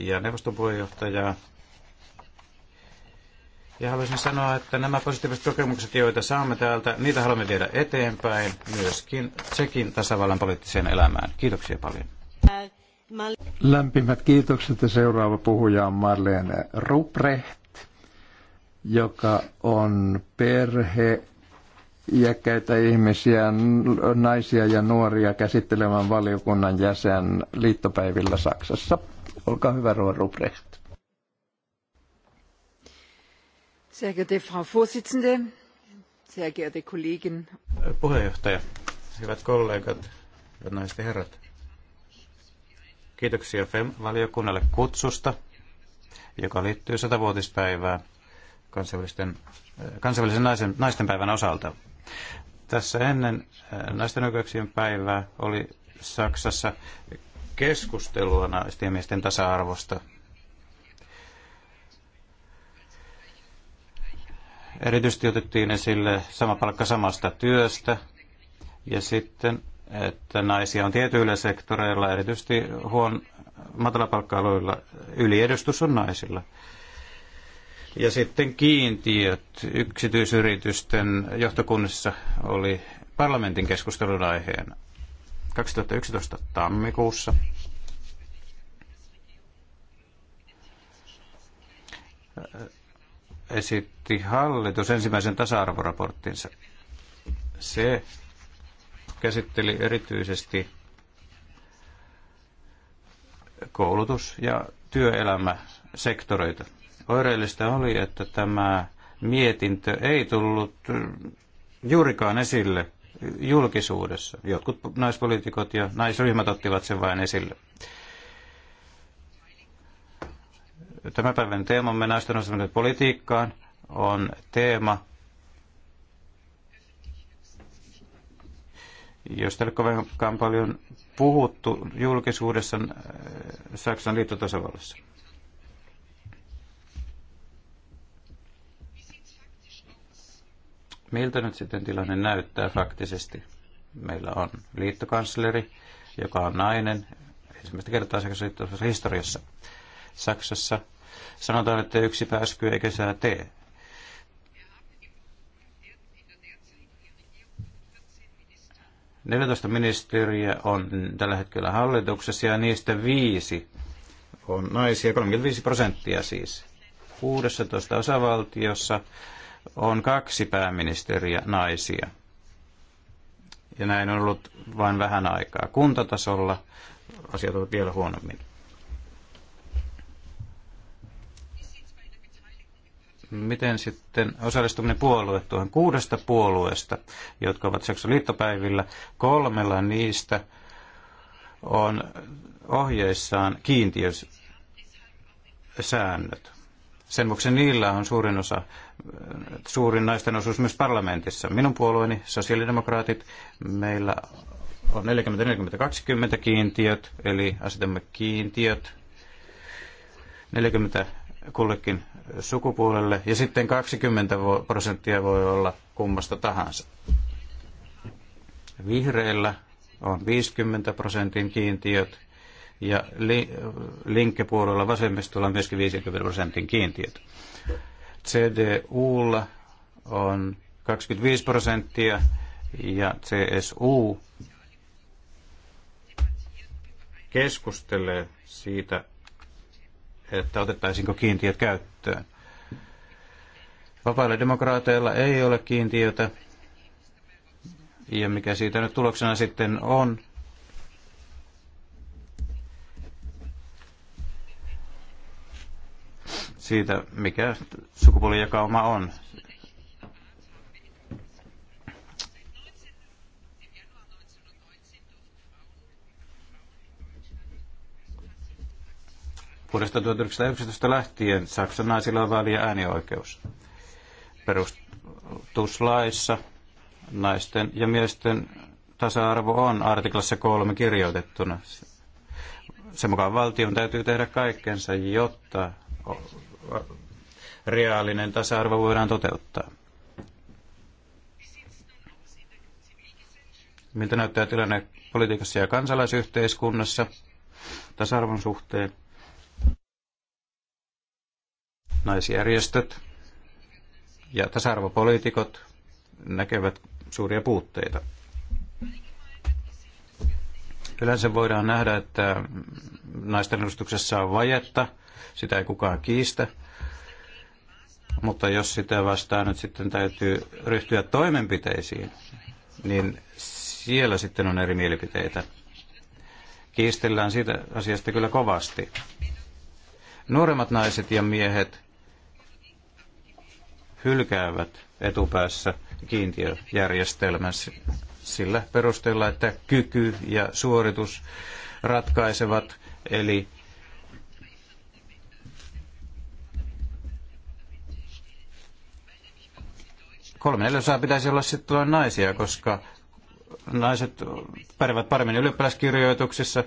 Speaker 2: ja neuvoston puheenjohtajaa. Ja haluaisin sanoa, että nämä positiiviset kokemukset, joita saamme täältä, niitä haluamme viedä eteenpäin myöskin Tsekin tasavallan poliittiseen elämään. Kiitoksia paljon.
Speaker 1: Lämpimät kiitokset ja seuraava puhuja on Marlene Ruprecht, joka on perhe- iäkkäitä ihmisiä, naisia ja nuoria käsittelevän valiokunnan jäsen liittopäivillä Saksassa. Olkaa hyvä, Rova Ruprecht.
Speaker 2: Sehr geehrte Frau Vorsitzende,
Speaker 1: sehr geehrte Kollegin.
Speaker 2: Puheenjohtaja, hyvät kollegat, ja naiset herrat. Kiitoksia FEM-valiokunnalle kutsusta, joka liittyy satavuotispäivään kansainvälisen, kansainvälisen naisen, naisten päivän osalta. Tässä ennen äh, naisten oikeuksien päivää oli Saksassa keskustelua naisten ja miesten tasa-arvosta. Erityisesti otettiin esille sama palkka samasta työstä ja sitten, että naisia on tietyillä sektoreilla, erityisesti huon matalapalkka-aloilla, yliedustus on naisilla. Ja sitten kiintiöt yksityisyritysten johtokunnissa oli parlamentin keskustelun aiheena 2011 tammikuussa. Esitti hallitus ensimmäisen tasa-arvoraporttinsa. Se käsitteli erityisesti koulutus- ja työelämäsektoreita. Oireellista oli, että tämä mietintö ei tullut juurikaan esille julkisuudessa. Jotkut naispoliitikot ja naisryhmät ottivat sen vain esille. Tämän päivän teemamme naisten osallistuminen politiikkaan on teema, josta ei ole kovinkaan paljon puhuttu julkisuudessa Saksan liittotasavallassa. Miltä nyt sitten tilanne näyttää faktisesti? Meillä on liittokansleri, joka on nainen, ensimmäistä kertaa Saksassa historiassa. Saksassa sanotaan, että yksi pääskyy eikä sää tee. Neljätoista ministeriä on tällä hetkellä hallituksessa ja niistä viisi on naisia, 35 prosenttia siis. 16 osavaltiossa on kaksi pääministeriä naisia. Ja näin on ollut vain vähän aikaa. Kuntatasolla asiat ovat vielä huonommin. Miten sitten osallistuminen puolue tuohon kuudesta puolueesta, jotka ovat seksuaaliittopäivillä, kolmella niistä on ohjeissaan kiintiössäännöt. Sen vuoksi niillä on suurin osa, suurin naisten osuus myös parlamentissa. Minun puolueeni, sosiaalidemokraatit, meillä on 40-40-20 kiintiöt, eli asetamme kiintiöt 40 kullekin sukupuolelle, ja sitten 20 prosenttia voi olla kummasta tahansa. Vihreillä on 50 prosentin kiintiöt, ja li, linkkepuolella vasemmistolla on myöskin 50 prosentin kiintiöt. CDUlla on 25 prosenttia ja CSU keskustelee siitä, että otettaisiinko kiintiöt käyttöön. Vapailla demokraateilla ei ole kiintiötä, ja mikä siitä nyt tuloksena sitten on, siitä, mikä sukupuolijakauma on. Vuodesta 1911 lähtien Saksan naisilla on vaali- ja äänioikeus. Perustuslaissa naisten ja miesten tasa-arvo on artiklassa kolme kirjoitettuna. Sen mukaan valtion täytyy tehdä kaikkensa, jotta reaalinen tasa-arvo voidaan toteuttaa. Miltä näyttää tilanne politiikassa ja kansalaisyhteiskunnassa tasa-arvon suhteen? Naisjärjestöt ja tasa-arvopoliitikot näkevät suuria puutteita. Yleensä voidaan nähdä, että naisten edustuksessa on vajetta, sitä ei kukaan kiistä. Mutta jos sitä vastaan nyt sitten täytyy ryhtyä toimenpiteisiin, niin siellä sitten on eri mielipiteitä. Kiistellään siitä asiasta kyllä kovasti. Nuoremmat naiset ja miehet hylkäävät etupäässä kiintiöjärjestelmässä sillä perusteella, että kyky ja suoritus ratkaisevat, eli kolme neljäsosaa pitäisi olla sitten naisia, koska naiset pärjäävät paremmin ylioppilaskirjoituksissa,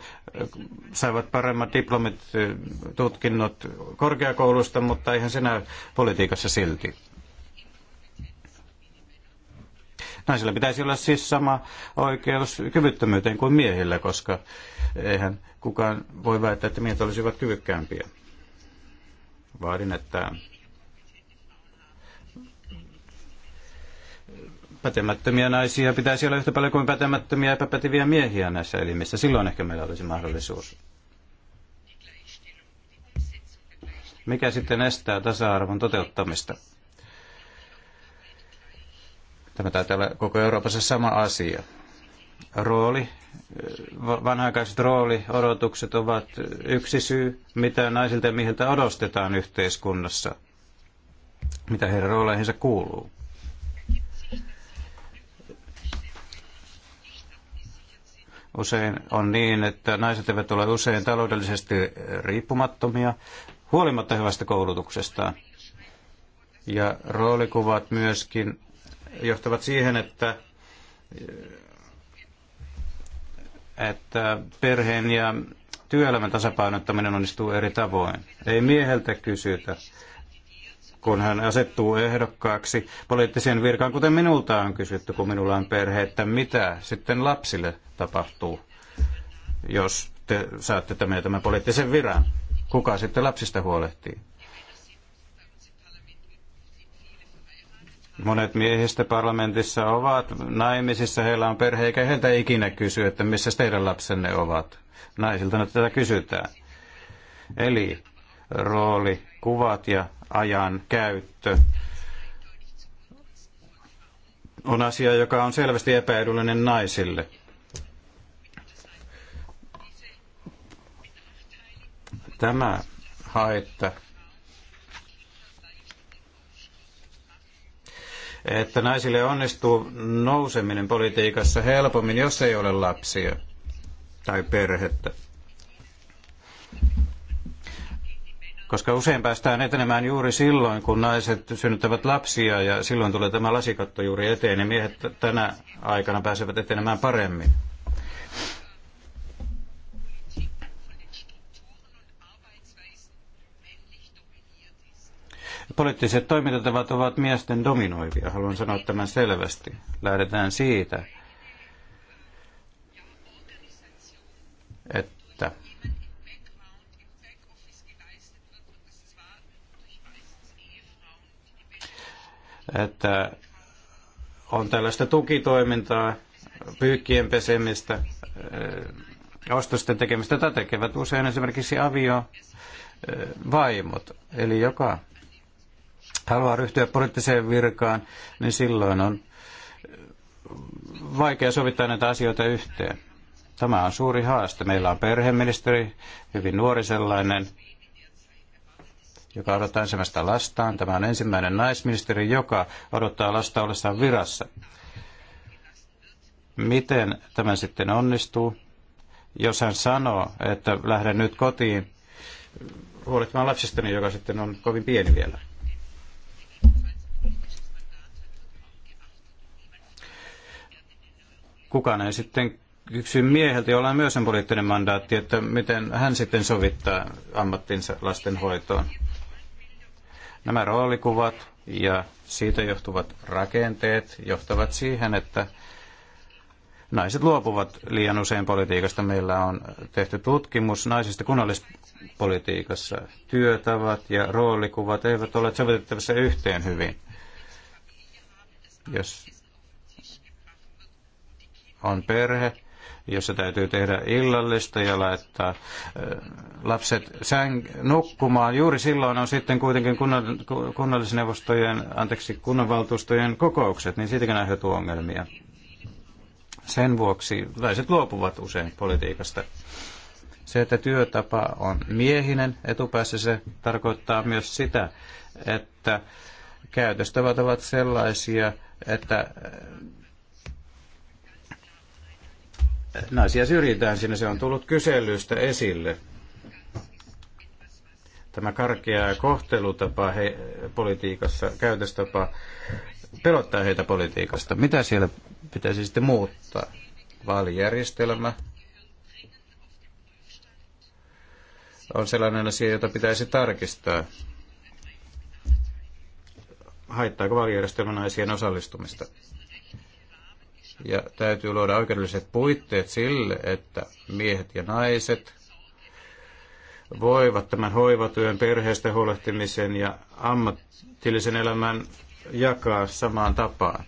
Speaker 2: saivat paremmat diplomit, tutkinnot korkeakoulusta, mutta eihän se näy politiikassa silti. Naisilla pitäisi olla siis sama oikeus kyvyttömyyteen kuin miehillä, koska eihän kukaan voi väittää, että miehet olisivat kyvykkäämpiä. Vaadin, että pätemättömiä naisia pitäisi olla yhtä paljon kuin pätemättömiä epäpäteviä miehiä näissä elimissä. Silloin ehkä meillä olisi mahdollisuus. Mikä sitten estää tasa-arvon toteuttamista? Tämä taitaa olla koko Euroopassa sama asia. Rooli, vanhaikaiset rooliodotukset ovat yksi syy, mitä naisilta ja miehiltä odostetaan yhteiskunnassa, mitä heidän rooleihinsa kuuluu. usein on niin, että naiset eivät ole usein taloudellisesti riippumattomia huolimatta hyvästä koulutuksestaan. Ja roolikuvat myöskin johtavat siihen, että, että perheen ja työelämän tasapainottaminen onnistuu eri tavoin. Ei mieheltä kysytä, kun hän asettuu ehdokkaaksi poliittiseen virkaan, kuten minulta on kysytty, kun minulla on perhe, että mitä sitten lapsille tapahtuu, jos te saatte tämän, tämän poliittisen viran. Kuka sitten lapsista huolehtii? Monet miehistä parlamentissa ovat naimisissa, heillä on perhe, eikä heiltä ikinä kysy, että missä teidän lapsenne ovat. Naisilta nyt tätä kysytään. Eli rooli, kuvat ja ajan käyttö on asia, joka on selvästi epäedullinen naisille. Tämä haitta että naisille onnistuu nouseminen politiikassa helpommin, jos ei ole lapsia tai perhettä. Koska usein päästään etenemään juuri silloin, kun naiset synnyttävät lapsia ja silloin tulee tämä lasikatto juuri eteen ja miehet tänä aikana pääsevät etenemään paremmin. poliittiset toimintatavat ovat miesten dominoivia. Haluan sanoa tämän selvästi. Lähdetään siitä, että että on tällaista tukitoimintaa, pyykkien pesemistä, eh, ostosten tekemistä. Tätä tekevät usein esimerkiksi avio vaimot, eli joka haluaa ryhtyä poliittiseen virkaan, niin silloin on vaikea sovittaa näitä asioita yhteen. Tämä on suuri haaste. Meillä on perheministeri, hyvin nuori sellainen, joka odottaa ensimmäistä lastaan. Tämä on ensimmäinen naisministeri, joka odottaa lasta ollessaan virassa. Miten tämä sitten onnistuu? Jos hän sanoo, että lähden nyt kotiin huolehtimaan lapsestani, joka sitten on kovin pieni vielä. kukaan ei sitten kysy mieheltä, jolla on myös on poliittinen mandaatti, että miten hän sitten sovittaa ammattinsa lastenhoitoon. Nämä roolikuvat ja siitä johtuvat rakenteet johtavat siihen, että naiset luopuvat liian usein politiikasta. Meillä on tehty tutkimus naisista kunnallispolitiikassa. Työtavat ja roolikuvat eivät ole sovitettavissa yhteen hyvin. Jos on perhe, jossa täytyy tehdä illallista ja laittaa äh, lapset säng- nukkumaan. Juuri silloin on sitten kuitenkin kunnan, kunnallisneuvostojen, anteeksi, kunnanvaltuustojen kokoukset, niin siitäkin aiheutuu ongelmia. Sen vuoksi väiset luopuvat usein politiikasta. Se, että työtapa on miehinen etupäässä, se tarkoittaa myös sitä, että käytöstavat ovat sellaisia, että naisia syrjitään siinä, se on tullut kyselystä esille. Tämä karkea kohtelutapa he, politiikassa, käytöstapa pelottaa heitä politiikasta. Mitä siellä pitäisi sitten muuttaa? Vaalijärjestelmä on sellainen asia, jota pitäisi tarkistaa. Haittaako vaalijärjestelmä naisien osallistumista? ja täytyy luoda oikeudelliset puitteet sille, että miehet ja naiset voivat tämän hoivatyön, perheestä huolehtimisen ja ammatillisen elämän jakaa samaan tapaan.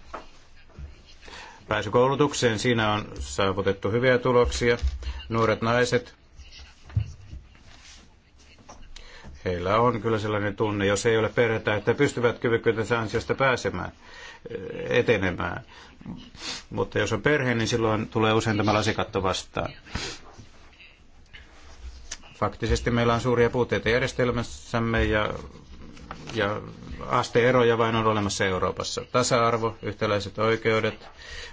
Speaker 2: Pääsykoulutukseen siinä on saavutettu hyviä tuloksia. Nuoret naiset, heillä on kyllä sellainen tunne, jos ei ole perhettä, että pystyvät kyvykkyytensä ansiosta pääsemään etenemään. Mutta jos on perhe, niin silloin tulee usein tämä lasikatto vastaan. Faktisesti meillä on suuria puutteita järjestelmässämme ja, ja asteeroja vain on olemassa Euroopassa. Tasa-arvo, yhtäläiset oikeudet,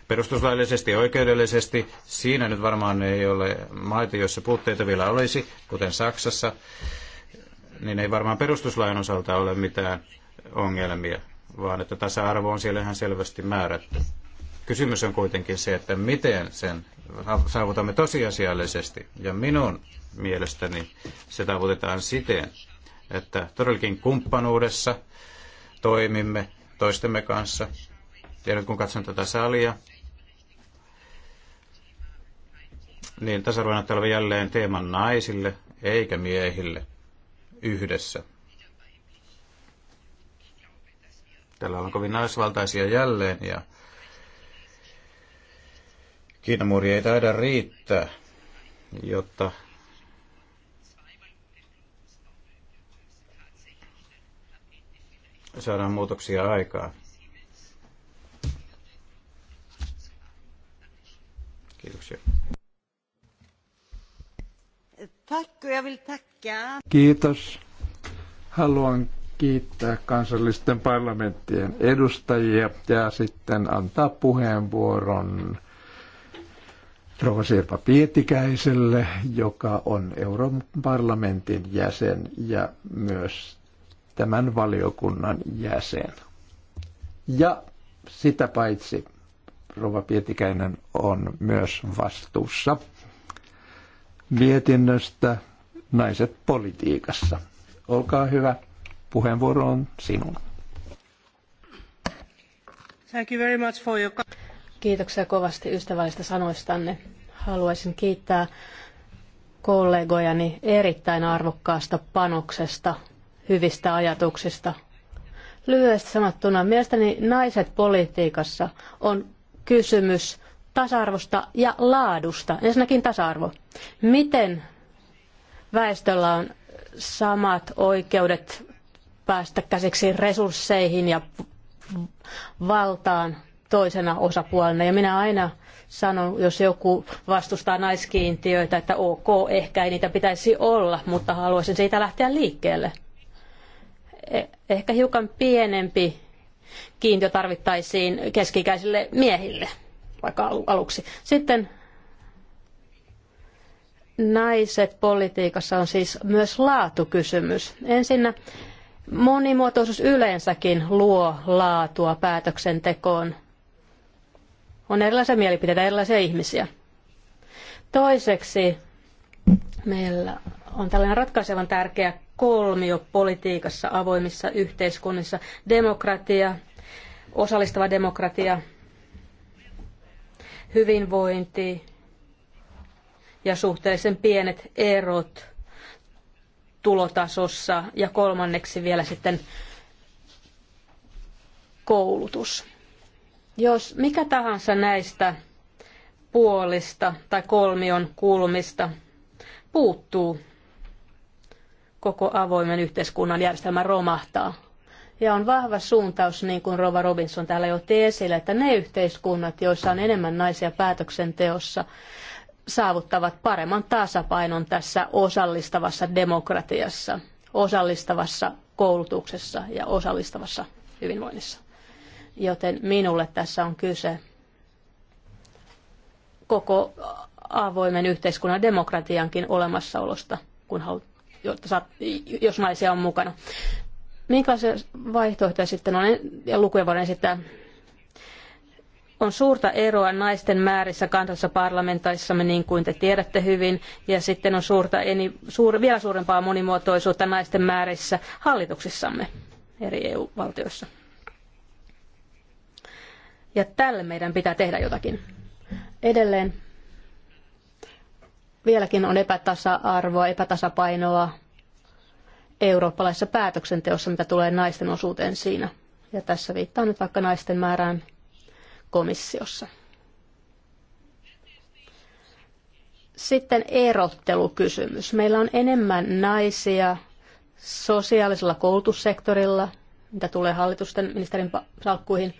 Speaker 2: perustuslaillisesti ja oikeudellisesti. Siinä nyt varmaan ei ole maita, joissa puutteita vielä olisi, kuten Saksassa niin ei varmaan perustuslain osalta ole mitään ongelmia vaan että tasa-arvo on siellä ihan selvästi määrätty. Kysymys on kuitenkin se, että miten sen saavutamme tosiasiallisesti. Ja minun mielestäni se tavoitetaan siten, että todellakin kumppanuudessa toimimme toistemme kanssa. Ja nyt kun katson tätä salia, niin tasa-arvo näyttää jälleen teeman naisille eikä miehille yhdessä Tällä on kovin naisvaltaisia jälleen ja Kiinamuuri ei taida riittää, jotta saadaan muutoksia aikaa. Kiitoksia.
Speaker 1: Kiitos. Haluan kiittää kansallisten parlamenttien edustajia ja sitten antaa puheenvuoron Rova Sirpa Pietikäiselle, joka on Euroopan parlamentin jäsen ja myös tämän valiokunnan jäsen. Ja sitä paitsi Rova Pietikäinen on myös vastuussa mietinnöstä naiset politiikassa. Olkaa hyvä puheenvuoro on sinun.
Speaker 3: Thank you very much for your... Kiitoksia kovasti ystävällistä sanoistanne. Haluaisin kiittää kollegojani erittäin arvokkaasta panoksesta, hyvistä ajatuksista. Lyhyesti sanottuna, mielestäni naiset politiikassa on kysymys tasa-arvosta ja laadusta. Ensinnäkin tasa-arvo. Miten väestöllä on samat oikeudet päästä käsiksi resursseihin ja valtaan toisena osapuolena. Ja minä aina sanon, jos joku vastustaa naiskiintiöitä, että ok, ehkä ei niitä pitäisi olla, mutta haluaisin siitä lähteä liikkeelle. E, ehkä hiukan pienempi kiintiö tarvittaisiin keskikäisille miehille, vaikka aluksi. Sitten naiset politiikassa on siis myös laatukysymys. Ensinnä Monimuotoisuus yleensäkin luo laatua päätöksentekoon. On erilaisia mielipiteitä, erilaisia ihmisiä. Toiseksi meillä on tällainen ratkaisevan tärkeä kolmio politiikassa, avoimissa yhteiskunnissa. Demokratia, osallistava demokratia, hyvinvointi ja suhteellisen pienet erot tulotasossa ja kolmanneksi vielä sitten koulutus. Jos mikä tahansa näistä puolista tai kolmion kulmista puuttuu, koko avoimen yhteiskunnan järjestelmä romahtaa. Ja on vahva suuntaus, niin kuin Rova Robinson täällä jo otti esille, että ne yhteiskunnat, joissa on enemmän naisia päätöksenteossa, saavuttavat paremman tasapainon tässä osallistavassa demokratiassa, osallistavassa koulutuksessa ja osallistavassa hyvinvoinnissa. Joten minulle tässä on kyse koko avoimen yhteiskunnan demokratiankin olemassaolosta, kun halu, jotta saat, jos naisia on mukana. Minkälaisia vaihtoehtoja sitten on, ja lukuja voidaan esittää on suurta eroa naisten määrissä kansallisissa parlamentaissamme, niin kuin te tiedätte hyvin, ja sitten on suurta, eni, suur, vielä suurempaa monimuotoisuutta naisten määrissä hallituksissamme eri EU-valtioissa. Ja tälle meidän pitää tehdä jotakin. Edelleen vieläkin on epätasa-arvoa, epätasapainoa eurooppalaisessa päätöksenteossa, mitä tulee naisten osuuteen siinä. Ja tässä viittaan nyt vaikka naisten määrään komissiossa. Sitten erottelukysymys. Meillä on enemmän naisia sosiaalisella koulutussektorilla, mitä tulee hallitusten ministerin salkkuihin.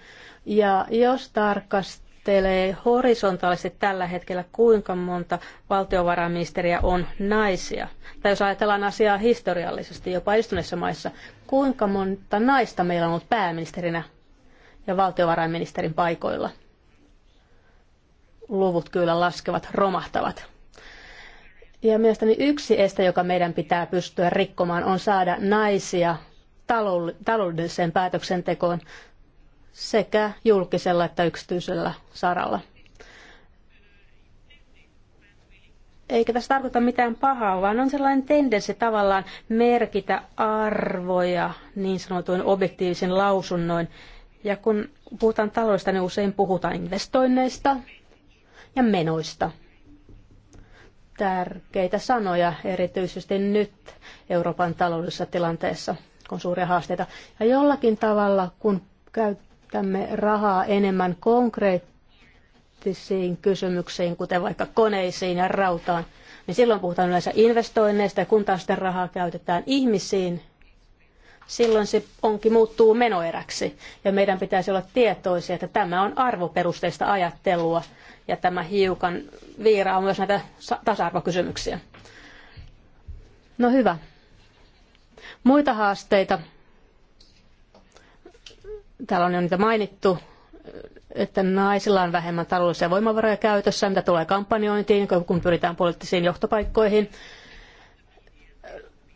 Speaker 3: Ja jos tarkastelee horisontaalisesti tällä hetkellä, kuinka monta valtiovarainministeriä on naisia, tai jos ajatellaan asiaa historiallisesti jopa istuneissa maissa, kuinka monta naista meillä on ollut pääministerinä ja valtiovarainministerin paikoilla. Luvut kyllä laskevat, romahtavat. Ja mielestäni yksi este, joka meidän pitää pystyä rikkomaan, on saada naisia taloudelliseen päätöksentekoon sekä julkisella että yksityisellä saralla. Eikä tässä tarkoita mitään pahaa, vaan on sellainen tendenssi tavallaan merkitä arvoja niin sanotuin objektiivisin lausunnoin ja kun puhutaan taloudesta, niin usein puhutaan investoinneista ja menoista. Tärkeitä sanoja erityisesti nyt Euroopan taloudellisessa tilanteessa, kun suuria haasteita. Ja jollakin tavalla, kun käytämme rahaa enemmän konkreettisiin kysymyksiin, kuten vaikka koneisiin ja rautaan, niin silloin puhutaan yleensä investoinneista, ja kun taas sitä rahaa käytetään ihmisiin, silloin se onkin muuttuu menoeräksi. Ja meidän pitäisi olla tietoisia, että tämä on arvoperusteista ajattelua ja tämä hiukan viiraa myös näitä tasa-arvokysymyksiä. No hyvä. Muita haasteita. Täällä on jo niitä mainittu, että naisilla on vähemmän taloudellisia voimavaroja käytössä, mitä tulee kampanjointiin, kun pyritään poliittisiin johtopaikkoihin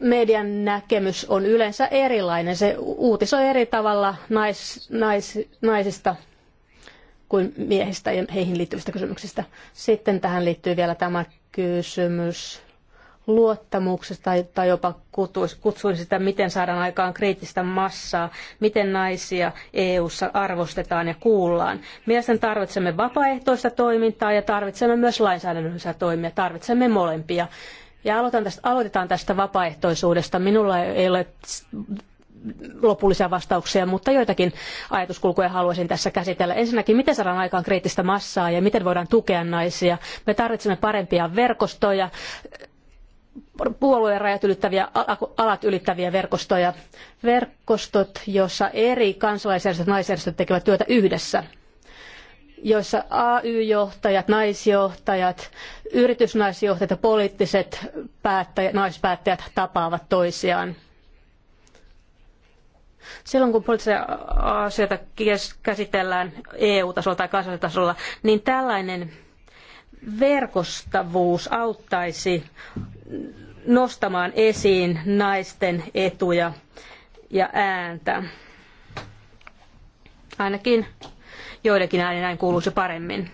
Speaker 3: median näkemys on yleensä erilainen. Se uutisoi eri tavalla nais, nais, naisista kuin miehistä ja heihin liittyvistä kysymyksistä. Sitten tähän liittyy vielä tämä kysymys luottamuksesta tai, jopa kutsuin sitä, miten saadaan aikaan kriittistä massaa, miten naisia EU-ssa arvostetaan ja kuullaan. Mielestäni tarvitsemme vapaaehtoista toimintaa ja tarvitsemme myös lainsäädännöllisiä toimia, tarvitsemme molempia. Ja aloitan tästä, aloitetaan tästä vapaaehtoisuudesta. Minulla ei ole lopullisia vastauksia, mutta joitakin ajatuskulkuja haluaisin tässä käsitellä. Ensinnäkin, miten saadaan aikaan kriittistä massaa ja miten voidaan tukea naisia? Me tarvitsemme parempia verkostoja, puolueen rajat ylittäviä, alat ylittäviä verkostoja, verkostot, joissa eri kansalaisjärjestöt ja naisjärjestöt tekevät työtä yhdessä – joissa AY-johtajat, naisjohtajat, yritysnaisjohtajat ja poliittiset päättäjät, naispäättäjät tapaavat toisiaan. Silloin kun poliittisia asioita käsitellään EU-tasolla tai kansallisella tasolla, niin tällainen verkostavuus auttaisi nostamaan esiin naisten etuja ja ääntä. Ainakin joidenkin ääni näin kuuluisi paremmin.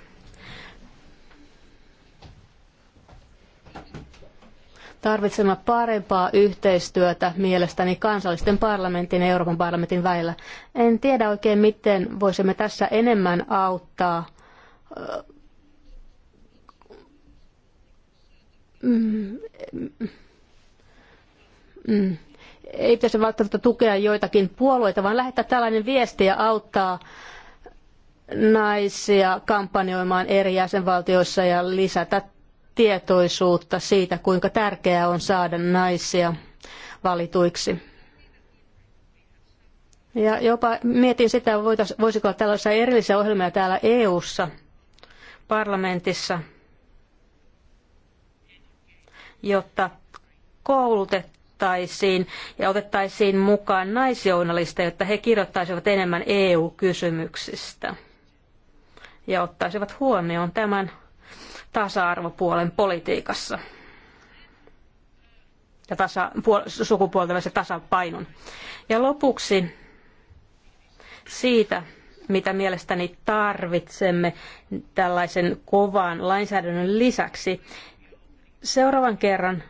Speaker 3: Tarvitsemme parempaa yhteistyötä mielestäni kansallisten parlamentin ja Euroopan parlamentin välillä. En tiedä oikein, miten voisimme tässä enemmän auttaa mm, mm. ei pitäisi välttämättä tukea joitakin puolueita, vaan lähettää tällainen viesti ja auttaa naisia kampanjoimaan eri jäsenvaltioissa ja lisätä tietoisuutta siitä, kuinka tärkeää on saada naisia valituiksi. Ja jopa mietin sitä, voisiko olla tällaisia erillisiä ohjelmia täällä EU-ssa, parlamentissa, jotta koulutettaisiin ja otettaisiin mukaan naisjournalisteja, jotta he kirjoittaisivat enemmän EU-kysymyksistä ja ottaisivat huomioon tämän tasa-arvopuolen politiikassa ja tasa, puol, sukupuolten välisen tasapainon. Ja lopuksi siitä, mitä mielestäni tarvitsemme tällaisen kovan lainsäädännön lisäksi. Seuraavan kerran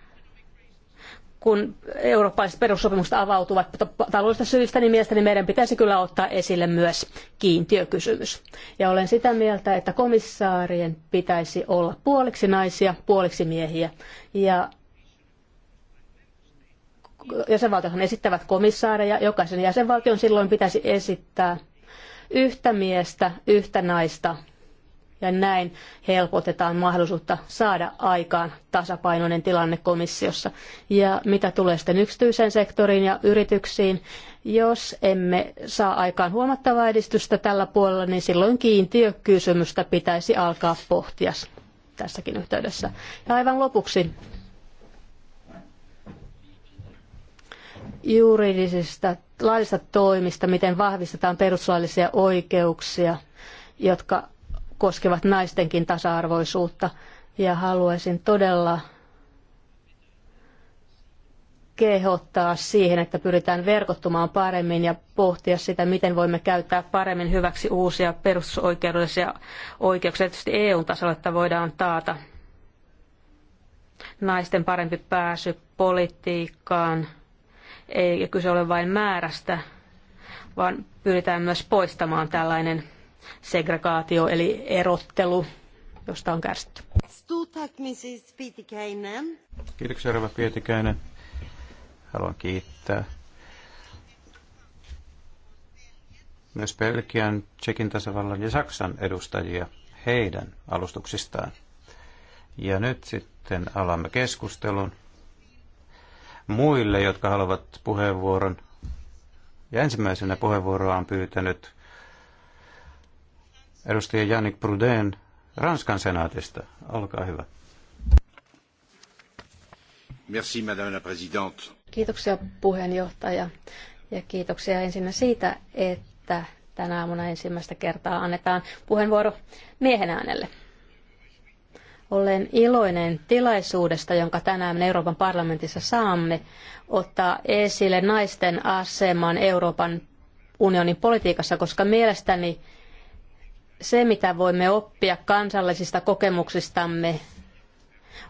Speaker 3: kun eurooppalaiset perussopimukset avautuvat taloudellisista syistä, niin mielestäni meidän pitäisi kyllä ottaa esille myös kiintiökysymys. Ja olen sitä mieltä, että komissaarien pitäisi olla puoliksi naisia, puoliksi miehiä. Ja jäsenvaltiothan esittävät komissaareja, jokaisen jäsenvaltion silloin pitäisi esittää yhtä miestä, yhtä naista ja näin helpotetaan mahdollisuutta saada aikaan tasapainoinen tilanne komissiossa. Ja mitä tulee sitten yksityiseen sektoriin ja yrityksiin, jos emme saa aikaan huomattavaa edistystä tällä puolella, niin silloin kiintiökysymystä pitäisi alkaa pohtia tässäkin yhteydessä. Ja aivan lopuksi juridisista laillisista toimista, miten vahvistetaan perustuslaillisia oikeuksia, jotka koskevat naistenkin tasa-arvoisuutta. Ja haluaisin todella kehottaa siihen, että pyritään verkottumaan paremmin ja pohtia sitä, miten voimme käyttää paremmin hyväksi uusia perusoikeudellisia oikeuksia, tietysti EU-tasolla, että voidaan taata naisten parempi pääsy politiikkaan. Ei kyse ole vain määrästä, vaan pyritään myös poistamaan tällainen segregaatio eli erottelu, josta on kärsitty.
Speaker 2: Kiitoksia, Rova Pietikäinen. Haluan kiittää myös Belgian, Tsekin tasavallan ja Saksan edustajia heidän alustuksistaan. Ja nyt sitten alamme keskustelun muille, jotka haluavat puheenvuoron. Ja ensimmäisenä puheenvuoroa on pyytänyt edustaja Janik Pruden Ranskan senaatista. Olkaa hyvä. Merci, madame la présidente.
Speaker 3: Kiitoksia puheenjohtaja ja kiitoksia ensinnä siitä, että tänä aamuna ensimmäistä kertaa annetaan puheenvuoro miehen äänelle. Olen iloinen tilaisuudesta, jonka tänään Euroopan parlamentissa saamme ottaa esille naisten aseman Euroopan unionin politiikassa, koska mielestäni se, mitä voimme oppia kansallisista kokemuksistamme,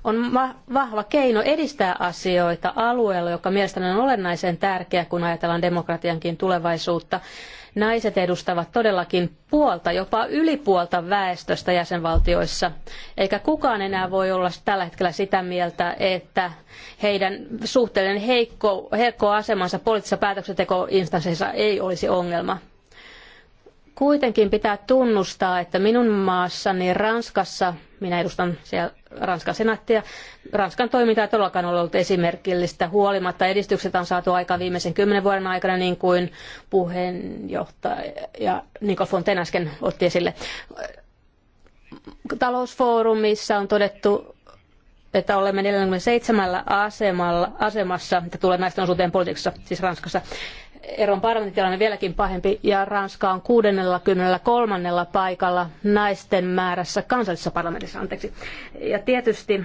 Speaker 3: on vahva keino edistää asioita alueella, joka mielestäni on olennaisen tärkeä, kun ajatellaan demokratiankin tulevaisuutta. Naiset edustavat todellakin puolta, jopa yli puolta väestöstä jäsenvaltioissa. Eikä kukaan enää voi olla tällä hetkellä sitä mieltä, että heidän suhteellinen heikko, heikko asemansa poliittisessa päätöksentekoinstansseissa ei olisi ongelma. Kuitenkin pitää tunnustaa, että minun maassani Ranskassa, minä edustan siellä Ranskan senaattia, Ranskan toiminta ei todellakaan ole ollut esimerkillistä. Huolimatta edistykset on saatu aikaan viimeisen kymmenen vuoden aikana, niin kuin puheenjohtaja Nicole Fontaine äsken otti esille. Talousfoorumissa on todettu että olemme 47 asemalla, asemassa, että tulee naisten osuuteen politiikassa, siis Ranskassa eron parlamenttitilanne vieläkin pahempi ja Ranska on 63. paikalla naisten määrässä kansallisessa parlamentissa. Anteeksi. Ja tietysti 23,5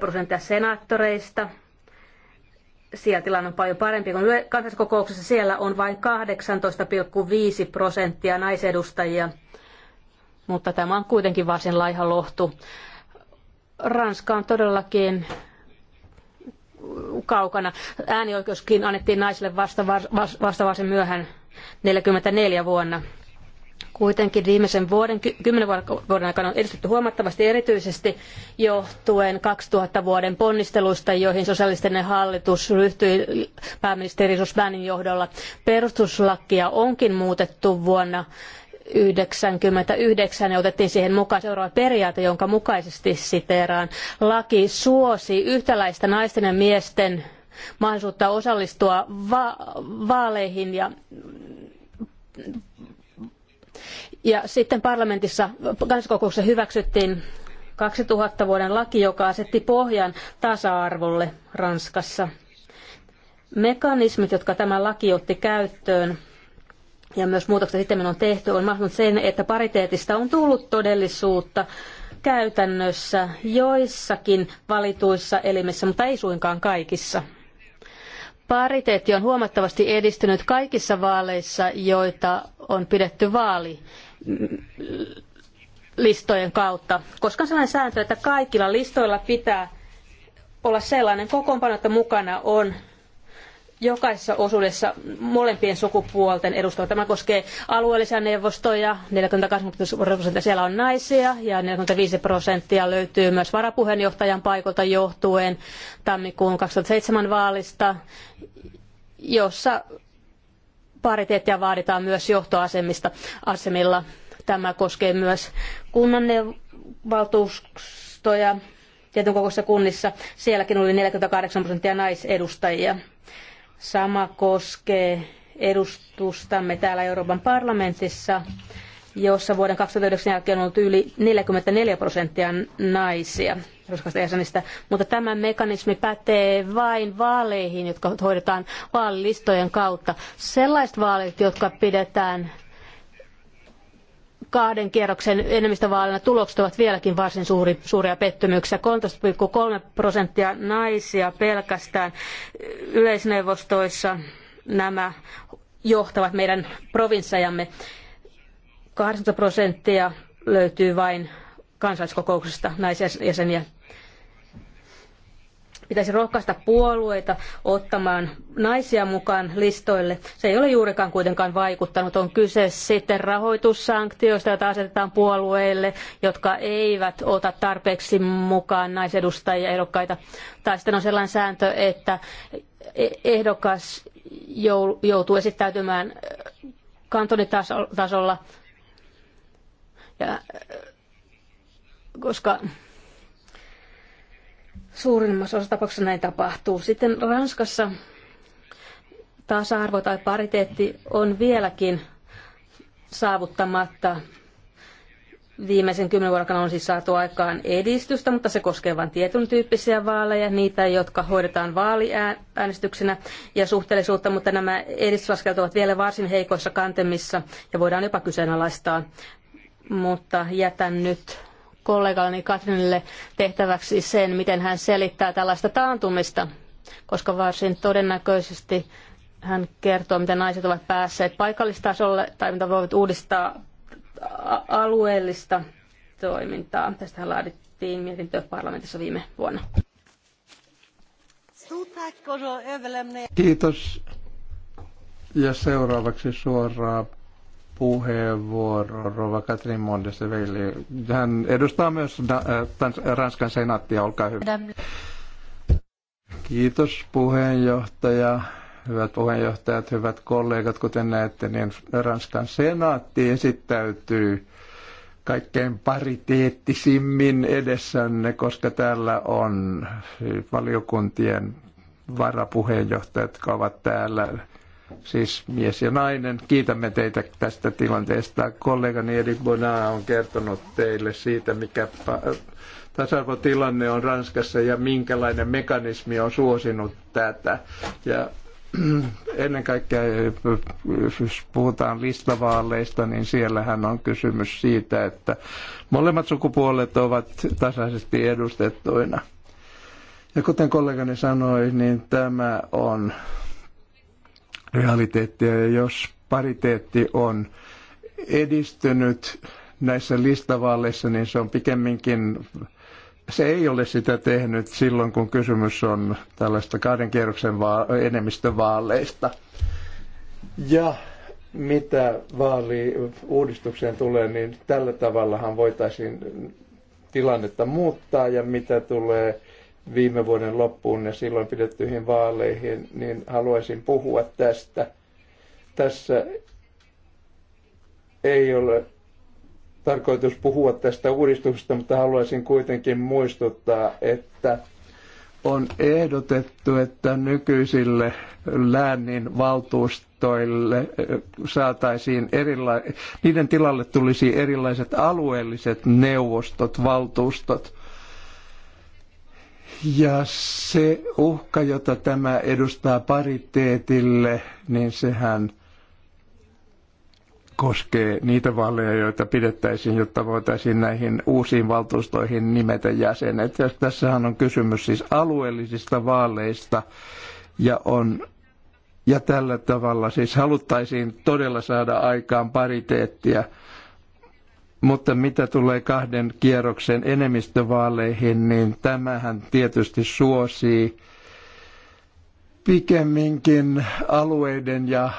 Speaker 3: prosenttia senaattoreista. Siellä tilanne on paljon parempi kuin kansalliskokouksessa. Siellä on vain 18,5 prosenttia naisedustajia, mutta tämä on kuitenkin varsin laiha lohtu. Ranska on todellakin kaukana. Äänioikeuskin annettiin naisille vasta, vasta varsin myöhään 44 vuonna. Kuitenkin viimeisen vuoden, kymmenen vuoden aikana on edistetty huomattavasti erityisesti johtuen 2000 vuoden ponnisteluista, joihin sosialistinen hallitus ryhtyi pääministeri Sosbänin johdolla. Perustuslakia onkin muutettu vuonna 1999 ja otettiin siihen mukaan seuraava periaate, jonka mukaisesti siteeraan. Laki suosi yhtäläistä naisten ja miesten mahdollisuutta osallistua va- vaaleihin ja ja sitten parlamentissa kansakokouksessa hyväksyttiin 2000 vuoden laki, joka asetti pohjan tasa-arvolle Ranskassa. Mekanismit, jotka tämä laki otti käyttöön, ja myös muutokset sitten on tehty, on mahdollista sen, että pariteetista on tullut todellisuutta käytännössä joissakin valituissa elimissä, mutta ei suinkaan kaikissa. Pariteetti on huomattavasti edistynyt kaikissa vaaleissa, joita on pidetty vaali listojen kautta, koska on sellainen sääntö, että kaikilla listoilla pitää olla sellainen kokoonpano, että mukana on jokaisessa osuudessa molempien sukupuolten edustajia. Tämä koskee alueellisia neuvostoja, 42 prosenttia siellä on naisia ja 45 prosenttia löytyy myös varapuheenjohtajan paikolta johtuen tammikuun 2007 vaalista, jossa pariteettia vaaditaan myös johtoasemista asemilla. Tämä koskee myös kunnanvaltuustoja tietyn kokoisissa kunnissa. Sielläkin oli 48 prosenttia naisedustajia. Sama koskee edustustamme täällä Euroopan parlamentissa, jossa vuoden 2009 jälkeen on ollut yli 44 prosenttia naisia raskasta jäsenistä, mutta tämä mekanismi pätee vain vaaleihin, jotka hoidetaan vaalilistojen kautta. Sellaiset vaalit, jotka pidetään kahden kierroksen enemmistövaalina tulokset ovat vieläkin varsin suuri, suuria pettymyksiä. 13,3 prosenttia naisia pelkästään yleisneuvostoissa nämä johtavat meidän provinssejamme. 80 prosenttia löytyy vain kansalliskokouksesta naisjäseniä pitäisi rohkaista puolueita ottamaan naisia mukaan listoille. Se ei ole juurikaan kuitenkaan vaikuttanut. On kyse sitten rahoitussanktioista, joita asetetaan puolueille, jotka eivät ota tarpeeksi mukaan naisedustajia ehdokkaita. Tai sitten on sellainen sääntö, että ehdokas joutuu esittäytymään kantonitasolla ja koska Suurimmassa osassa tapauksessa näin tapahtuu. Sitten Ranskassa tasa-arvo tai pariteetti on vieläkin saavuttamatta. Viimeisen kymmenen vuoden aikana on siis saatu aikaan edistystä, mutta se koskee vain tietyn tyyppisiä vaaleja, niitä, jotka hoidetaan vaaliäänestyksenä ja suhteellisuutta, mutta nämä edistysaskelta ovat vielä varsin heikoissa kantemissa ja voidaan jopa kyseenalaistaa. Mutta jätän nyt kollegalleni Katrinille tehtäväksi sen, miten hän selittää tällaista taantumista, koska varsin todennäköisesti hän kertoo, miten naiset ovat päässeet paikallistasolle tai mitä voivat uudistaa alueellista toimintaa. Tästähän laadittiin mietintö parlamentissa
Speaker 1: viime vuonna.
Speaker 2: Kiitos.
Speaker 1: Ja seuraavaksi suoraan puheenvuoro Rova Katrin Mondeseveli. Hän edustaa myös äh, Ranskan senaattia, olkaa hyvä. Kiitos puheenjohtaja. Hyvät puheenjohtajat, hyvät kollegat, kuten näette, niin Ranskan senaatti esittäytyy kaikkein pariteettisimmin edessänne, koska täällä on valiokuntien varapuheenjohtajat, jotka ovat täällä siis mies ja nainen. Kiitämme teitä tästä tilanteesta. Kollegani Eri Bona on kertonut teille siitä, mikä tasa-arvotilanne on Ranskassa ja minkälainen mekanismi on suosinut tätä. Ja ennen kaikkea, jos puhutaan listavaaleista, niin siellähän on kysymys siitä, että molemmat sukupuolet ovat tasaisesti edustettuina. Ja kuten kollegani sanoi, niin tämä on realiteettia. Jos pariteetti on edistynyt näissä listavaaleissa, niin se on pikemminkin, se ei ole sitä tehnyt silloin, kun kysymys on tällaista kahden kierroksen enemmistövaaleista. Ja mitä vaaliuudistukseen tulee, niin tällä tavallahan voitaisiin tilannetta muuttaa ja mitä tulee viime vuoden loppuun ja silloin pidettyihin vaaleihin, niin haluaisin puhua tästä. Tässä ei ole tarkoitus puhua tästä uudistuksesta, mutta haluaisin kuitenkin muistuttaa, että on ehdotettu, että nykyisille läänin valtuustoille saataisiin erila- niiden tilalle tulisi erilaiset alueelliset neuvostot, valtuustot – ja se uhka, jota tämä edustaa pariteetille, niin sehän koskee niitä vaaleja, joita pidettäisiin, jotta voitaisiin näihin uusiin valtuustoihin nimetä jäsenet. Ja tässähän on kysymys siis alueellisista vaaleista ja on ja tällä tavalla siis haluttaisiin todella saada aikaan pariteettia mutta mitä tulee kahden kierroksen enemmistövaaleihin, niin tämähän tietysti suosii pikemminkin alueiden ja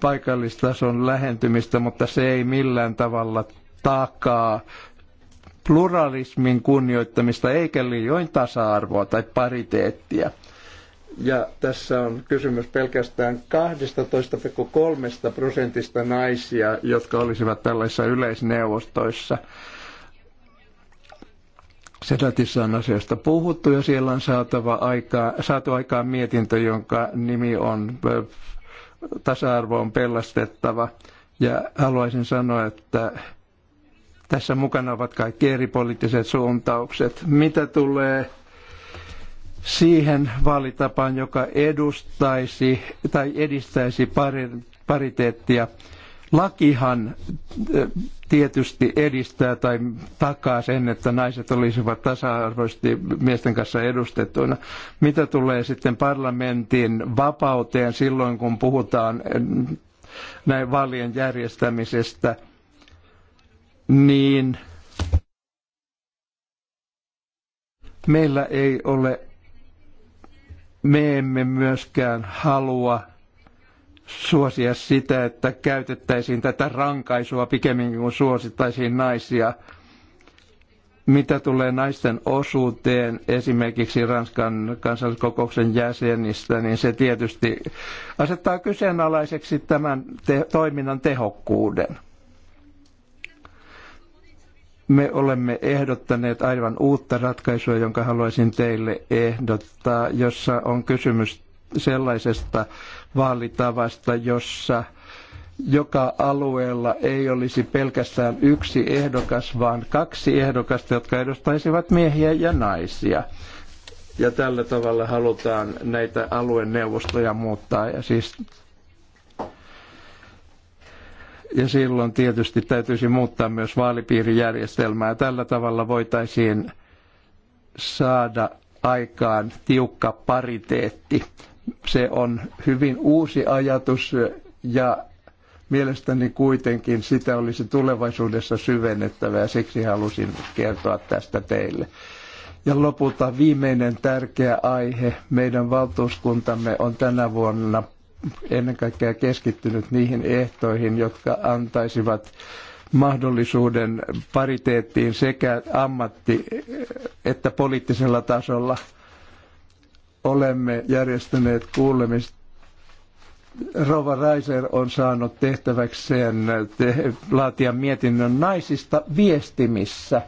Speaker 1: paikallistason lähentymistä, mutta se ei millään tavalla takaa pluralismin kunnioittamista eikä liioin tasa-arvoa tai pariteettia. Ja tässä on kysymys pelkästään 12,3 prosentista naisia, jotka olisivat tällaisissa yleisneuvostoissa. Sedatissa on asiasta puhuttu ja siellä on saatava aikaa, saatu aikaan mietintö, jonka nimi on tasa-arvo on pelastettava. Ja haluaisin sanoa, että tässä mukana ovat kaikki eri poliittiset suuntaukset. Mitä tulee siihen vaalitapaan, joka edustaisi tai edistäisi pariteettia. Lakihan tietysti edistää tai takaa sen, että naiset olisivat tasa-arvoisesti miesten kanssa edustettuina. Mitä tulee sitten parlamentin vapauteen silloin, kun puhutaan näin vaalien järjestämisestä, niin meillä ei ole me emme myöskään halua suosia sitä, että käytettäisiin tätä rankaisua pikemminkin kuin suosittaisiin naisia. Mitä tulee naisten osuuteen esimerkiksi Ranskan kansalliskokouksen jäsenistä, niin se tietysti asettaa kyseenalaiseksi tämän te- toiminnan tehokkuuden me olemme ehdottaneet aivan uutta ratkaisua, jonka haluaisin teille ehdottaa, jossa on kysymys sellaisesta vaalitavasta, jossa joka alueella ei olisi pelkästään yksi ehdokas, vaan kaksi ehdokasta, jotka edustaisivat miehiä ja naisia. Ja tällä tavalla halutaan näitä alueneuvostoja muuttaa ja siis ja silloin tietysti täytyisi muuttaa myös vaalipiirijärjestelmää. Tällä tavalla voitaisiin saada aikaan tiukka pariteetti. Se on hyvin uusi ajatus ja mielestäni kuitenkin sitä olisi tulevaisuudessa syvennettävä ja siksi halusin kertoa tästä teille. Ja lopulta viimeinen tärkeä aihe. Meidän valtuuskuntamme on tänä vuonna ennen kaikkea keskittynyt niihin ehtoihin, jotka antaisivat mahdollisuuden pariteettiin sekä ammatti- että poliittisella tasolla. Olemme järjestäneet kuulemista. Rova Reiser on saanut tehtäväkseen te- laatia mietinnön naisista viestimissä.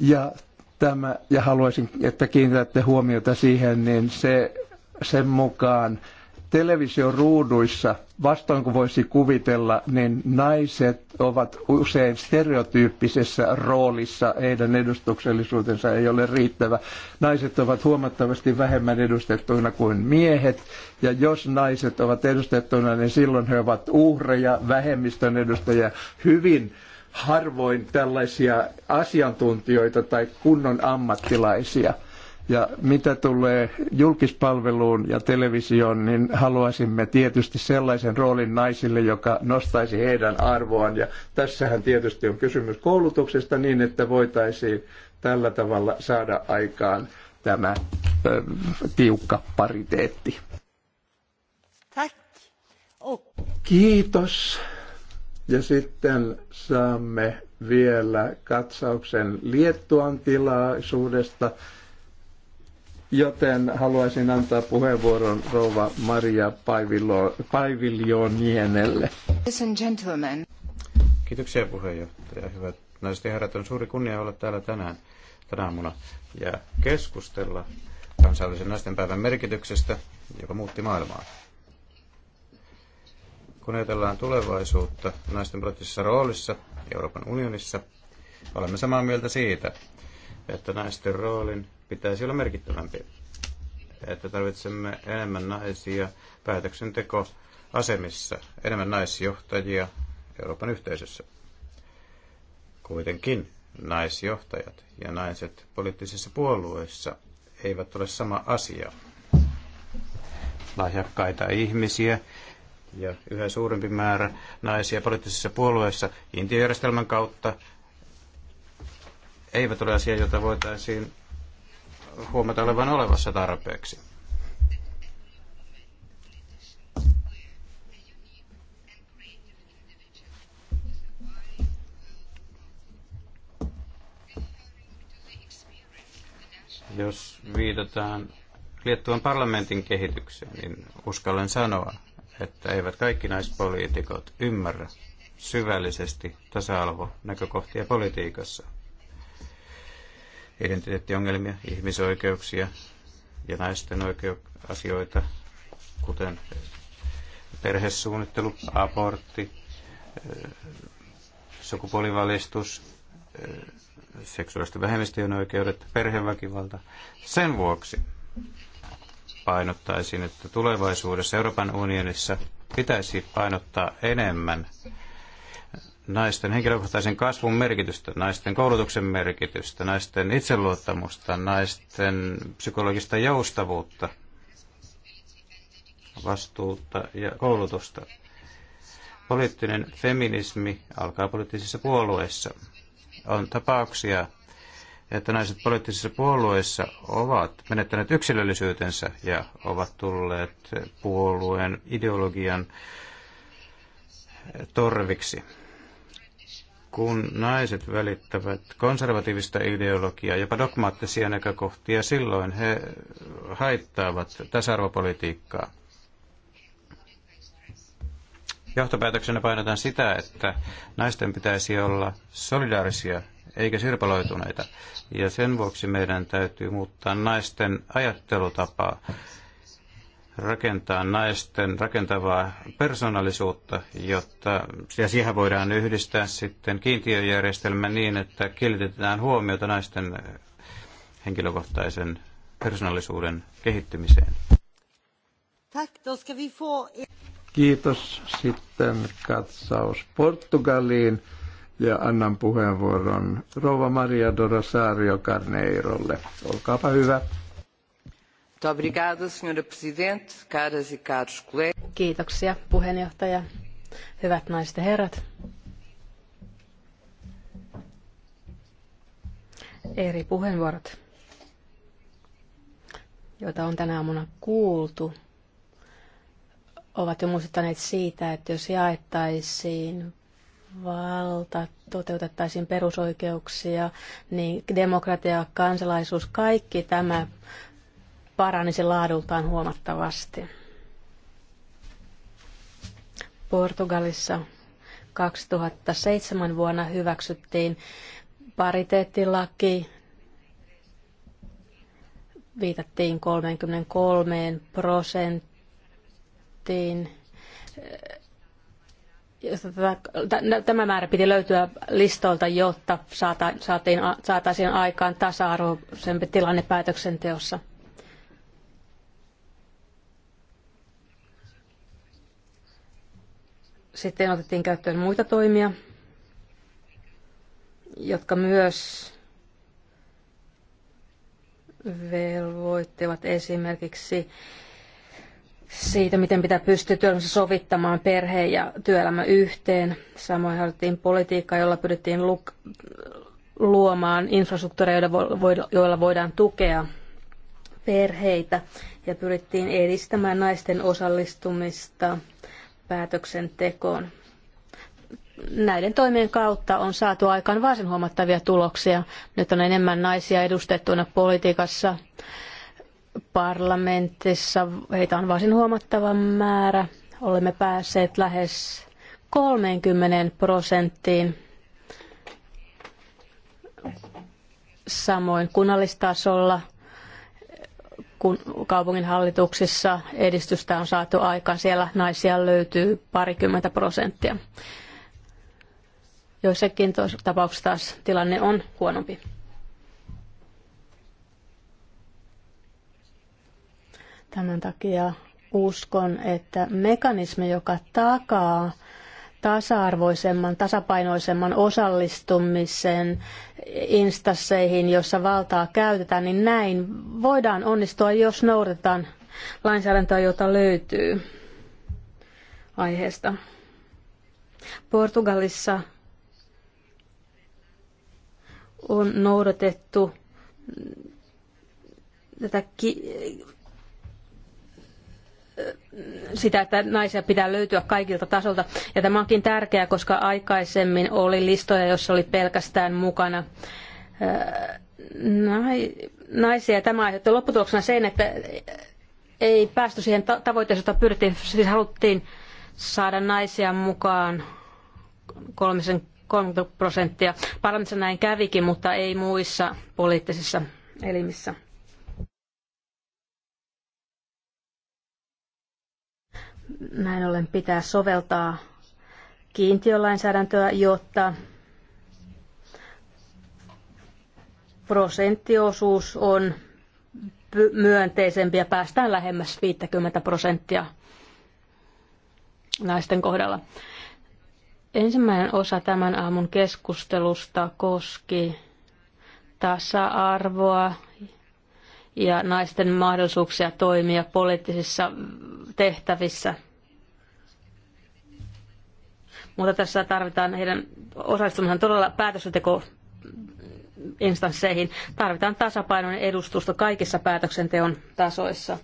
Speaker 1: Ja, tämä, ja haluaisin, että kiinnitätte huomiota siihen, niin se, sen mukaan – televisioruuduissa, vastoin kuin voisi kuvitella, niin naiset ovat usein stereotyyppisessä roolissa. Heidän edustuksellisuutensa ei ole riittävä. Naiset ovat huomattavasti vähemmän edustettuina kuin miehet. Ja jos naiset ovat edustettuina, niin silloin he ovat uhreja, vähemmistön edustajia, hyvin harvoin tällaisia asiantuntijoita tai kunnon ammattilaisia – ja mitä tulee julkispalveluun ja televisioon, niin haluaisimme tietysti sellaisen roolin naisille, joka nostaisi heidän arvoaan. Ja tässähän tietysti on kysymys koulutuksesta niin, että voitaisiin tällä tavalla saada aikaan tämä ö, tiukka pariteetti. Kiitos. Ja sitten saamme vielä katsauksen Liettuan tilaisuudesta. Joten haluaisin antaa puheenvuoron rouva Maria
Speaker 2: Paiviljoonienelle. Ladies and gentlemen. Kiitoksia puheenjohtaja. Hyvät naiset ja herrat, on suuri kunnia olla täällä tänään, tänä aamuna ja keskustella naisten päivän merkityksestä, joka muutti maailmaa. Kun ajatellaan tulevaisuutta naisten poliittisessa roolissa Euroopan unionissa, olemme samaa mieltä siitä, että naisten roolin pitäisi olla merkittävämpi, että tarvitsemme enemmän naisia päätöksentekoasemissa, enemmän naisjohtajia Euroopan yhteisössä. Kuitenkin naisjohtajat ja naiset poliittisissa puolueissa eivät ole sama asia. Lahjakkaita ihmisiä ja yhä suurempi määrä naisia poliittisissa puolueissa Intian kautta eivät ole asia, jota voitaisiin huomata olevan olevassa tarpeeksi. Jos viitataan Liettuan parlamentin kehitykseen, niin uskallan sanoa, että eivät kaikki naispoliitikot ymmärrä syvällisesti tasa näkökohtia politiikassa – identiteettiongelmia, ihmisoikeuksia ja naisten oikeusasioita, kuten perhesuunnittelu, abortti, eh, sukupuolivalistus, eh, seksuaalisten vähemmistöjen oikeudet, perheväkivalta. Sen vuoksi painottaisin, että tulevaisuudessa Euroopan unionissa pitäisi painottaa enemmän naisten henkilökohtaisen kasvun merkitystä, naisten koulutuksen merkitystä, naisten itseluottamusta, naisten psykologista joustavuutta, vastuutta ja koulutusta. Poliittinen feminismi alkaa poliittisissa puolueissa. On tapauksia, että naiset poliittisissa puolueissa ovat menettäneet yksilöllisyytensä ja ovat tulleet puolueen ideologian torviksi kun naiset välittävät konservatiivista ideologiaa, jopa dogmaattisia näkökohtia, silloin he haittaavat tasa-arvopolitiikkaa. Johtopäätöksenä painotan sitä, että naisten pitäisi olla solidaarisia eikä sirpaloituneita. Ja sen vuoksi meidän täytyy muuttaa naisten ajattelutapaa rakentaa naisten rakentavaa persoonallisuutta, jotta, ja siihen voidaan yhdistää sitten kiintiöjärjestelmä niin, että kiinnitetään huomiota naisten henkilökohtaisen persoonallisuuden kehittymiseen.
Speaker 1: Kiitos. Sitten katsaus Portugaliin ja annan puheenvuoron Rouva Maria Dorosario Carneirolle. Olkaapa hyvä.
Speaker 2: E
Speaker 3: Kiitoksia puheenjohtaja. Hyvät naiset ja herrat. Eri puheenvuorot, joita on tänä aamuna kuultu, ovat jo muistuttaneet siitä, että jos jaettaisiin valta, toteutettaisiin perusoikeuksia, niin demokratia, kansalaisuus, kaikki tämä paranisi laadultaan huomattavasti. Portugalissa 2007 vuonna hyväksyttiin pariteettilaki. Viitattiin 33 prosenttiin. Tämä määrä piti löytyä listolta, jotta saataisiin aikaan tasa-arvoisempi tilanne päätöksenteossa. Sitten otettiin käyttöön muita toimia, jotka myös velvoittivat esimerkiksi siitä, miten pitää pystyä työelämässä sovittamaan perhe ja työelämä yhteen. Samoin haluttiin politiikkaa, jolla pyrittiin luomaan infrastruktuureja, joilla voidaan tukea perheitä ja pyrittiin edistämään naisten osallistumista päätöksentekoon. Näiden toimien kautta on saatu aikaan varsin huomattavia tuloksia. Nyt on enemmän naisia edustettuina politiikassa, parlamentissa. Heitä on varsin huomattava määrä. Olemme päässeet lähes 30 prosenttiin. Samoin kunnallistasolla – kun kaupungin hallituksissa edistystä on saatu aikaan. Siellä naisia löytyy parikymmentä prosenttia. Joissakin tapauksissa taas tilanne on huonompi. Tämän takia uskon, että mekanismi, joka takaa tasa-arvoisemman, tasapainoisemman osallistumisen instasseihin, jossa valtaa käytetään, niin näin voidaan onnistua, jos noudatetaan lainsäädäntöä, jota löytyy aiheesta. Portugalissa on noudatettu tätä ki- sitä, että naisia pitää löytyä kaikilta tasolta. Ja tämä onkin tärkeää, koska aikaisemmin oli listoja, joissa oli pelkästään mukana naisia. Tämä aiheutti lopputuloksena sen, että ei päästy siihen tavoitteeseen, jota pyrittiin, siis haluttiin saada naisia mukaan kolmisen 30 prosenttia. Parlamentissa näin kävikin, mutta ei muissa poliittisissa elimissä. Näin ollen pitää soveltaa kiintiölainsäädäntöä, jotta prosenttiosuus on myönteisempi ja päästään lähemmäs 50 prosenttia naisten kohdalla. Ensimmäinen osa tämän aamun keskustelusta koski tasa-arvoa ja naisten mahdollisuuksia toimia poliittisissa tehtävissä. Mutta tässä tarvitaan heidän osallistumisen todella päätöksenteko instansseihin. Tarvitaan tasapainoinen edustusta kaikissa päätöksenteon tasoissa.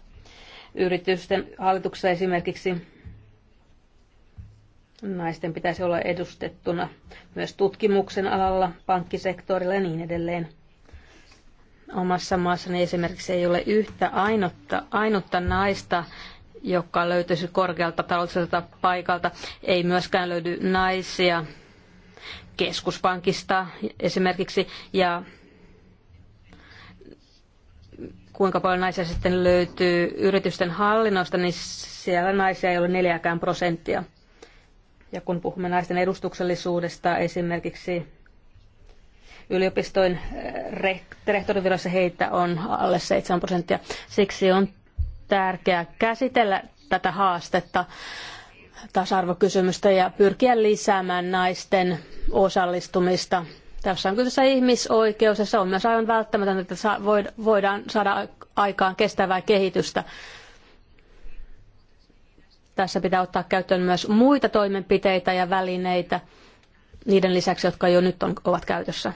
Speaker 3: Yritysten hallituksessa esimerkiksi naisten pitäisi olla edustettuna myös tutkimuksen alalla, pankkisektorilla ja niin edelleen. Omassa maassani esimerkiksi ei ole yhtä ainutta, ainutta naista joka löytyisi korkealta taloudelliselta paikalta. Ei myöskään löydy naisia keskuspankista esimerkiksi ja kuinka paljon naisia sitten löytyy yritysten hallinnosta, niin siellä naisia ei ole neljäkään prosenttia. Ja kun puhumme naisten edustuksellisuudesta esimerkiksi yliopistojen rehtoriviroissa heitä on alle 7 prosenttia. Siksi on tärkeää käsitellä tätä haastetta, tasa-arvokysymystä ja pyrkiä lisäämään naisten osallistumista. Tässä on kyseessä ihmisoikeus ja se on myös aivan välttämätöntä, että voidaan saada aikaan kestävää kehitystä. Tässä pitää ottaa käyttöön myös muita toimenpiteitä ja välineitä niiden lisäksi, jotka jo nyt on, ovat käytössä.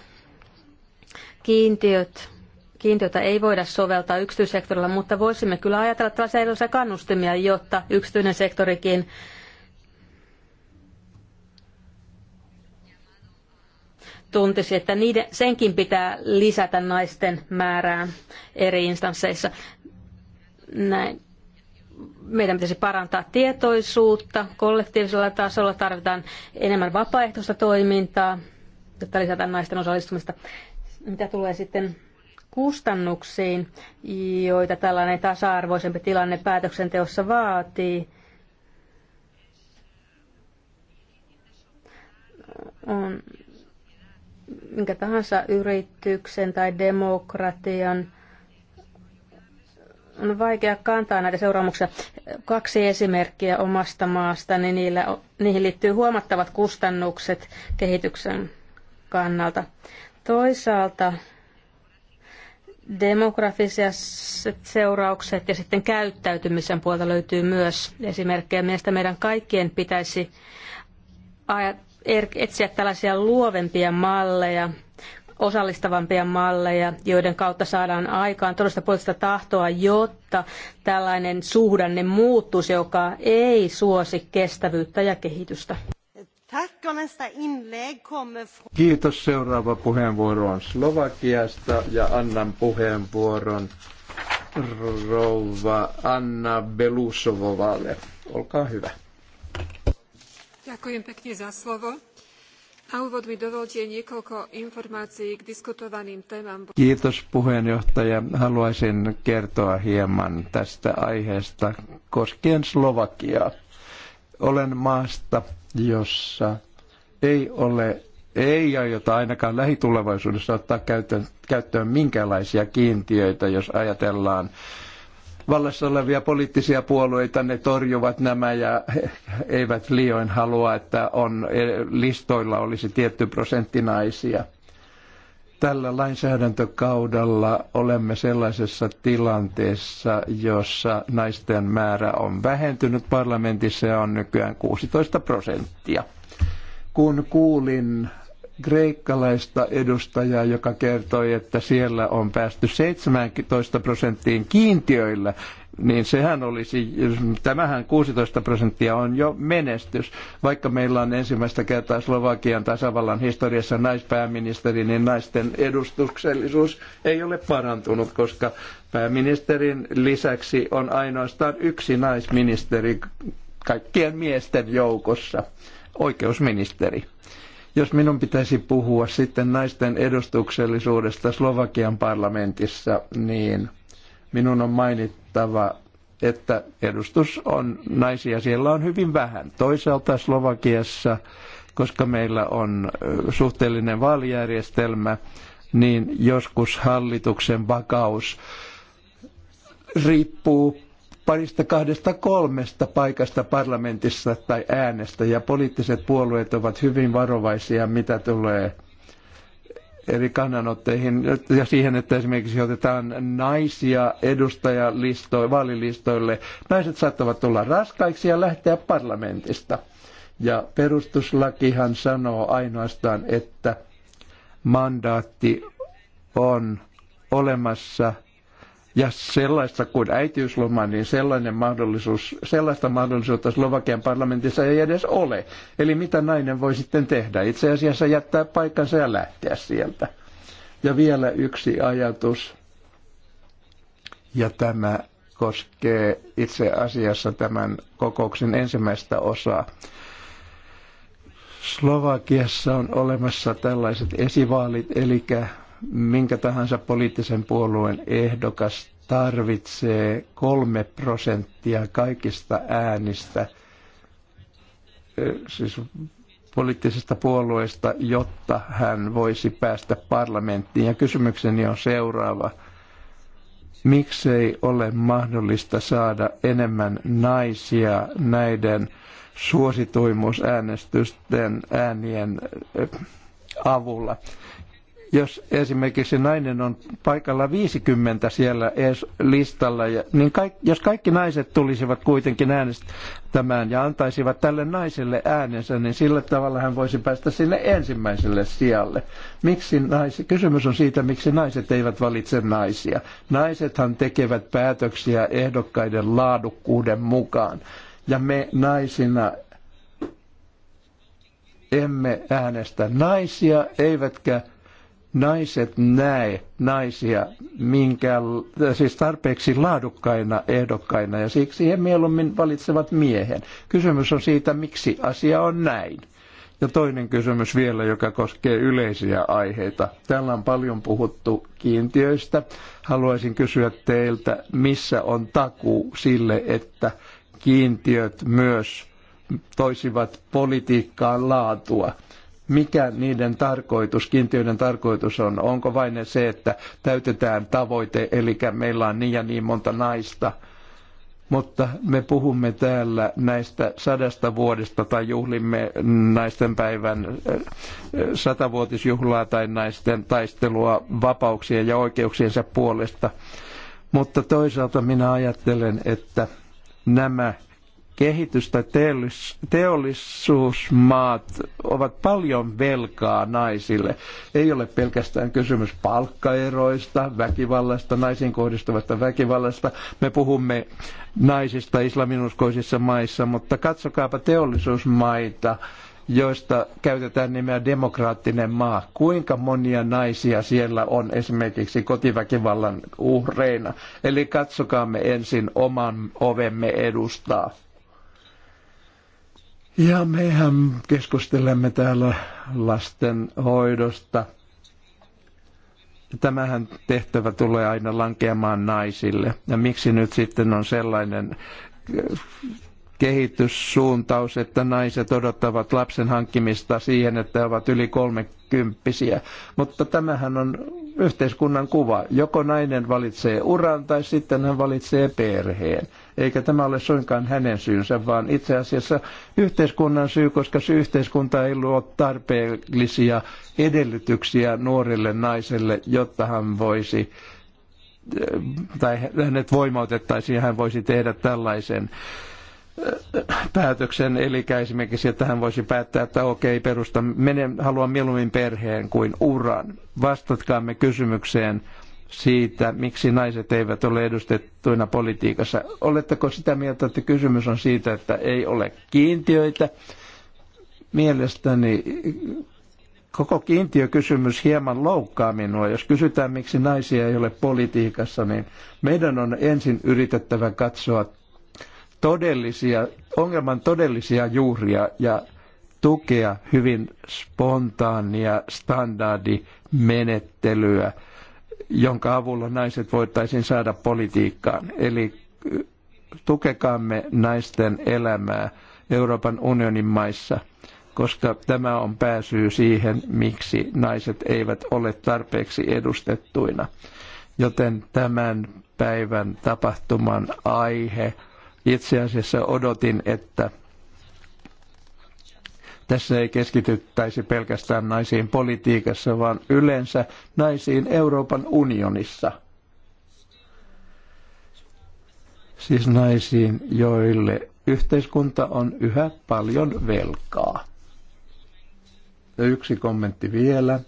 Speaker 3: Kiintiöt kiintiötä ei voida soveltaa yksityissektorilla, mutta voisimme kyllä ajatella tällaisia erilaisia kannustimia, jotta yksityinen sektorikin tuntisi, että niiden, senkin pitää lisätä naisten määrää eri instansseissa. Näin. Meidän pitäisi parantaa tietoisuutta kollektiivisella tasolla, tarvitaan enemmän vapaaehtoista toimintaa, jotta lisätään naisten osallistumista. Mitä tulee sitten kustannuksiin, joita tällainen tasa-arvoisempi tilanne päätöksenteossa vaatii. On minkä tahansa yrityksen tai demokratian on vaikea kantaa näitä seuraamuksia. Kaksi esimerkkiä omasta maasta, niin niillä, niihin liittyy huomattavat kustannukset kehityksen kannalta. Toisaalta demografiset seuraukset ja sitten käyttäytymisen puolta löytyy myös esimerkkejä. Mielestäni meidän kaikkien pitäisi er- etsiä tällaisia luovempia malleja, osallistavampia malleja, joiden kautta saadaan aikaan todellista poliittista tahtoa, jotta tällainen suhdanne muuttuisi, joka ei suosi kestävyyttä ja kehitystä.
Speaker 1: Kiitos. Seuraava puheenvuoro on Slovakiasta ja annan puheenvuoron rouva Anna Belusovovalle. Olkaa hyvä.
Speaker 3: Ďakujem pekne za slovo. A úvod mi dovolte niekoľko informácií k diskutovaným témam.
Speaker 1: Kiitos puheenjohtaja. Haluaisin kertoa hieman tästä aiheesta koskien Slovakiaa. Olen maasta jossa ei ole, ei aiota ainakaan lähitulevaisuudessa ottaa käyttöön, käyttöön minkälaisia kiintiöitä, jos ajatellaan vallassa olevia poliittisia puolueita, ne torjuvat nämä ja eivät liioin halua, että on eh, listoilla olisi tietty prosentti naisia – tällä lainsäädäntökaudella olemme sellaisessa tilanteessa, jossa naisten määrä on vähentynyt parlamentissa ja on nykyään 16 prosenttia. Kun kuulin kreikkalaista edustajaa, joka kertoi, että siellä on päästy 17 prosenttiin kiintiöillä, niin sehän olisi, tämähän 16 prosenttia on jo menestys. Vaikka meillä on ensimmäistä kertaa Slovakian tasavallan historiassa naispääministeri, niin naisten edustuksellisuus ei ole parantunut, koska pääministerin lisäksi on ainoastaan yksi naisministeri kaikkien miesten joukossa, oikeusministeri. Jos minun pitäisi puhua sitten naisten edustuksellisuudesta Slovakian parlamentissa, niin – minun on mainittava, että edustus on naisia siellä on hyvin vähän. Toisaalta Slovakiassa, koska meillä on suhteellinen vaalijärjestelmä, niin joskus hallituksen vakaus riippuu parista kahdesta kolmesta paikasta parlamentissa tai äänestä, ja poliittiset puolueet ovat hyvin varovaisia, mitä tulee eri kannanotteihin ja siihen, että esimerkiksi otetaan naisia edustajalistoille, vaalilistoille. Naiset saattavat tulla raskaiksi ja lähteä parlamentista. Ja perustuslakihan sanoo ainoastaan, että mandaatti on olemassa – ja sellaista kuin äitiysloma, niin sellainen mahdollisuus, sellaista mahdollisuutta Slovakian parlamentissa ei edes ole. Eli mitä nainen voi sitten tehdä? Itse asiassa jättää paikkansa ja lähteä sieltä. Ja vielä yksi ajatus, ja tämä koskee itse asiassa tämän kokouksen ensimmäistä osaa. Slovakiassa on olemassa tällaiset esivaalit, eli minkä tahansa poliittisen puolueen ehdokas tarvitsee kolme prosenttia kaikista äänistä, siis poliittisesta puolueista, jotta hän voisi päästä parlamenttiin. Ja kysymykseni on seuraava. Miksei ole mahdollista saada enemmän naisia näiden suosituimusäänestysten äänien avulla? jos esimerkiksi nainen on paikalla 50 siellä listalla, niin jos kaikki naiset tulisivat kuitenkin äänestämään ja antaisivat tälle naiselle äänensä, niin sillä tavalla hän voisi päästä sinne ensimmäiselle sijalle. Miksi naisi? kysymys on siitä, miksi naiset eivät valitse naisia. Naisethan tekevät päätöksiä ehdokkaiden laadukkuuden mukaan. Ja me naisina emme äänestä naisia, eivätkä naiset näe naisia minkään, siis tarpeeksi laadukkaina ehdokkaina ja siksi he mieluummin valitsevat miehen. Kysymys on siitä, miksi asia on näin. Ja toinen kysymys vielä, joka koskee yleisiä aiheita. Täällä on paljon puhuttu kiintiöistä. Haluaisin kysyä teiltä, missä on takuu sille, että kiintiöt myös toisivat politiikkaan laatua mikä niiden tarkoitus, kiintiöiden tarkoitus on. Onko vain se, että täytetään tavoite, eli meillä on niin ja niin monta naista, mutta me puhumme täällä näistä sadasta vuodesta tai juhlimme naisten päivän eh, satavuotisjuhlaa tai naisten taistelua vapauksien ja oikeuksiensa puolesta. Mutta toisaalta minä ajattelen, että nämä kehitys- tai teollisuusmaat ovat paljon velkaa naisille. Ei ole pelkästään kysymys palkkaeroista, väkivallasta, naisiin kohdistuvasta väkivallasta. Me puhumme naisista islaminuskoisissa maissa, mutta katsokaapa teollisuusmaita, joista käytetään nimeä demokraattinen maa. Kuinka monia naisia siellä on esimerkiksi kotiväkivallan uhreina? Eli katsokaamme ensin oman ovemme edustaa. Ja mehän keskustelemme täällä lasten hoidosta. Tämähän tehtävä tulee aina lankeamaan naisille. Ja miksi nyt sitten on sellainen äh, kehityssuuntaus, että naiset odottavat lapsen hankkimista siihen, että ovat yli kolmekymppisiä. Mutta tämähän on yhteiskunnan kuva. Joko nainen valitsee uran tai sitten hän valitsee perheen. Eikä tämä ole suinkaan hänen syynsä, vaan itse asiassa yhteiskunnan syy, koska se yhteiskunta ei luo tarpeellisia edellytyksiä nuorille naiselle, jotta hän voisi tai hänet voimautettaisiin ja hän voisi tehdä tällaisen äh, päätöksen, eli esimerkiksi, että hän voisi päättää, että okei, perusta, menen, haluan mieluummin perheen kuin uran. Vastatkaamme kysymykseen, siitä, miksi naiset eivät ole edustettuina politiikassa. Oletteko sitä mieltä, että kysymys on siitä, että ei ole kiintiöitä? Mielestäni koko kiintiökysymys hieman loukkaa minua. Jos kysytään, miksi naisia ei ole politiikassa, niin meidän on ensin yritettävä katsoa todellisia, ongelman todellisia juuria ja tukea hyvin spontaania standardimenettelyä – jonka avulla naiset voitaisiin saada politiikkaan. Eli tukekaamme naisten elämää Euroopan unionin maissa, koska tämä on pääsyy siihen, miksi naiset eivät ole tarpeeksi edustettuina. Joten tämän päivän tapahtuman aihe itse asiassa odotin, että tässä ei keskityttäisi pelkästään naisiin politiikassa, vaan yleensä naisiin Euroopan unionissa. Siis naisiin, joille yhteiskunta on yhä paljon velkaa. Ja yksi kommentti vielä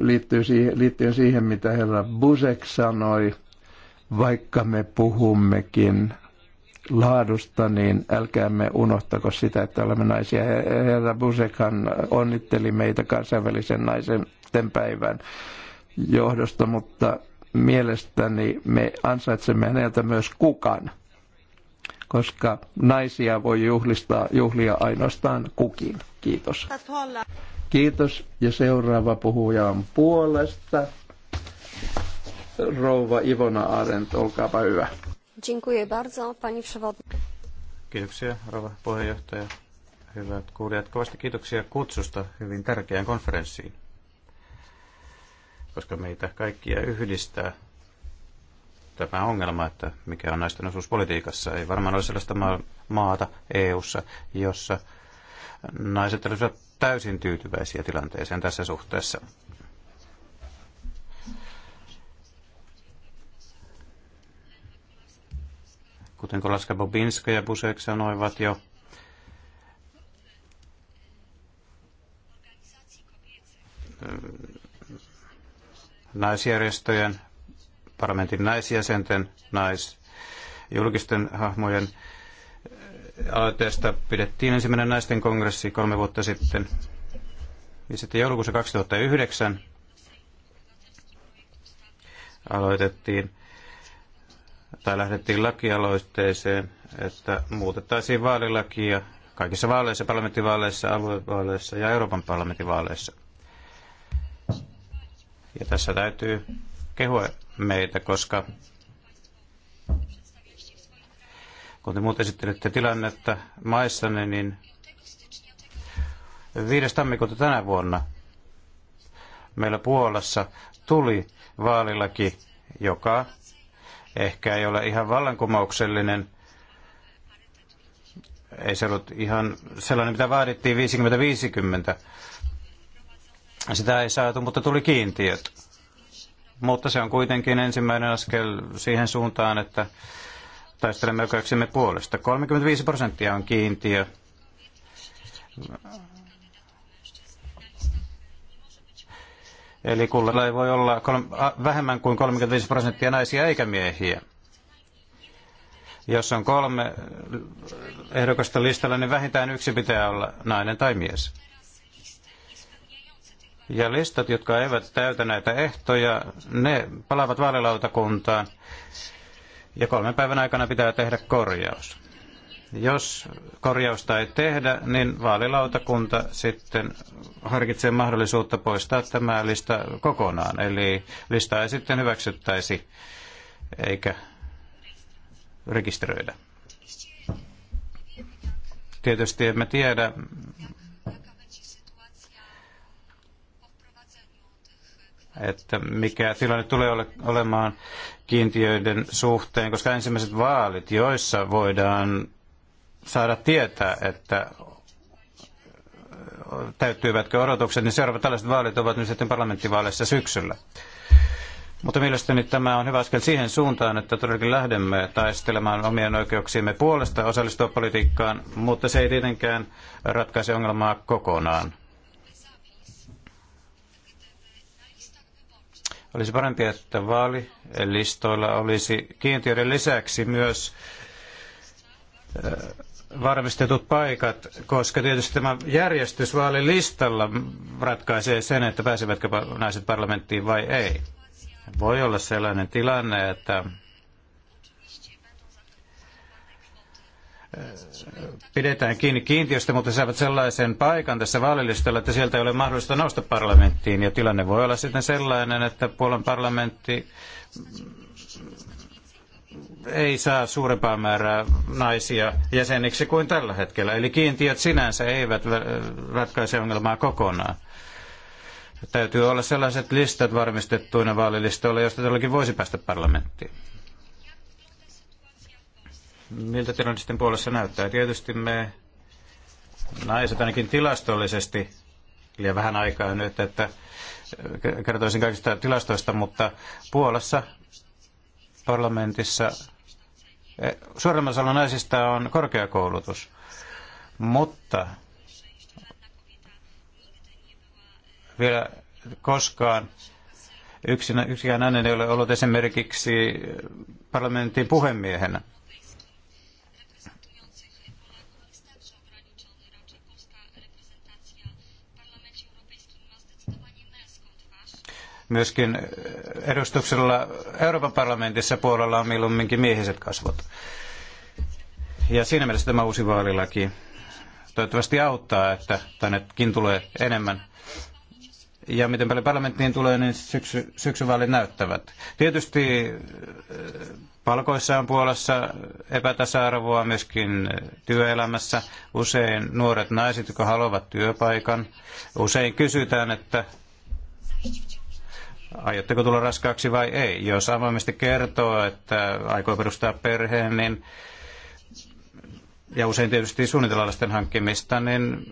Speaker 1: liittyy siihen, liittyen siihen, mitä herra Busek sanoi, vaikka me puhummekin laadusta, niin älkäämme unohtako sitä, että olemme naisia. Herra Busekhan onnitteli meitä kansainvälisen naisen päivän johdosta, mutta mielestäni me ansaitsemme häneltä myös kukan, koska naisia voi juhlistaa, juhlia ainoastaan kukin. Kiitos. Kiitos ja seuraava puhuja on puolesta. Rouva Ivona Arendt, olkaapa hyvä.
Speaker 2: Dziękuję bardzo, pani przewodnicząca. Kiitoksia, rouva puheenjohtaja. Hyvät kuulijat, kovasti kiitoksia kutsusta hyvin tärkeään konferenssiin, koska meitä kaikkia yhdistää tämä ongelma, että mikä on naisten osuus politiikassa. Ei varmaan ole sellaista maata EU-ssa, jossa naiset olisivat täysin tyytyväisiä tilanteeseen tässä suhteessa. kuten Kolaska Bobinska ja Busek sanoivat jo, naisjärjestöjen, parlamentin naisjäsenten, naisjulkisten hahmojen aloitteesta pidettiin ensimmäinen naisten kongressi kolme vuotta sitten. Ja sitten joulukuussa 2009 aloitettiin tai lähdettiin lakialoitteeseen, että muutettaisiin vaalilakia kaikissa vaaleissa, parlamenttivaaleissa, aluevaaleissa ja Euroopan parlamenttivaaleissa. Ja tässä täytyy kehua meitä, koska kun te muut esittelette tilannetta maissanne, niin 5. tammikuuta tänä vuonna meillä Puolassa tuli vaalilaki, joka ehkä ei ole ihan vallankumouksellinen. Ei se ollut ihan sellainen, mitä vaadittiin 50-50. Sitä ei saatu, mutta tuli kiintiöt. Mutta se on kuitenkin ensimmäinen askel siihen suuntaan, että taistelemme oikeuksimme puolesta. 35 prosenttia on kiintiö Eli kullalla ei voi olla vähemmän kuin 35 prosenttia naisia eikä miehiä. Jos on kolme ehdokasta listalla, niin vähintään yksi pitää olla nainen tai mies. Ja listat, jotka eivät täytä näitä ehtoja, ne palaavat vaalilautakuntaan. Ja kolmen päivän aikana pitää tehdä korjaus. Jos korjausta ei tehdä, niin vaalilautakunta sitten harkitsee mahdollisuutta poistaa tämä lista kokonaan. Eli lista ei sitten hyväksyttäisi eikä rekisteröidä. Tietysti emme tiedä, että mikä tilanne tulee ole, olemaan kiintiöiden suhteen, koska ensimmäiset vaalit, joissa voidaan saada tietää, että täyttyivätkö odotukset, niin seuraavat tällaiset vaalit ovat nyt sitten parlamenttivaaleissa syksyllä. Mutta mielestäni tämä on hyvä askel siihen suuntaan, että todellakin lähdemme taistelemaan omien oikeuksiemme puolesta osallistua politiikkaan, mutta se ei tietenkään ratkaise ongelmaa kokonaan. Olisi parempi, että vaalilistoilla olisi kiintiöiden lisäksi myös varmistetut paikat, koska tietysti tämä järjestys vaalilistalla ratkaisee sen, että pääsevätkö naiset parlamenttiin vai ei. Voi olla sellainen tilanne, että äh, pidetään kiinni kiintiöstä, mutta saavat sellaisen paikan tässä vaalilistalla, että sieltä ei ole mahdollista nousta parlamenttiin. Ja tilanne voi olla sitten sellainen, että Puolan parlamentti ei saa suurempaa määrää naisia jäseniksi kuin tällä hetkellä. Eli kiintiöt sinänsä eivät ratkaise ongelmaa kokonaan. Täytyy olla sellaiset listat varmistettuina vaalilistoilla, joista todellakin voisi päästä parlamenttiin. Miltä tilanne sitten puolessa näyttää? Tietysti me naiset ainakin tilastollisesti, liian vähän aikaa nyt, että äh, kertoisin kaikista tilastoista, mutta Puolassa parlamentissa Suurimman osalla naisista on korkeakoulutus, mutta vielä koskaan yksikään nainen ei ole ollut esimerkiksi parlamentin puhemiehenä. Myöskin edustuksella Euroopan parlamentissa puolella on milloinkin miehiset kasvot. Ja siinä mielessä tämä uusi vaalilaki toivottavasti auttaa, että tännekin tulee enemmän ja miten paljon parlamenttiin tulee, niin syksy, syksyvaalit näyttävät. Tietysti eh, palkoissa on Puolassa epätasa-arvoa myöskin työelämässä. Usein nuoret naiset, jotka haluavat työpaikan, usein kysytään, että aiotteko tulla raskaaksi vai ei. Jos avoimesti kertoo, että aikoo perustaa perheen, niin ja usein tietysti suunnitellaan lasten hankkimista, niin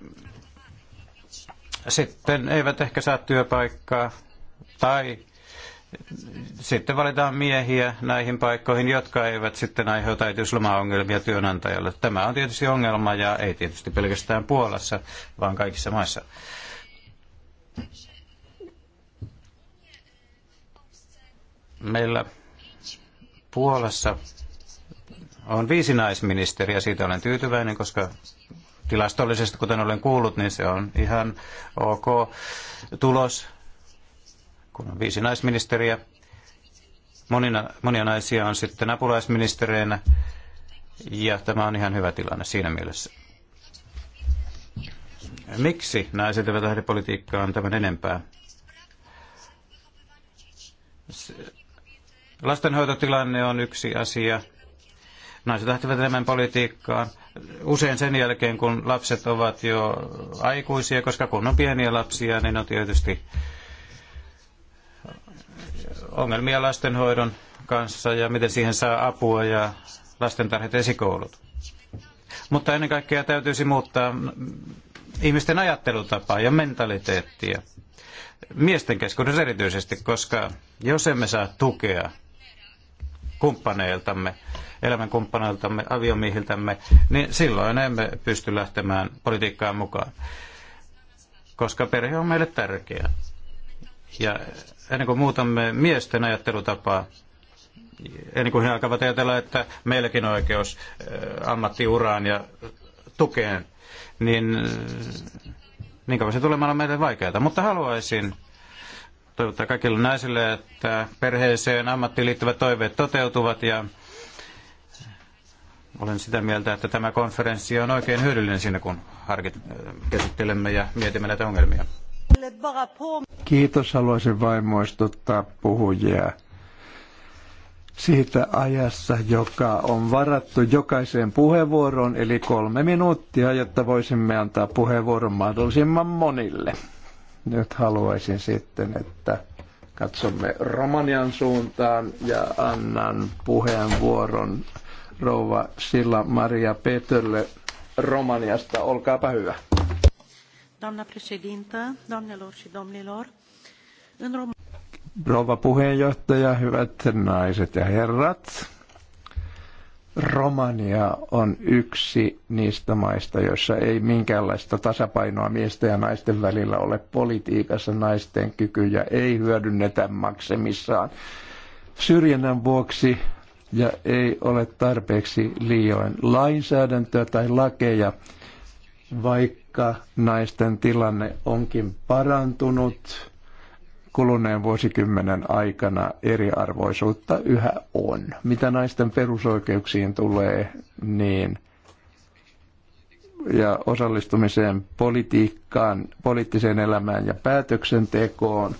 Speaker 2: sitten eivät ehkä saa työpaikkaa tai sitten valitaan miehiä näihin paikkoihin, jotka eivät sitten aiheuta äitiyslomaongelmia työnantajalle. Tämä on tietysti ongelma ja ei tietysti pelkästään Puolassa, vaan kaikissa maissa. Meillä Puolassa on viisi naisministeriä, siitä olen tyytyväinen, koska tilastollisesti, kuten olen kuullut, niin se on ihan ok tulos, kun on viisi naisministeriä. Monina, monia naisia on sitten apulaisministereinä, ja tämä on ihan hyvä tilanne siinä mielessä. Miksi naiset eivät lähde politiikkaan tämän enempää? Se, Lastenhoitotilanne on yksi asia. Naiset lähtevät enemmän politiikkaan usein sen jälkeen, kun lapset ovat jo aikuisia, koska kun on pieniä lapsia, niin on tietysti ongelmia lastenhoidon kanssa ja miten siihen saa apua ja lastentarhat esikoulut. Mutta ennen kaikkea täytyisi muuttaa ihmisten ajattelutapaa ja mentaliteettia. Miesten keskuudessa erityisesti, koska jos emme saa tukea kumppaneiltamme, elämänkumppaneiltamme, aviomiehiltämme, niin silloin emme pysty lähtemään politiikkaan mukaan, koska perhe on meille tärkeä. Ja ennen kuin muutamme miesten ajattelutapaa, ennen kuin he alkavat ajatella, että meilläkin on oikeus eh, ammattiuraan ja tukeen, niin eh, niin kauan se tulee meille vaikeaa. Mutta haluaisin toivottaa kaikille naisille, että perheeseen ammattiin liittyvät toiveet toteutuvat ja olen sitä mieltä, että tämä konferenssi on oikein hyödyllinen siinä, kun harkit, käsittelemme ja mietimme näitä ongelmia.
Speaker 1: Kiitos, haluaisin vain muistuttaa puhujia siitä ajassa, joka on varattu jokaiseen puheenvuoroon, eli kolme minuuttia, jotta voisimme antaa puheenvuoron mahdollisimman monille. Nyt haluaisin sitten, että katsomme Romanian suuntaan ja annan puheenvuoron rouva Silla Maria Petölle Romaniasta. Olkaapa hyvä.
Speaker 2: Doamna președintă, doamnelor și domnilor, în Rom-
Speaker 1: Rouva puheenjohtaja, hyvät naiset ja herrat. Romania on yksi niistä maista, joissa ei minkäänlaista tasapainoa miesten ja naisten välillä ole politiikassa. Naisten kykyjä ei hyödynnetä maksemissaan syrjinnän vuoksi ja ei ole tarpeeksi liioin lainsäädäntöä tai lakeja, vaikka naisten tilanne onkin parantunut kuluneen vuosikymmenen aikana eriarvoisuutta yhä on. Mitä naisten perusoikeuksiin tulee, niin ja osallistumiseen politiikkaan, poliittiseen elämään ja päätöksentekoon.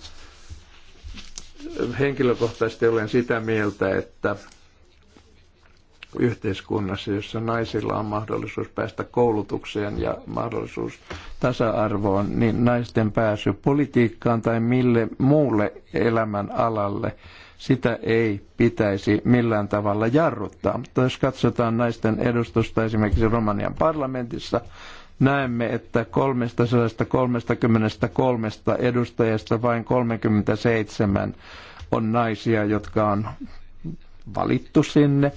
Speaker 1: Henkilökohtaisesti olen sitä mieltä, että yhteiskunnassa, jossa naisilla on mahdollisuus päästä koulutukseen ja mahdollisuus tasa-arvoon, niin naisten pääsy politiikkaan tai mille muulle elämän alalle, sitä ei pitäisi millään tavalla jarruttaa. Mutta jos katsotaan naisten edustusta esimerkiksi Romanian parlamentissa, näemme, että 333 edustajasta vain 37 on naisia, jotka on valittu sinne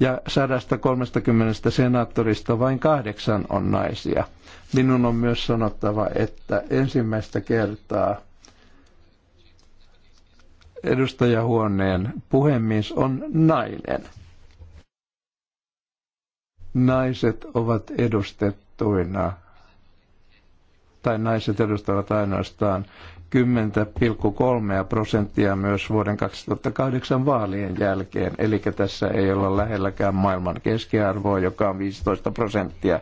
Speaker 1: ja 130 senaattorista vain kahdeksan on naisia. Minun on myös sanottava, että ensimmäistä kertaa edustajahuoneen puhemies on nainen. Naiset ovat edustettuina, tai naiset edustavat ainoastaan 10,3 prosenttia myös vuoden 2008 vaalien jälkeen. Eli tässä ei olla lähelläkään maailman keskiarvoa, joka on 15 prosenttia,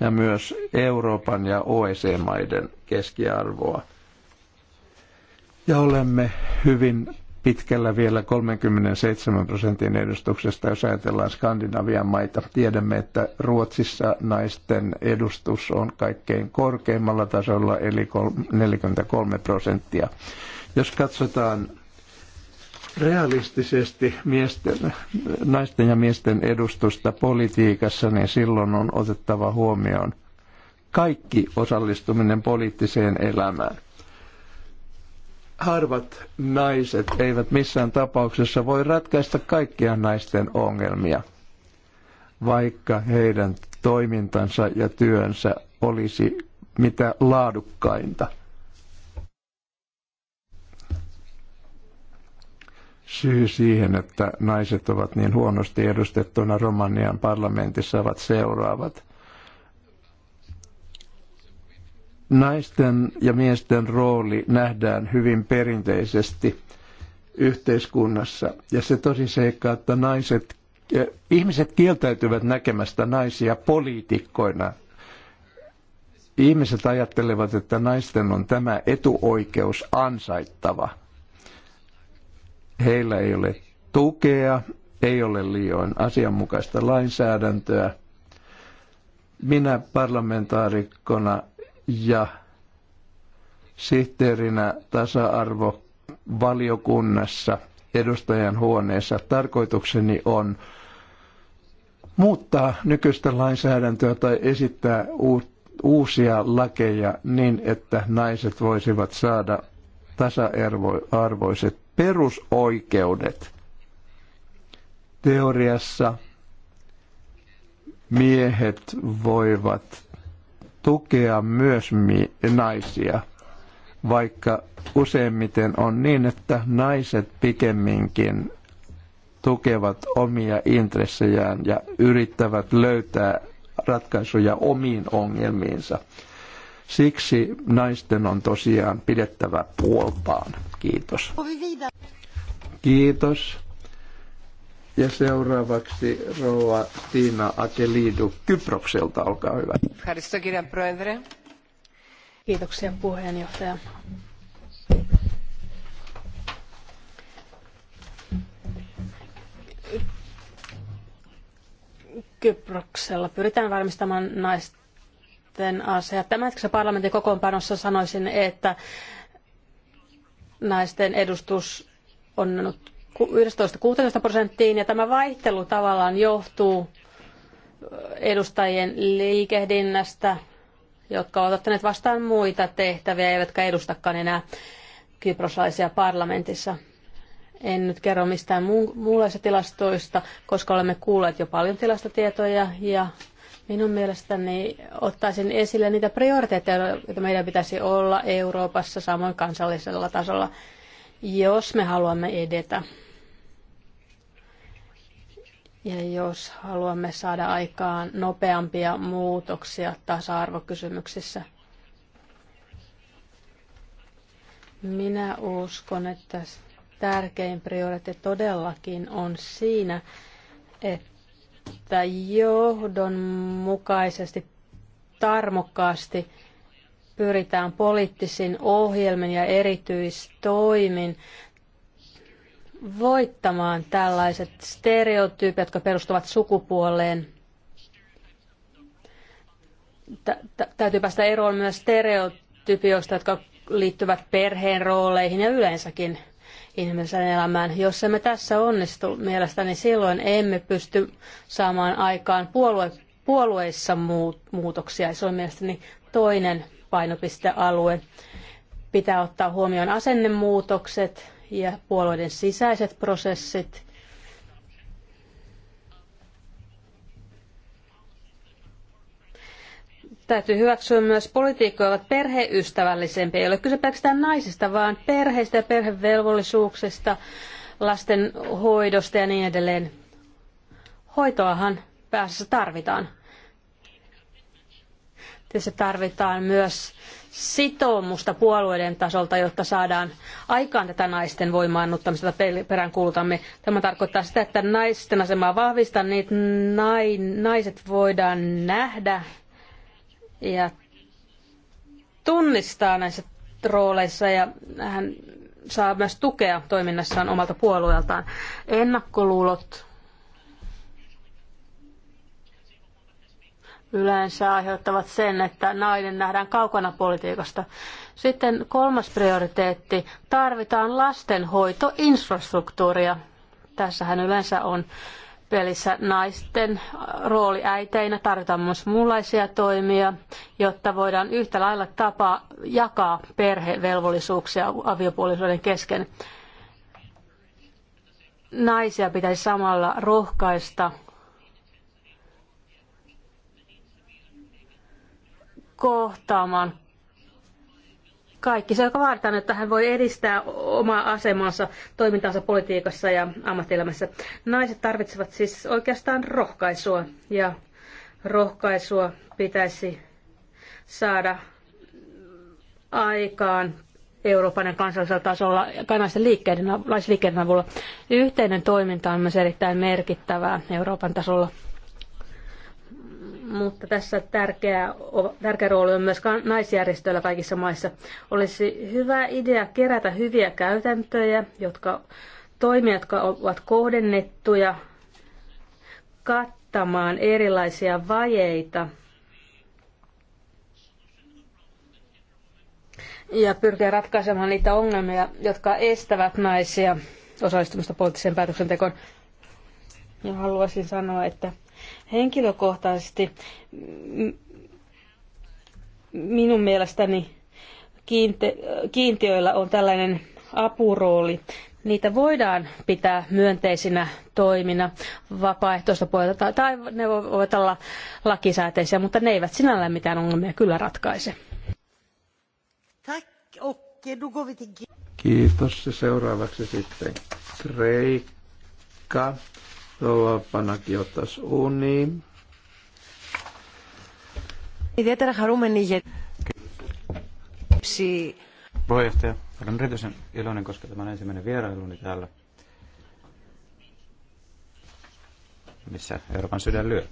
Speaker 1: ja myös Euroopan ja OECD-maiden keskiarvoa. Ja olemme hyvin pitkällä vielä 37 prosentin edustuksesta, jos ajatellaan Skandinavian maita. Tiedämme, että Ruotsissa naisten edustus on kaikkein korkeimmalla tasolla, eli 43 prosenttia. Jos katsotaan realistisesti miesten, naisten ja miesten edustusta politiikassa, niin silloin on otettava huomioon kaikki osallistuminen poliittiseen elämään – harvat naiset eivät missään tapauksessa voi ratkaista kaikkia naisten ongelmia, vaikka heidän toimintansa ja työnsä olisi mitä laadukkainta. Syy siihen, että naiset ovat niin huonosti edustettuna Romanian parlamentissa, ovat seuraavat. Naisten ja miesten rooli nähdään hyvin perinteisesti yhteiskunnassa. Ja se tosi seikka, että naiset, eh, ihmiset kieltäytyvät näkemästä naisia poliitikkoina. Ihmiset ajattelevat, että naisten on tämä etuoikeus ansaittava. Heillä ei ole tukea, ei ole liioin asianmukaista lainsäädäntöä. Minä parlamentaarikkona ja sihteerinä tasa-arvo valiokunnassa edustajan huoneessa. Tarkoitukseni on muuttaa nykyistä lainsäädäntöä tai esittää uusia lakeja niin, että naiset voisivat saada tasa-arvoiset perusoikeudet. Teoriassa miehet voivat tukea myös naisia, vaikka useimmiten on niin, että naiset pikemminkin tukevat omia intressejään ja yrittävät löytää ratkaisuja omiin ongelmiinsa. Siksi naisten on tosiaan pidettävä puoltaan. Kiitos. Kiitos. Ja seuraavaksi rouva Tiina Ateliidu Kyprokselta, olkaa hyvä.
Speaker 3: Kiitoksia puheenjohtaja. Kyproksella pyritään varmistamaan naisten asiat. Tämänhetkisessä parlamentin kokoonpanossa sanoisin, että naisten edustus on 11-16 prosenttiin ja tämä vaihtelu tavallaan johtuu edustajien liikehdinnästä, jotka ovat ottaneet vastaan muita tehtäviä, eivätkä edustakaan enää kyproslaisia parlamentissa. En nyt kerro mistään muunlaisista tilastoista, koska olemme kuulleet jo paljon tilastotietoja ja minun mielestäni ottaisin esille niitä prioriteetteja, joita meidän pitäisi olla Euroopassa samoin kansallisella tasolla, jos me haluamme edetä. Ja jos haluamme saada aikaan nopeampia muutoksia tasa-arvokysymyksissä, minä uskon, että tärkein prioriteetti todellakin on siinä, että johdonmukaisesti, tarmokkaasti pyritään poliittisin ohjelmin ja erityistoimin voittamaan tällaiset stereotyypit, jotka perustuvat sukupuoleen. Täytyy päästä eroon myös stereotypioista, jotka liittyvät perheen rooleihin ja yleensäkin ihmisen elämään. Jos emme tässä onnistu mielestäni, silloin emme pysty saamaan aikaan puolue, puolueissa muut, muutoksia. Se on mielestäni toinen painopistealue. Pitää ottaa huomioon asennemuutokset, ja puolueiden sisäiset prosessit. Täytyy hyväksyä myös politiikkoja ovat perheystävällisempiä. Ei ole kyse pelkästään naisista, vaan perheistä ja perhevelvollisuuksista, lasten hoidosta ja niin edelleen. Hoitoahan päässä tarvitaan. Tässä tarvitaan myös sitoumusta puolueiden tasolta, jotta saadaan aikaan tätä naisten voimaannuttamista, jota peräänkuulutamme. Tämä tarkoittaa sitä, että naisten asemaa vahvistaa, niitä naiset voidaan nähdä ja tunnistaa näissä rooleissa ja hän saa myös tukea toiminnassaan omalta puolueeltaan. Ennakkoluulot yleensä aiheuttavat sen, että nainen nähdään kaukana politiikasta. Sitten kolmas prioriteetti, tarvitaan lastenhoitoinfrastruktuuria. Tässähän yleensä on pelissä naisten rooli äiteinä, tarvitaan myös muunlaisia toimia, jotta voidaan yhtä lailla tapa jakaa perhevelvollisuuksia aviopuolisoiden kesken. Naisia pitäisi samalla rohkaista kohtaamaan kaikki se, joka vaaditaan, että hän voi edistää omaa asemansa, toimintaansa politiikassa ja ammattielämässä. Naiset tarvitsevat siis oikeastaan rohkaisua ja rohkaisua pitäisi saada aikaan Euroopan ja kansallisella tasolla kansallisten liikkeiden, liikkeiden avulla. Yhteinen toiminta on myös erittäin merkittävää Euroopan tasolla mutta tässä tärkeä, tärkeä rooli on myös naisjärjestöillä kaikissa maissa. Olisi hyvä idea kerätä hyviä käytäntöjä, jotka toimia, jotka ovat kohdennettuja kattamaan erilaisia vajeita ja pyrkiä ratkaisemaan niitä ongelmia, jotka estävät naisia osallistumista poliittiseen päätöksentekoon. Ja haluaisin sanoa, että Henkilökohtaisesti minun mielestäni kiintiöillä on tällainen apurooli. Niitä voidaan pitää myönteisinä toimina vapaaehtoista puolelta, tai ne voivat olla lakisääteisiä, mutta ne eivät sinällään mitään ongelmia kyllä ratkaise.
Speaker 1: Kiitos. Seuraavaksi sitten Kreikka. Rouva ottaisi Uni. Ιδιαίτερα χαρούμενη για
Speaker 2: Puheenjohtaja, olen erityisen iloinen, koska tämä on ensimmäinen vierailuni täällä, missä Euroopan sydän lyö.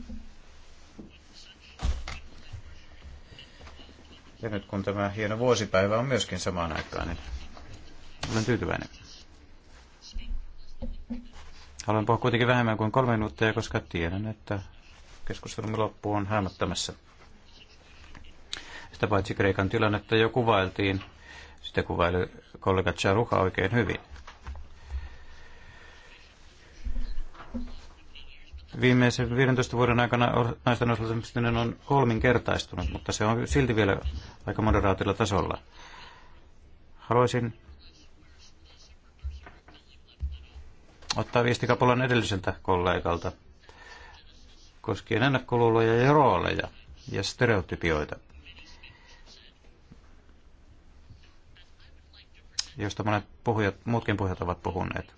Speaker 2: Ja nyt kun tämä hieno vuosipäivä on myöskin samaan aikaan, niin olen tyytyväinen. Haluan puhua kuitenkin vähemmän kuin kolme minuuttia, koska tiedän, että keskustelumme loppu on hämättämässä. Sitä paitsi Kreikan tilannetta jo kuvailtiin. Sitä kuvaili kollega Charuha oikein hyvin. Viimeisen 15 vuoden aikana naisten osallistuminen on kolminkertaistunut, mutta se on silti vielä aika moderaatilla tasolla. Haluaisin ottaa viestikapulan edelliseltä kollegalta koskien ennakkoluuloja ja rooleja ja stereotypioita, josta monet puhujat, muutkin puhujat ovat puhuneet.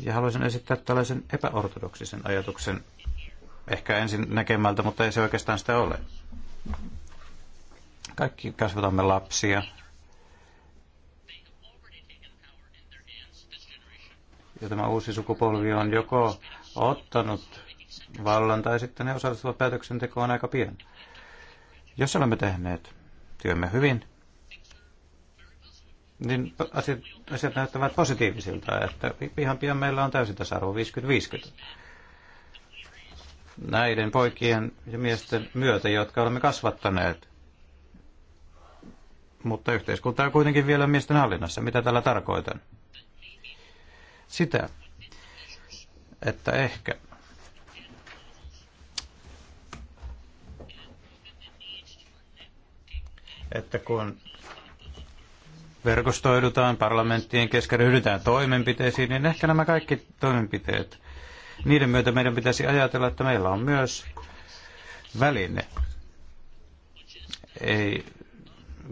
Speaker 2: Ja haluaisin esittää tällaisen epäortodoksisen ajatuksen, ehkä ensin näkemältä, mutta ei se oikeastaan sitä ole. Kaikki kasvatamme lapsia, Ja tämä uusi sukupolvi on joko ottanut vallan tai sitten ne osallistuvat päätöksentekoon aika pian. Jos olemme tehneet työmme hyvin, niin asiat, asiat näyttävät positiivisilta, että ihan pian meillä on täysin tasa-arvo 50-50. Näiden poikien ja miesten myötä, jotka olemme kasvattaneet. Mutta yhteiskunta on kuitenkin vielä miesten hallinnassa. Mitä tällä tarkoitan? sitä, että ehkä että kun verkostoidutaan, parlamenttien kesken ryhdytään toimenpiteisiin, niin ehkä nämä kaikki toimenpiteet, niiden myötä meidän pitäisi ajatella, että meillä on myös väline. Ei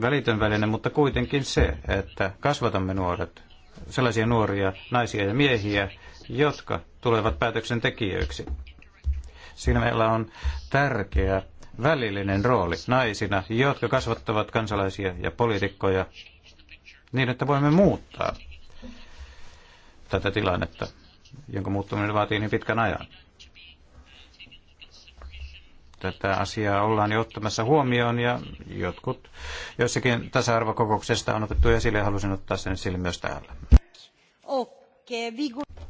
Speaker 2: välitön väline, mutta kuitenkin se, että kasvatamme nuoret sellaisia nuoria naisia ja miehiä, jotka tulevat päätöksentekijöiksi. Siinä meillä on tärkeä välillinen rooli naisina, jotka kasvattavat kansalaisia ja poliitikkoja niin, että voimme muuttaa tätä tilannetta, jonka muuttuminen vaatii niin pitkän ajan. Tätä asiaa ollaan jo ottamassa huomioon ja jotkut joissakin tasa-arvokokouksesta on otettu esille ja halusin ottaa sen esille myös täällä.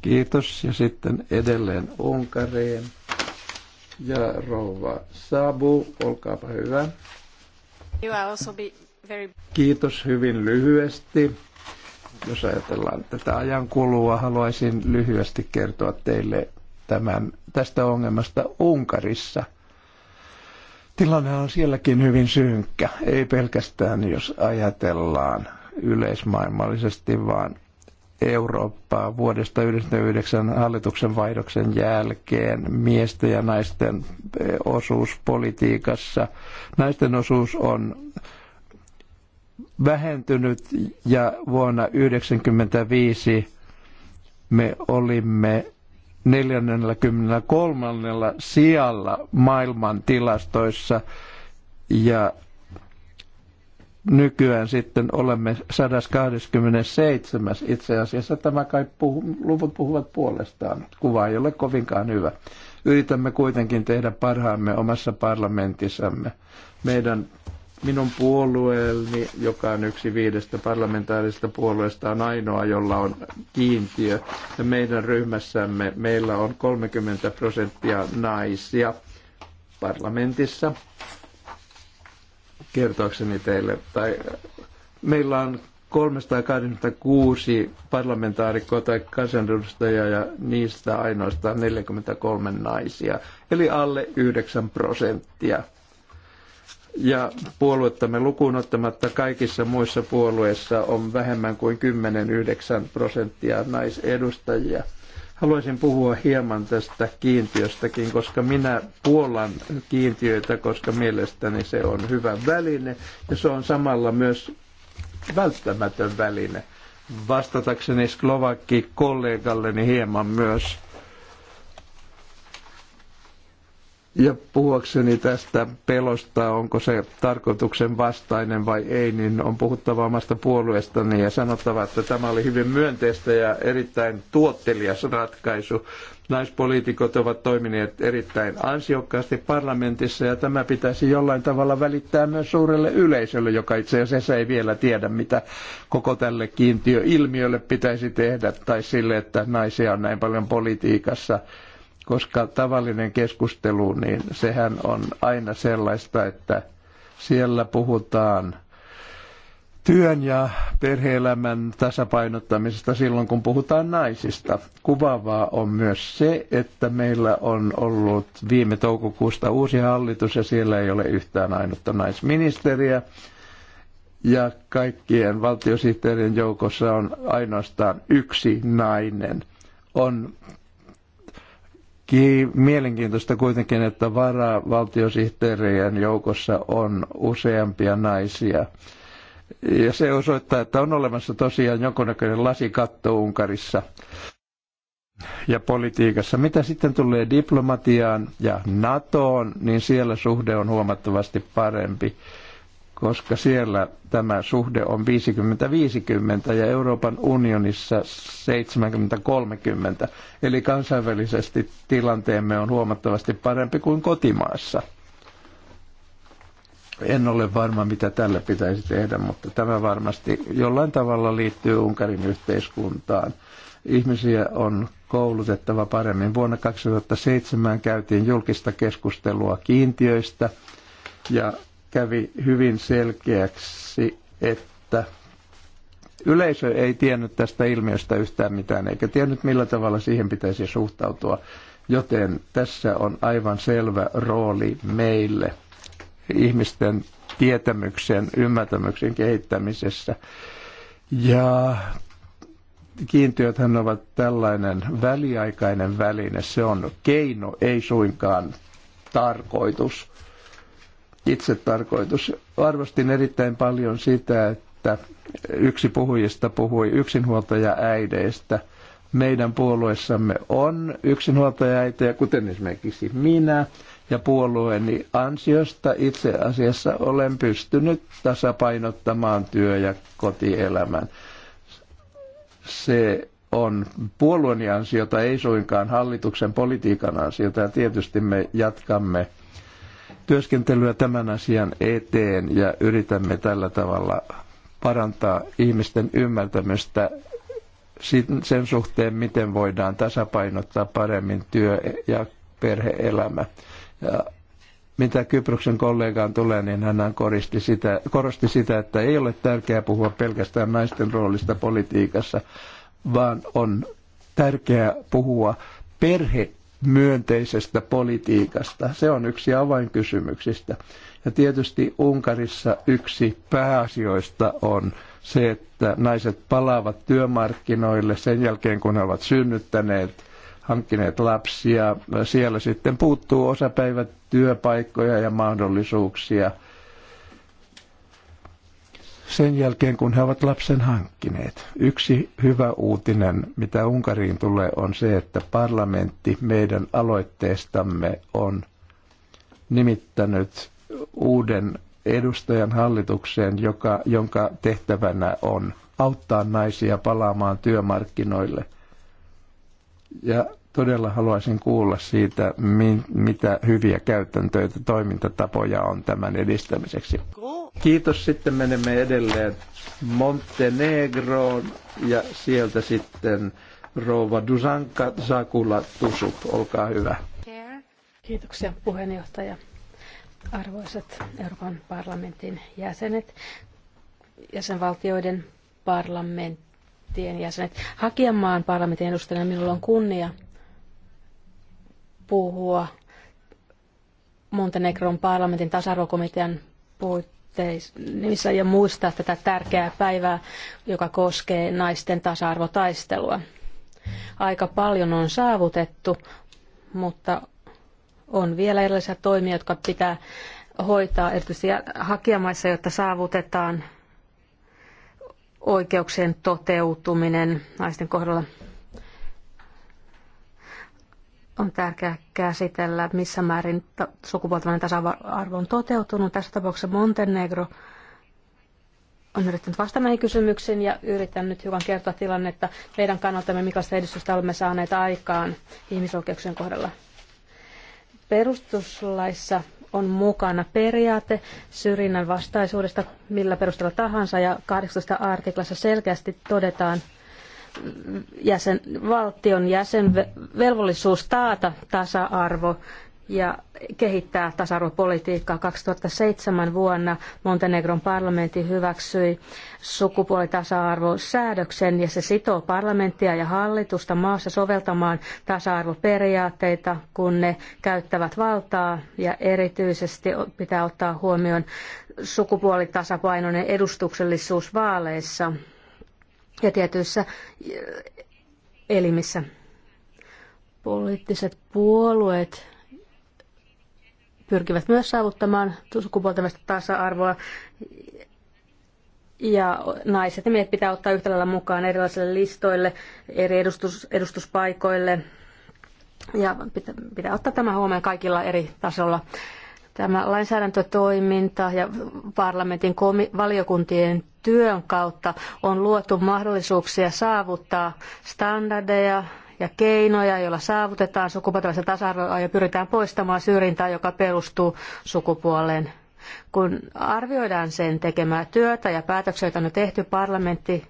Speaker 1: Kiitos ja sitten edelleen Unkareen.
Speaker 2: Ja rouva
Speaker 1: Sabu, olkaapa hyvä. Kiitos hyvin lyhyesti. Jos ajatellaan tätä ajankulua, haluaisin lyhyesti kertoa teille tämän, tästä ongelmasta Unkarissa. Tilanne on sielläkin hyvin synkkä, ei pelkästään jos ajatellaan yleismaailmallisesti, vaan Eurooppaa vuodesta 1999 hallituksen vaihdoksen jälkeen miesten ja naisten eh, osuus politiikassa. Naisten osuus on vähentynyt ja vuonna 1995 me olimme 43. sijalla maailman tilastoissa ja nykyään sitten olemme 127. Itse asiassa tämä kai puhu, luvut puhuvat puolestaan. Kuva ei ole kovinkaan hyvä. Yritämme kuitenkin tehdä parhaamme omassa parlamentissamme. Meidän minun puolueeni, joka on yksi viidestä parlamentaarisesta puolueesta, on ainoa, jolla on kiintiö. Ja meidän ryhmässämme meillä on 30 prosenttia naisia parlamentissa. Kertoakseni teille, tai meillä on 326 parlamentaarikkoa tai kansanedustajaa ja niistä ainoastaan 43 naisia, eli alle 9 prosenttia ja puoluettamme lukuun ottamatta kaikissa muissa puolueissa on vähemmän kuin 10-9 prosenttia naisedustajia. Haluaisin puhua hieman tästä kiintiöstäkin, koska minä puolan kiintiöitä, koska mielestäni se on hyvä väline ja se on samalla myös välttämätön väline. Vastatakseni Slovakki kollegalleni hieman myös Ja puhuakseni tästä pelosta, onko se tarkoituksen vastainen vai ei, niin on puhuttava omasta puolueestani ja sanottava, että tämä oli hyvin myönteistä ja erittäin tuottelias ratkaisu. Naispoliitikot ovat toimineet erittäin ansiokkaasti parlamentissa ja tämä pitäisi jollain tavalla välittää myös suurelle yleisölle, joka itse asiassa ei vielä tiedä, mitä koko tälle kiintiöilmiölle pitäisi tehdä tai sille, että naisia on näin paljon politiikassa koska tavallinen keskustelu, niin sehän on aina sellaista, että siellä puhutaan työn ja perheelämän tasapainottamisesta silloin, kun puhutaan naisista. Kuvaavaa on myös se, että meillä on ollut viime toukokuusta uusi hallitus ja siellä ei ole yhtään ainutta naisministeriä. Ja kaikkien valtiosihteerien joukossa on ainoastaan yksi nainen. On mielenkiintoista kuitenkin, että varavaltiosihteerien joukossa on useampia naisia. Ja se osoittaa, että on olemassa tosiaan jonkunnäköinen lasikatto Unkarissa ja politiikassa. Mitä sitten tulee diplomatiaan ja NATOon, niin siellä suhde on huomattavasti parempi koska siellä tämä suhde on 50-50 ja Euroopan unionissa 70-30. Eli kansainvälisesti tilanteemme on huomattavasti parempi kuin kotimaassa. En ole varma, mitä tälle pitäisi tehdä, mutta tämä varmasti jollain tavalla liittyy Unkarin yhteiskuntaan. Ihmisiä on koulutettava paremmin. Vuonna 2007 käytiin julkista keskustelua kiintiöistä ja kävi hyvin selkeäksi, että yleisö ei tiennyt tästä ilmiöstä yhtään mitään, eikä tiennyt millä tavalla siihen pitäisi suhtautua. Joten tässä on aivan selvä rooli meille ihmisten tietämyksen, ymmärtämyksen kehittämisessä. Ja kiintiöthän ovat tällainen väliaikainen väline. Se on keino, ei suinkaan tarkoitus itse tarkoitus. Arvostin erittäin paljon sitä, että yksi puhujista puhui yksinhuoltaja äideistä. Meidän puolueessamme on yksinhuoltaja äitejä, kuten esimerkiksi minä, ja puolueeni ansiosta itse asiassa olen pystynyt tasapainottamaan työ- ja kotielämän. Se on puolueeni ansiota, ei suinkaan hallituksen politiikan ansiota. Ja tietysti me jatkamme työskentelyä tämän asian eteen ja yritämme tällä tavalla parantaa ihmisten ymmärtämystä sen suhteen, miten voidaan tasapainottaa paremmin työ- ja perheelämä. Ja mitä Kyproksen kollegaan tulee, niin hän koristi sitä, korosti sitä, että ei ole tärkeää puhua pelkästään naisten roolista politiikassa, vaan on tärkeää puhua perhe- myönteisestä politiikasta. Se on yksi avainkysymyksistä. Ja tietysti Unkarissa yksi pääasioista on se, että naiset palaavat työmarkkinoille sen jälkeen, kun he ovat synnyttäneet, hankkineet lapsia. Siellä sitten puuttuu työpaikkoja ja mahdollisuuksia – sen jälkeen, kun he ovat lapsen hankkineet. Yksi hyvä uutinen, mitä Unkariin tulee, on se, että parlamentti meidän aloitteestamme on nimittänyt uuden edustajan hallitukseen, joka, jonka tehtävänä on auttaa naisia palaamaan työmarkkinoille. Ja todella haluaisin kuulla siitä, mitä hyviä käytäntöitä, toimintatapoja on tämän edistämiseksi. Kiitos. Sitten menemme edelleen Montenegroon ja sieltä sitten rova Dusanka Sakula Tusup. Olkaa hyvä.
Speaker 3: Kiitoksia puheenjohtaja. Arvoisat Euroopan parlamentin jäsenet, jäsenvaltioiden parlamenttien jäsenet. Hakijamaan parlamentin edustajana minulla on kunnia puhua Montenegron parlamentin tasa-arvokomitean nimissä ja muistaa tätä tärkeää päivää, joka koskee naisten tasa-arvotaistelua. Aika paljon on saavutettu, mutta on vielä erilaisia toimia, jotka pitää hoitaa erityisesti hakijamaissa, jotta saavutetaan oikeuksien toteutuminen naisten kohdalla on tärkeää käsitellä, missä määrin sukupuolten tasa-arvo on toteutunut. Tässä tapauksessa Montenegro on yrittänyt vastata näihin kysymyksiin ja yritän nyt hiukan kertoa tilannetta meidän kannaltamme, millaista edistystä olemme saaneet aikaan ihmisoikeuksien kohdalla. Perustuslaissa on mukana periaate syrjinnän vastaisuudesta millä perusteella tahansa ja 18 artiklassa selkeästi todetaan, jäsen, valtion jäsenvelvollisuus taata tasa-arvo ja kehittää tasa-arvopolitiikkaa. 2007 vuonna Montenegron parlamentti hyväksyi sukupuolitasa-arvosäädöksen ja se sitoo parlamenttia ja hallitusta maassa soveltamaan tasa-arvoperiaatteita, kun ne käyttävät valtaa ja erityisesti pitää ottaa huomioon sukupuolitasapainoinen edustuksellisuus vaaleissa ja tietyissä eh, elimissä. Poliittiset puolueet pyrkivät myös saavuttamaan sukupuolten tasa-arvoa ja naiset ja miehet pitää ottaa yhtä lailla mukaan erilaisille listoille, eri edustus, edustuspaikoille. Ja pitää, pitää ottaa tämä huomioon kaikilla eri tasolla. Tämä lainsäädäntötoiminta ja parlamentin valiokuntien työn kautta on luotu mahdollisuuksia saavuttaa standardeja ja keinoja, joilla saavutetaan sukupuolten tasa-arvoa ja pyritään poistamaan syrjintää, joka perustuu sukupuoleen. Kun arvioidaan sen tekemää työtä ja päätöksiä, joita on tehty, parlamentti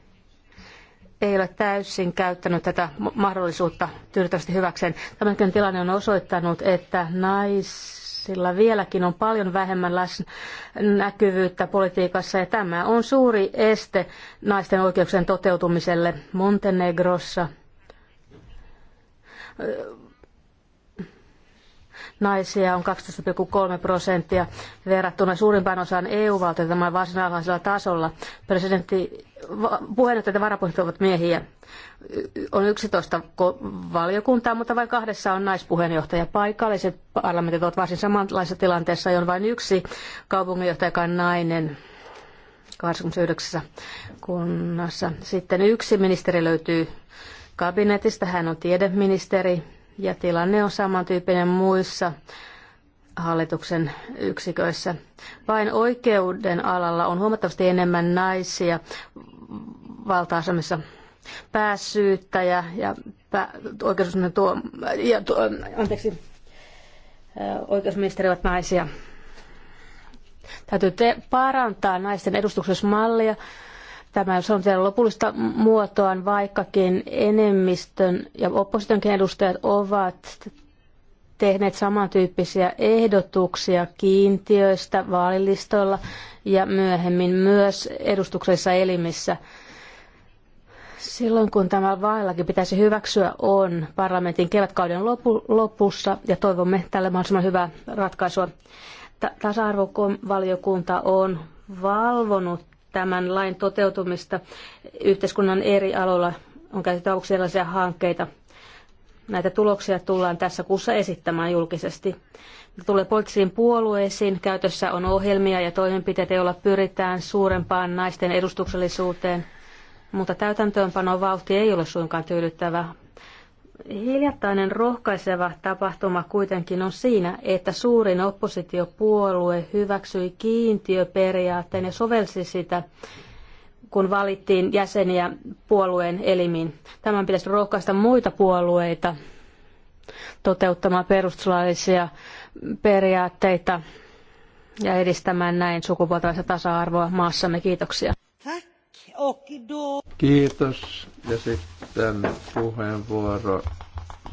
Speaker 3: ei ole täysin käyttänyt tätä mahdollisuutta tyydyttävästi hyväkseen. Tämänkin tilanne on osoittanut, että nais sillä vieläkin on paljon vähemmän läsnä näkyvyyttä politiikassa ja tämä on suuri este naisten oikeuksien toteutumiselle Montenegrossa naisia on 12,3 prosenttia verrattuna suurimpaan osaan EU-valtioita tämän varsin alhaisella tasolla. Presidentti, puheenjohtajat ja varapuheenjohtajat ovat miehiä. On 11 valiokuntaa, mutta vain kahdessa on naispuheenjohtaja. Paikalliset parlamentit ovat varsin samanlaisessa tilanteessa, ja on vain yksi kaupunginjohtaja, joka on nainen. 29 kunnassa. Sitten yksi ministeri löytyy kabinetista, hän on tiedeministeri ja tilanne on samantyyppinen muissa hallituksen yksiköissä. Vain oikeuden alalla on huomattavasti enemmän naisia valta-asemissa pääsyyttäjä ja pää, tuo, ja tuo, anteeksi, oikeusministeri ovat naisia. Täytyy te, parantaa naisten edustuksessa mallia Tämä on teidän lopullista muotoaan, vaikkakin enemmistön ja oppositionkin edustajat ovat tehneet samantyyppisiä ehdotuksia kiintiöistä vaalilistoilla ja myöhemmin myös edustuksellisissa elimissä. Silloin kun tämä vaalillakin pitäisi hyväksyä on parlamentin kevätkauden lopu, lopussa ja toivomme tälle mahdollisimman hyvää ratkaisua. Ta- tasa-arvovaliokunta on valvonut tämän lain toteutumista yhteiskunnan eri aloilla on käytetty avuksi sellaisia hankkeita. Näitä tuloksia tullaan tässä kuussa esittämään julkisesti. Tulee poliittisiin puolueisiin. Käytössä on ohjelmia ja toimenpiteitä, joilla pyritään suurempaan naisten edustuksellisuuteen. Mutta täytäntöönpanon vauhti ei ole suinkaan tyydyttävä. Hiljattainen rohkaiseva tapahtuma kuitenkin on siinä, että suurin oppositiopuolue hyväksyi kiintiöperiaatteen ja sovelsi sitä, kun valittiin jäseniä puolueen elimiin. Tämän pitäisi rohkaista muita puolueita toteuttamaan perustuslaillisia periaatteita ja edistämään näin sukupuolten tasa-arvoa maassamme. Kiitoksia.
Speaker 1: Kiitos. Ja sitten puheenvuoro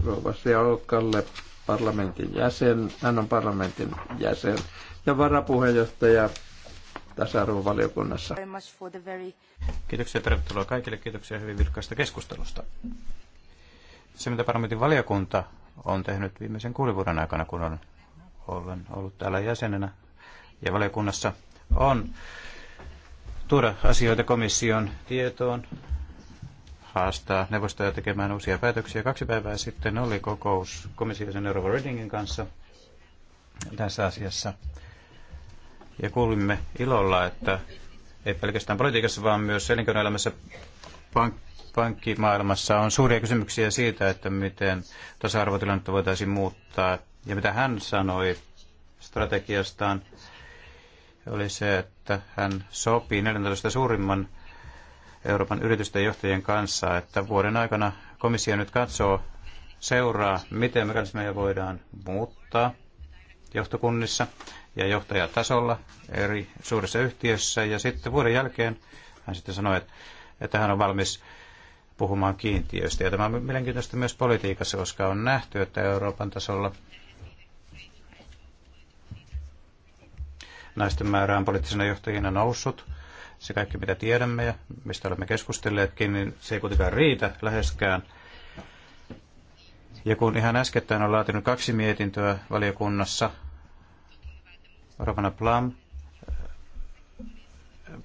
Speaker 1: Rova Sialkalle, parlamentin jäsen. Hän on parlamentin jäsen
Speaker 2: ja varapuheenjohtaja tasa-arvovaliokunnassa. Kiitoksia ja tervetuloa kaikille. Kiitoksia hyvin vilkkaasta keskustelusta. Se, mitä parlamentin valiokunta on tehnyt viimeisen kuuden vuoden aikana, kun olen ollut täällä jäsenenä ja valiokunnassa, on tuoda asioita komission tietoon, haastaa neuvostoja tekemään uusia päätöksiä. Kaksi päivää sitten oli kokous komission Euroopa Readingin kanssa tässä asiassa. Ja kuulimme ilolla, että ei pelkästään politiikassa, vaan myös elinkeinoelämässä pank- pankkimaailmassa on suuria kysymyksiä siitä, että miten tasa-arvotilannetta voitaisiin muuttaa. Ja mitä hän sanoi strategiastaan oli se, että hän sopii 14 suurimman Euroopan yritysten johtajien kanssa, että vuoden aikana komissio nyt katsoo, seuraa, miten mekanismeja voidaan muuttaa johtokunnissa ja johtajatasolla eri suurissa yhtiöissä. Ja sitten vuoden jälkeen hän sitten sanoi, että, että hän on valmis puhumaan kiintiöistä. Ja tämä on mielenkiintoista myös politiikassa, koska on nähty, että Euroopan tasolla Naisten määrä on poliittisina johtajina noussut. Se kaikki, mitä tiedämme ja mistä olemme keskustelleetkin, niin se ei kuitenkaan riitä läheskään. Ja kun ihan äskettäin on laatinut kaksi mietintöä valiokunnassa, Rovana Plum,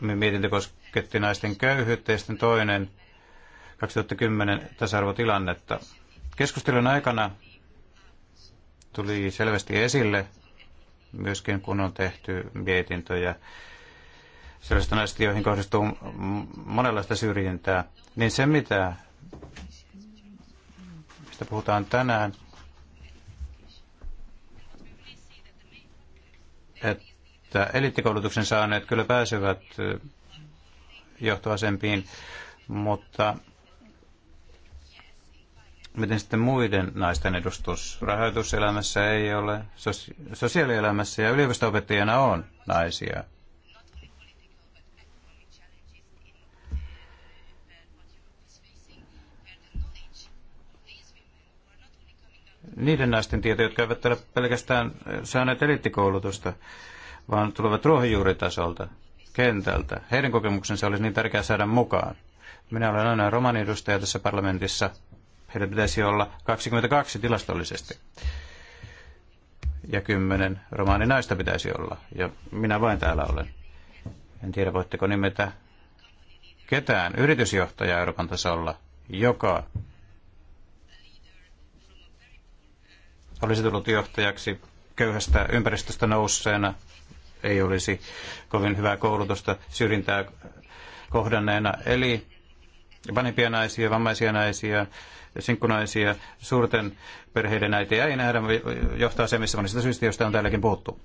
Speaker 2: niin mietintö kosketti naisten köyhyyttä ja sitten toinen 2010 tasa-arvotilannetta. Keskustelun aikana tuli selvästi esille, myöskin kun on tehty mietintöjä sellaista näistä joihin kohdistuu monenlaista syrjintää, niin se mitä mistä puhutaan tänään, että eliittikoulutuksen saaneet kyllä pääsevät eh, johtoasempiin, mutta Miten sitten muiden naisten edustus? Rahoituselämässä ei ole, sosiaalielämässä ja yliopistoopettajana on naisia. niiden naisten tieto, jotka eivät ole pelkästään saaneet eliittikoulutusta, vaan tulevat ruohonjuuritasolta, kentältä. Heidän kokemuksensa olisi niin tärkeää saada mukaan. Minä olen aina romaniedustaja tässä parlamentissa heidän pitäisi olla 22 tilastollisesti. Ja 10 romaaninaista pitäisi olla. Ja minä vain täällä olen. En tiedä, voitteko nimetä ketään yritysjohtaja Euroopan tasolla, joka olisi tullut johtajaksi köyhästä ympäristöstä nousseena, ei olisi kovin hyvää koulutusta syrjintää kohdanneena. Eli vanhempia naisia, vammaisia naisia, sinkkunaisia, suurten perheiden äitiä ei nähdä johtaa se, missä monista syistä, joista on täälläkin puhuttu.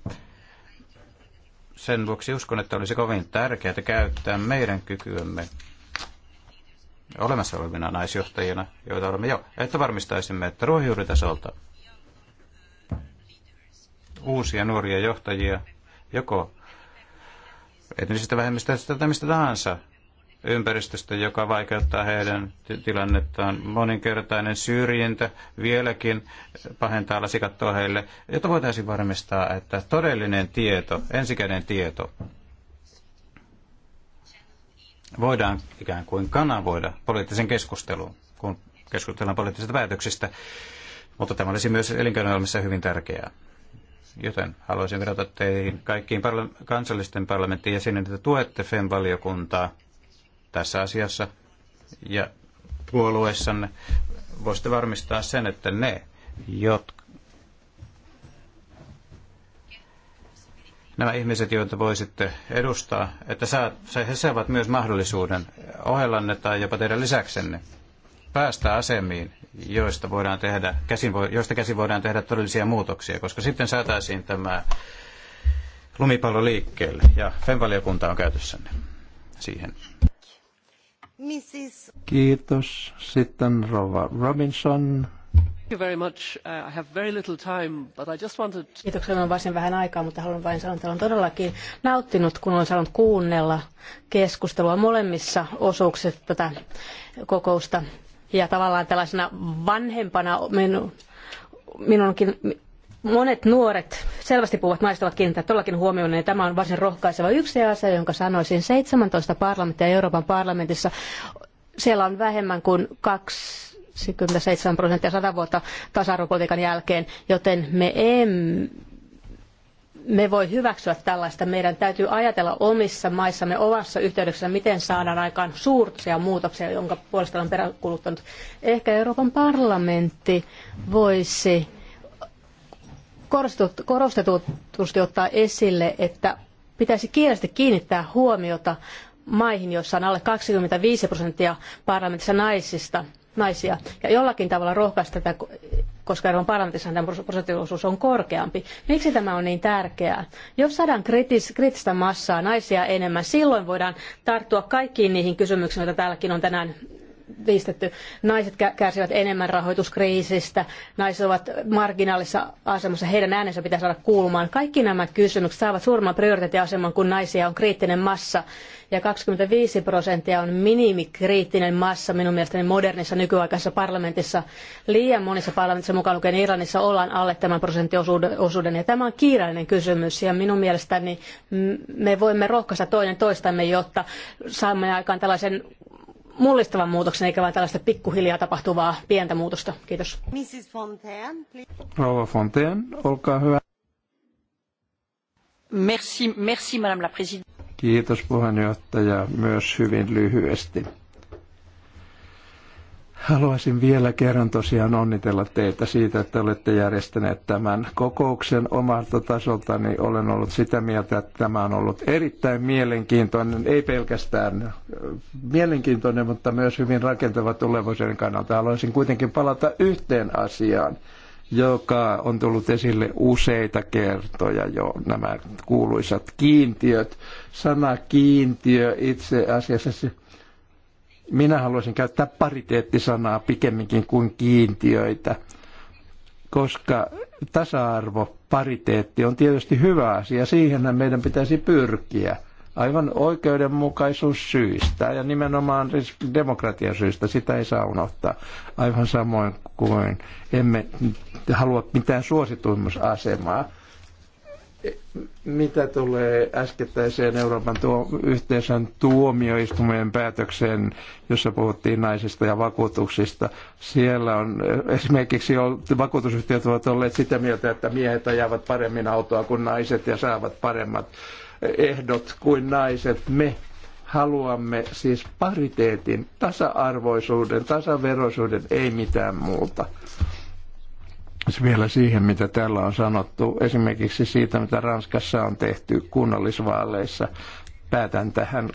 Speaker 2: Sen vuoksi uskon, että olisi kovin tärkeää käyttää meidän kykyämme olemassa olevina naisjohtajina, joita olemme jo, että varmistaisimme, että ruohonjuuritasolta uusia nuoria johtajia, joko etnisistä vähemmistöistä tai mistä tahansa, ympäristöstä, joka vaikeuttaa heidän tilannettaan. Moninkertainen syrjintä vieläkin pahentaa lasikattoa heille, jotta voitaisiin varmistaa, että todellinen tieto, ensikäden tieto, voidaan ikään kuin kanavoida poliittisen keskusteluun, kun keskustellaan poliittisista päätöksistä, mutta tämä olisi myös elinkeinoelämässä hyvin tärkeää. Joten haluaisin vedota teihin kaikkiin parla- kansallisten parlamenttien jäseniin, että tuette FEM-valiokuntaa tässä asiassa ja puolueessanne voisitte varmistaa sen, että ne, jotka nämä ihmiset, joita voisitte edustaa, että saat, he saavat myös mahdollisuuden ohellanne tai jopa teidän lisäksenne päästä asemiin, joista, voidaan tehdä, käsin, joista käsin voidaan tehdä todellisia muutoksia, koska sitten saataisiin tämä lumipallo liikkeelle ja FEM-valiokunta on käytössänne siihen.
Speaker 3: Mrs.
Speaker 1: Kiitos. Sitten Rova Robinson.
Speaker 3: Kiitoksia, on varsin vähän aikaa, mutta haluan vain sanoa, että olen todellakin nauttinut, kun olen saanut kuunnella keskustelua molemmissa osuuksissa tätä kokousta. Ja tavallaan tällaisena vanhempana minun, minunkin Monet nuoret selvästi puhuvat naiset ovat kiinnittäneet todellakin huomioon, ja tämä on varsin rohkaiseva. Yksi asia, jonka sanoisin, 17 parlamenttia Euroopan parlamentissa, siellä on vähemmän kuin 27 prosenttia sata vuotta tasa-arvopolitiikan jälkeen, joten me emme me voi hyväksyä tällaista. Meidän täytyy ajatella omissa maissamme, omassa yhteydessä, miten saadaan aikaan suuria muutoksia, jonka puolesta olen peräkuluttanut. Ehkä Euroopan parlamentti voisi korostetusti ottaa esille, että pitäisi kiireesti kiinnittää huomiota maihin, joissa on alle 25 prosenttia parlamentissa naisista, naisia, ja jollakin tavalla rohkaista tätä, koska Euroopan parlamentissa tämä prosenttiosuus on korkeampi. Miksi tämä on niin tärkeää? Jos saadaan kritis, kriittistä massaa naisia enemmän, silloin voidaan tarttua kaikkiin niihin kysymyksiin, joita täälläkin on tänään pistetty. Naiset kärsivät enemmän rahoituskriisistä, naiset ovat marginaalissa asemassa, heidän äänensä pitää saada kuulumaan. Kaikki nämä kysymykset saavat suuremman prioriteettiaseman, kun naisia on kriittinen massa. Ja 25 prosenttia on minimikriittinen massa minun mielestäni modernissa nykyaikaisessa parlamentissa. Liian monissa parlamentissa mukaan lukien Irlannissa ollaan alle tämän prosenttiosuuden. Ja tämä on kiireellinen kysymys ja minun mielestäni me voimme rohkaista toinen toistamme, jotta saamme aikaan tällaisen mullistavan muutoksen, eikä vain tällaista pikkuhiljaa tapahtuvaa pientä muutosta. Kiitos.
Speaker 2: Mrs. Fontaine,
Speaker 1: Rouva Fontaine, olkaa hyvä.
Speaker 2: Merci, merci, Madame la Présidente.
Speaker 1: Kiitos puheenjohtaja, myös hyvin lyhyesti. Haluaisin vielä kerran tosiaan onnitella teitä siitä, että olette järjestäneet tämän kokouksen omalta tasoltani. Olen ollut sitä mieltä, että tämä on ollut erittäin mielenkiintoinen, ei pelkästään mielenkiintoinen, mutta myös hyvin rakentava tulevaisuuden kannalta. Haluaisin kuitenkin palata yhteen asiaan, joka on tullut esille useita kertoja jo, nämä kuuluisat kiintiöt. Sana kiintiö itse asiassa minä haluaisin käyttää pariteettisanaa pikemminkin kuin kiintiöitä, koska tasa-arvo, pariteetti on tietysti hyvä asia. siihen meidän pitäisi pyrkiä aivan oikeudenmukaisuus syistä ja nimenomaan demokratian syistä. sitä ei saa unohtaa. Aivan samoin kuin emme halua mitään suosituimmusasemaa mitä tulee äskettäiseen Euroopan tuo, yhteisön tuomioistumien päätökseen, jossa puhuttiin naisista ja vakuutuksista, siellä on esimerkiksi vakuutusyhtiöt ovat olleet sitä mieltä, että miehet ajavat paremmin autoa kuin naiset ja saavat paremmat ehdot kuin naiset. Me haluamme siis pariteetin, tasa-arvoisuuden, tasaveroisuuden, ei mitään muuta vielä siihen, mitä täällä on sanottu, esimerkiksi siitä, mitä Ranskassa on tehty kunnallisvaaleissa. Päätän tähän.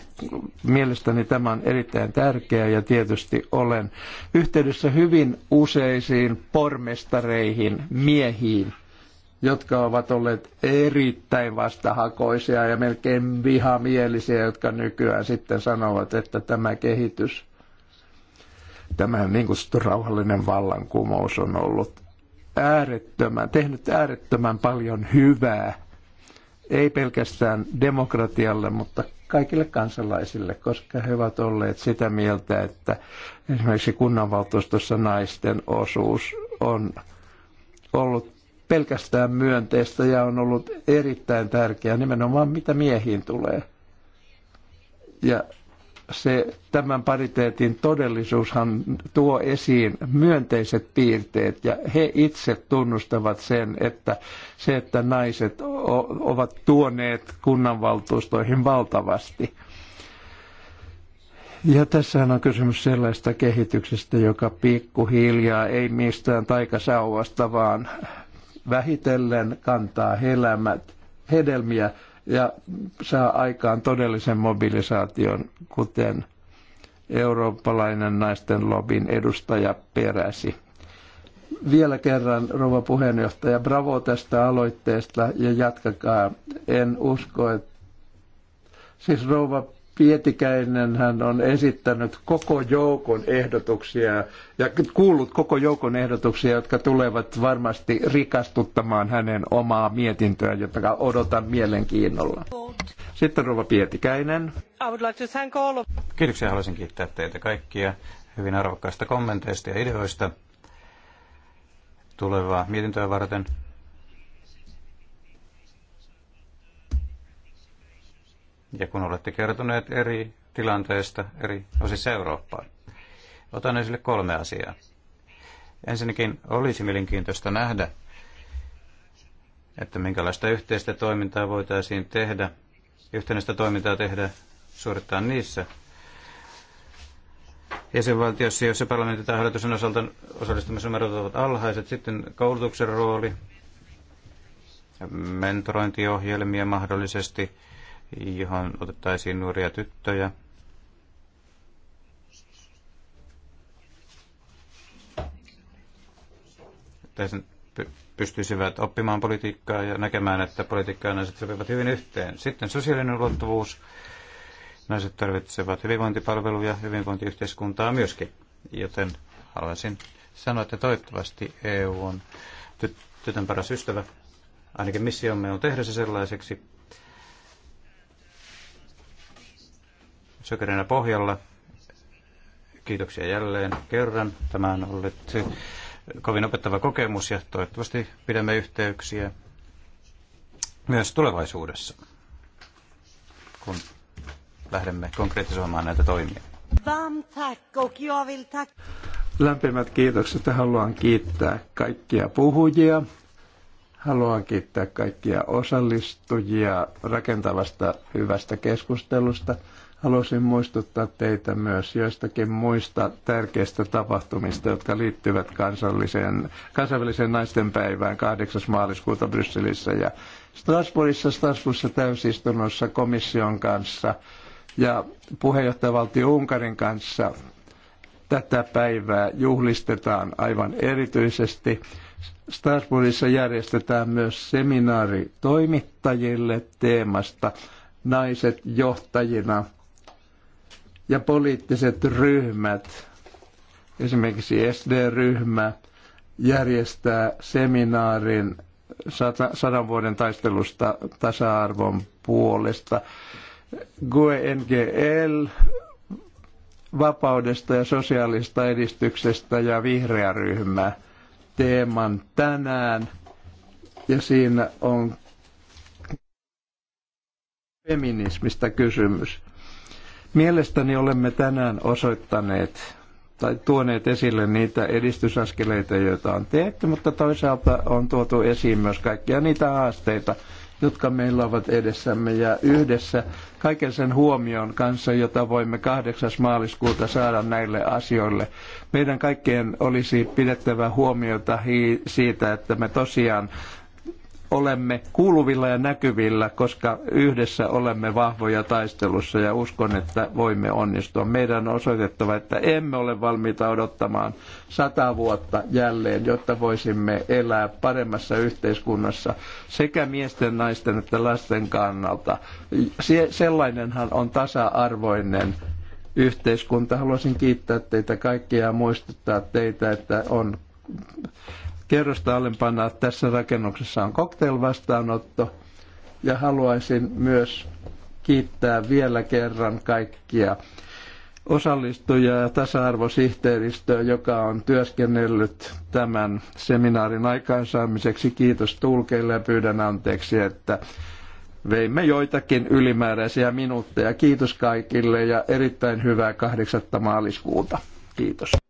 Speaker 1: Mielestäni tämä on erittäin tärkeää ja tietysti olen yhteydessä hyvin useisiin pormestareihin, miehiin, jotka ovat olleet erittäin vastahakoisia ja melkein vihamielisiä, jotka nykyään sitten sanovat, että tämä kehitys, tämä niin kuin rauhallinen vallankumous on ollut äärettömän, tehnyt äärettömän paljon hyvää, ei pelkästään demokratialle, mutta kaikille kansalaisille, koska he ovat olleet sitä mieltä, että esimerkiksi kunnanvaltuustossa naisten osuus on ollut pelkästään myönteistä ja on ollut erittäin tärkeää nimenomaan mitä miehiin tulee. Ja se, tämän pariteetin todellisuushan tuo esiin myönteiset piirteet ja he itse tunnustavat sen, että se, että naiset ovat tuoneet kunnanvaltuustoihin valtavasti. Ja tässä on kysymys sellaista kehityksestä, joka pikkuhiljaa ei mistään taikasauvasta, vaan vähitellen kantaa helämät, hedelmiä ja saa aikaan todellisen mobilisaation, kuten eurooppalainen naisten lobin edustaja peräsi. Vielä kerran, rouva puheenjohtaja, bravo tästä aloitteesta ja jatkakaa. En usko, että... Siis rouva Pietikäinen hän on esittänyt koko joukon ehdotuksia ja kuullut koko joukon ehdotuksia, jotka tulevat varmasti rikastuttamaan hänen omaa mietintöä, jota odotan mielenkiinnolla.
Speaker 2: Sitten Rova Pietikäinen. Kiitoksia, haluaisin kiittää teitä kaikkia hyvin arvokkaista kommenteista ja ideoista tulevaa mietintöä varten. ja kun olette kertoneet eri tilanteista eri osissa Eurooppaa. Otan esille kolme asiaa. Ensinnäkin olisi mielenkiintoista nähdä, että minkälaista yhteistä toimintaa voitaisiin tehdä, yhteistä toimintaa tehdä, suorittaa niissä jäsenvaltiossa, jossa parlamentti tai hallituksen osalta osallistumisnumerot ovat alhaiset. Sitten koulutuksen rooli, mentorointiohjelmia mahdollisesti, johon otettaisiin nuoria tyttöjä. Tässä pystyisivät oppimaan politiikkaa ja näkemään, että politiikka ja naiset sopivat hyvin yhteen. Sitten sosiaalinen ulottuvuus. Naiset tarvitsevat hyvinvointipalveluja, hyvinvointiyhteiskuntaa myöskin, joten haluaisin sanoa, että toivottavasti EU on tytön paras ystävä. Ainakin missiomme on tehdä se sellaiseksi sokerina pohjalla. Kiitoksia jälleen kerran. Tämä on ollut kovin opettava kokemus ja toivottavasti pidämme yhteyksiä myös tulevaisuudessa, kun lähdemme konkretisoimaan näitä toimia. Lämpimät kiitokset ja haluan kiittää kaikkia
Speaker 1: puhujia. Haluan kiittää kaikkia osallistujia rakentavasta hyvästä keskustelusta. Haluaisin muistuttaa teitä myös joistakin muista tärkeistä tapahtumista, jotka liittyvät kansalliseen, kansainväliseen päivään 8. maaliskuuta Brysselissä ja Strasbourgissa, Strasbourgissa täysistunnossa komission kanssa ja puheenjohtajavaltio Unkarin kanssa tätä päivää juhlistetaan aivan erityisesti. Strasbourgissa järjestetään myös seminaari toimittajille teemasta naiset johtajina – ja poliittiset ryhmät, esimerkiksi SD-ryhmä, järjestää seminaarin sadan vuoden taistelusta tasa-arvon puolesta. GUE NGL vapaudesta ja sosiaalista edistyksestä ja vihreä ryhmä teeman tänään. Ja siinä on feminismistä kysymys. Mielestäni olemme tänään osoittaneet tai tuoneet esille niitä edistysaskeleita, joita on tehty, mutta toisaalta on tuotu esiin myös kaikkia niitä haasteita, jotka meillä ovat edessämme ja yhdessä kaiken sen huomion kanssa, jota voimme 8. maaliskuuta saada näille asioille. Meidän kaikkien olisi pidettävä huomiota siitä, että me tosiaan olemme kuuluvilla ja näkyvillä, koska yhdessä olemme vahvoja taistelussa ja uskon, että voimme onnistua. Meidän on osoitettava, että emme ole valmiita odottamaan sata vuotta jälleen, jotta voisimme elää paremmassa yhteiskunnassa sekä miesten, naisten että lasten kannalta. Se, sellainenhan on tasa-arvoinen yhteiskunta. Haluaisin kiittää teitä kaikkia ja muistuttaa teitä, että on kerrosta alempana tässä rakennuksessa on cocktail-vastaanotto. Ja haluaisin myös kiittää vielä kerran kaikkia osallistujia ja tasa-arvosihteeristöä, joka on työskennellyt tämän seminaarin aikaansaamiseksi. Kiitos tulkeille ja pyydän anteeksi, että veimme joitakin ylimääräisiä minuutteja. Kiitos kaikille ja erittäin hyvää 8. maaliskuuta. Kiitos.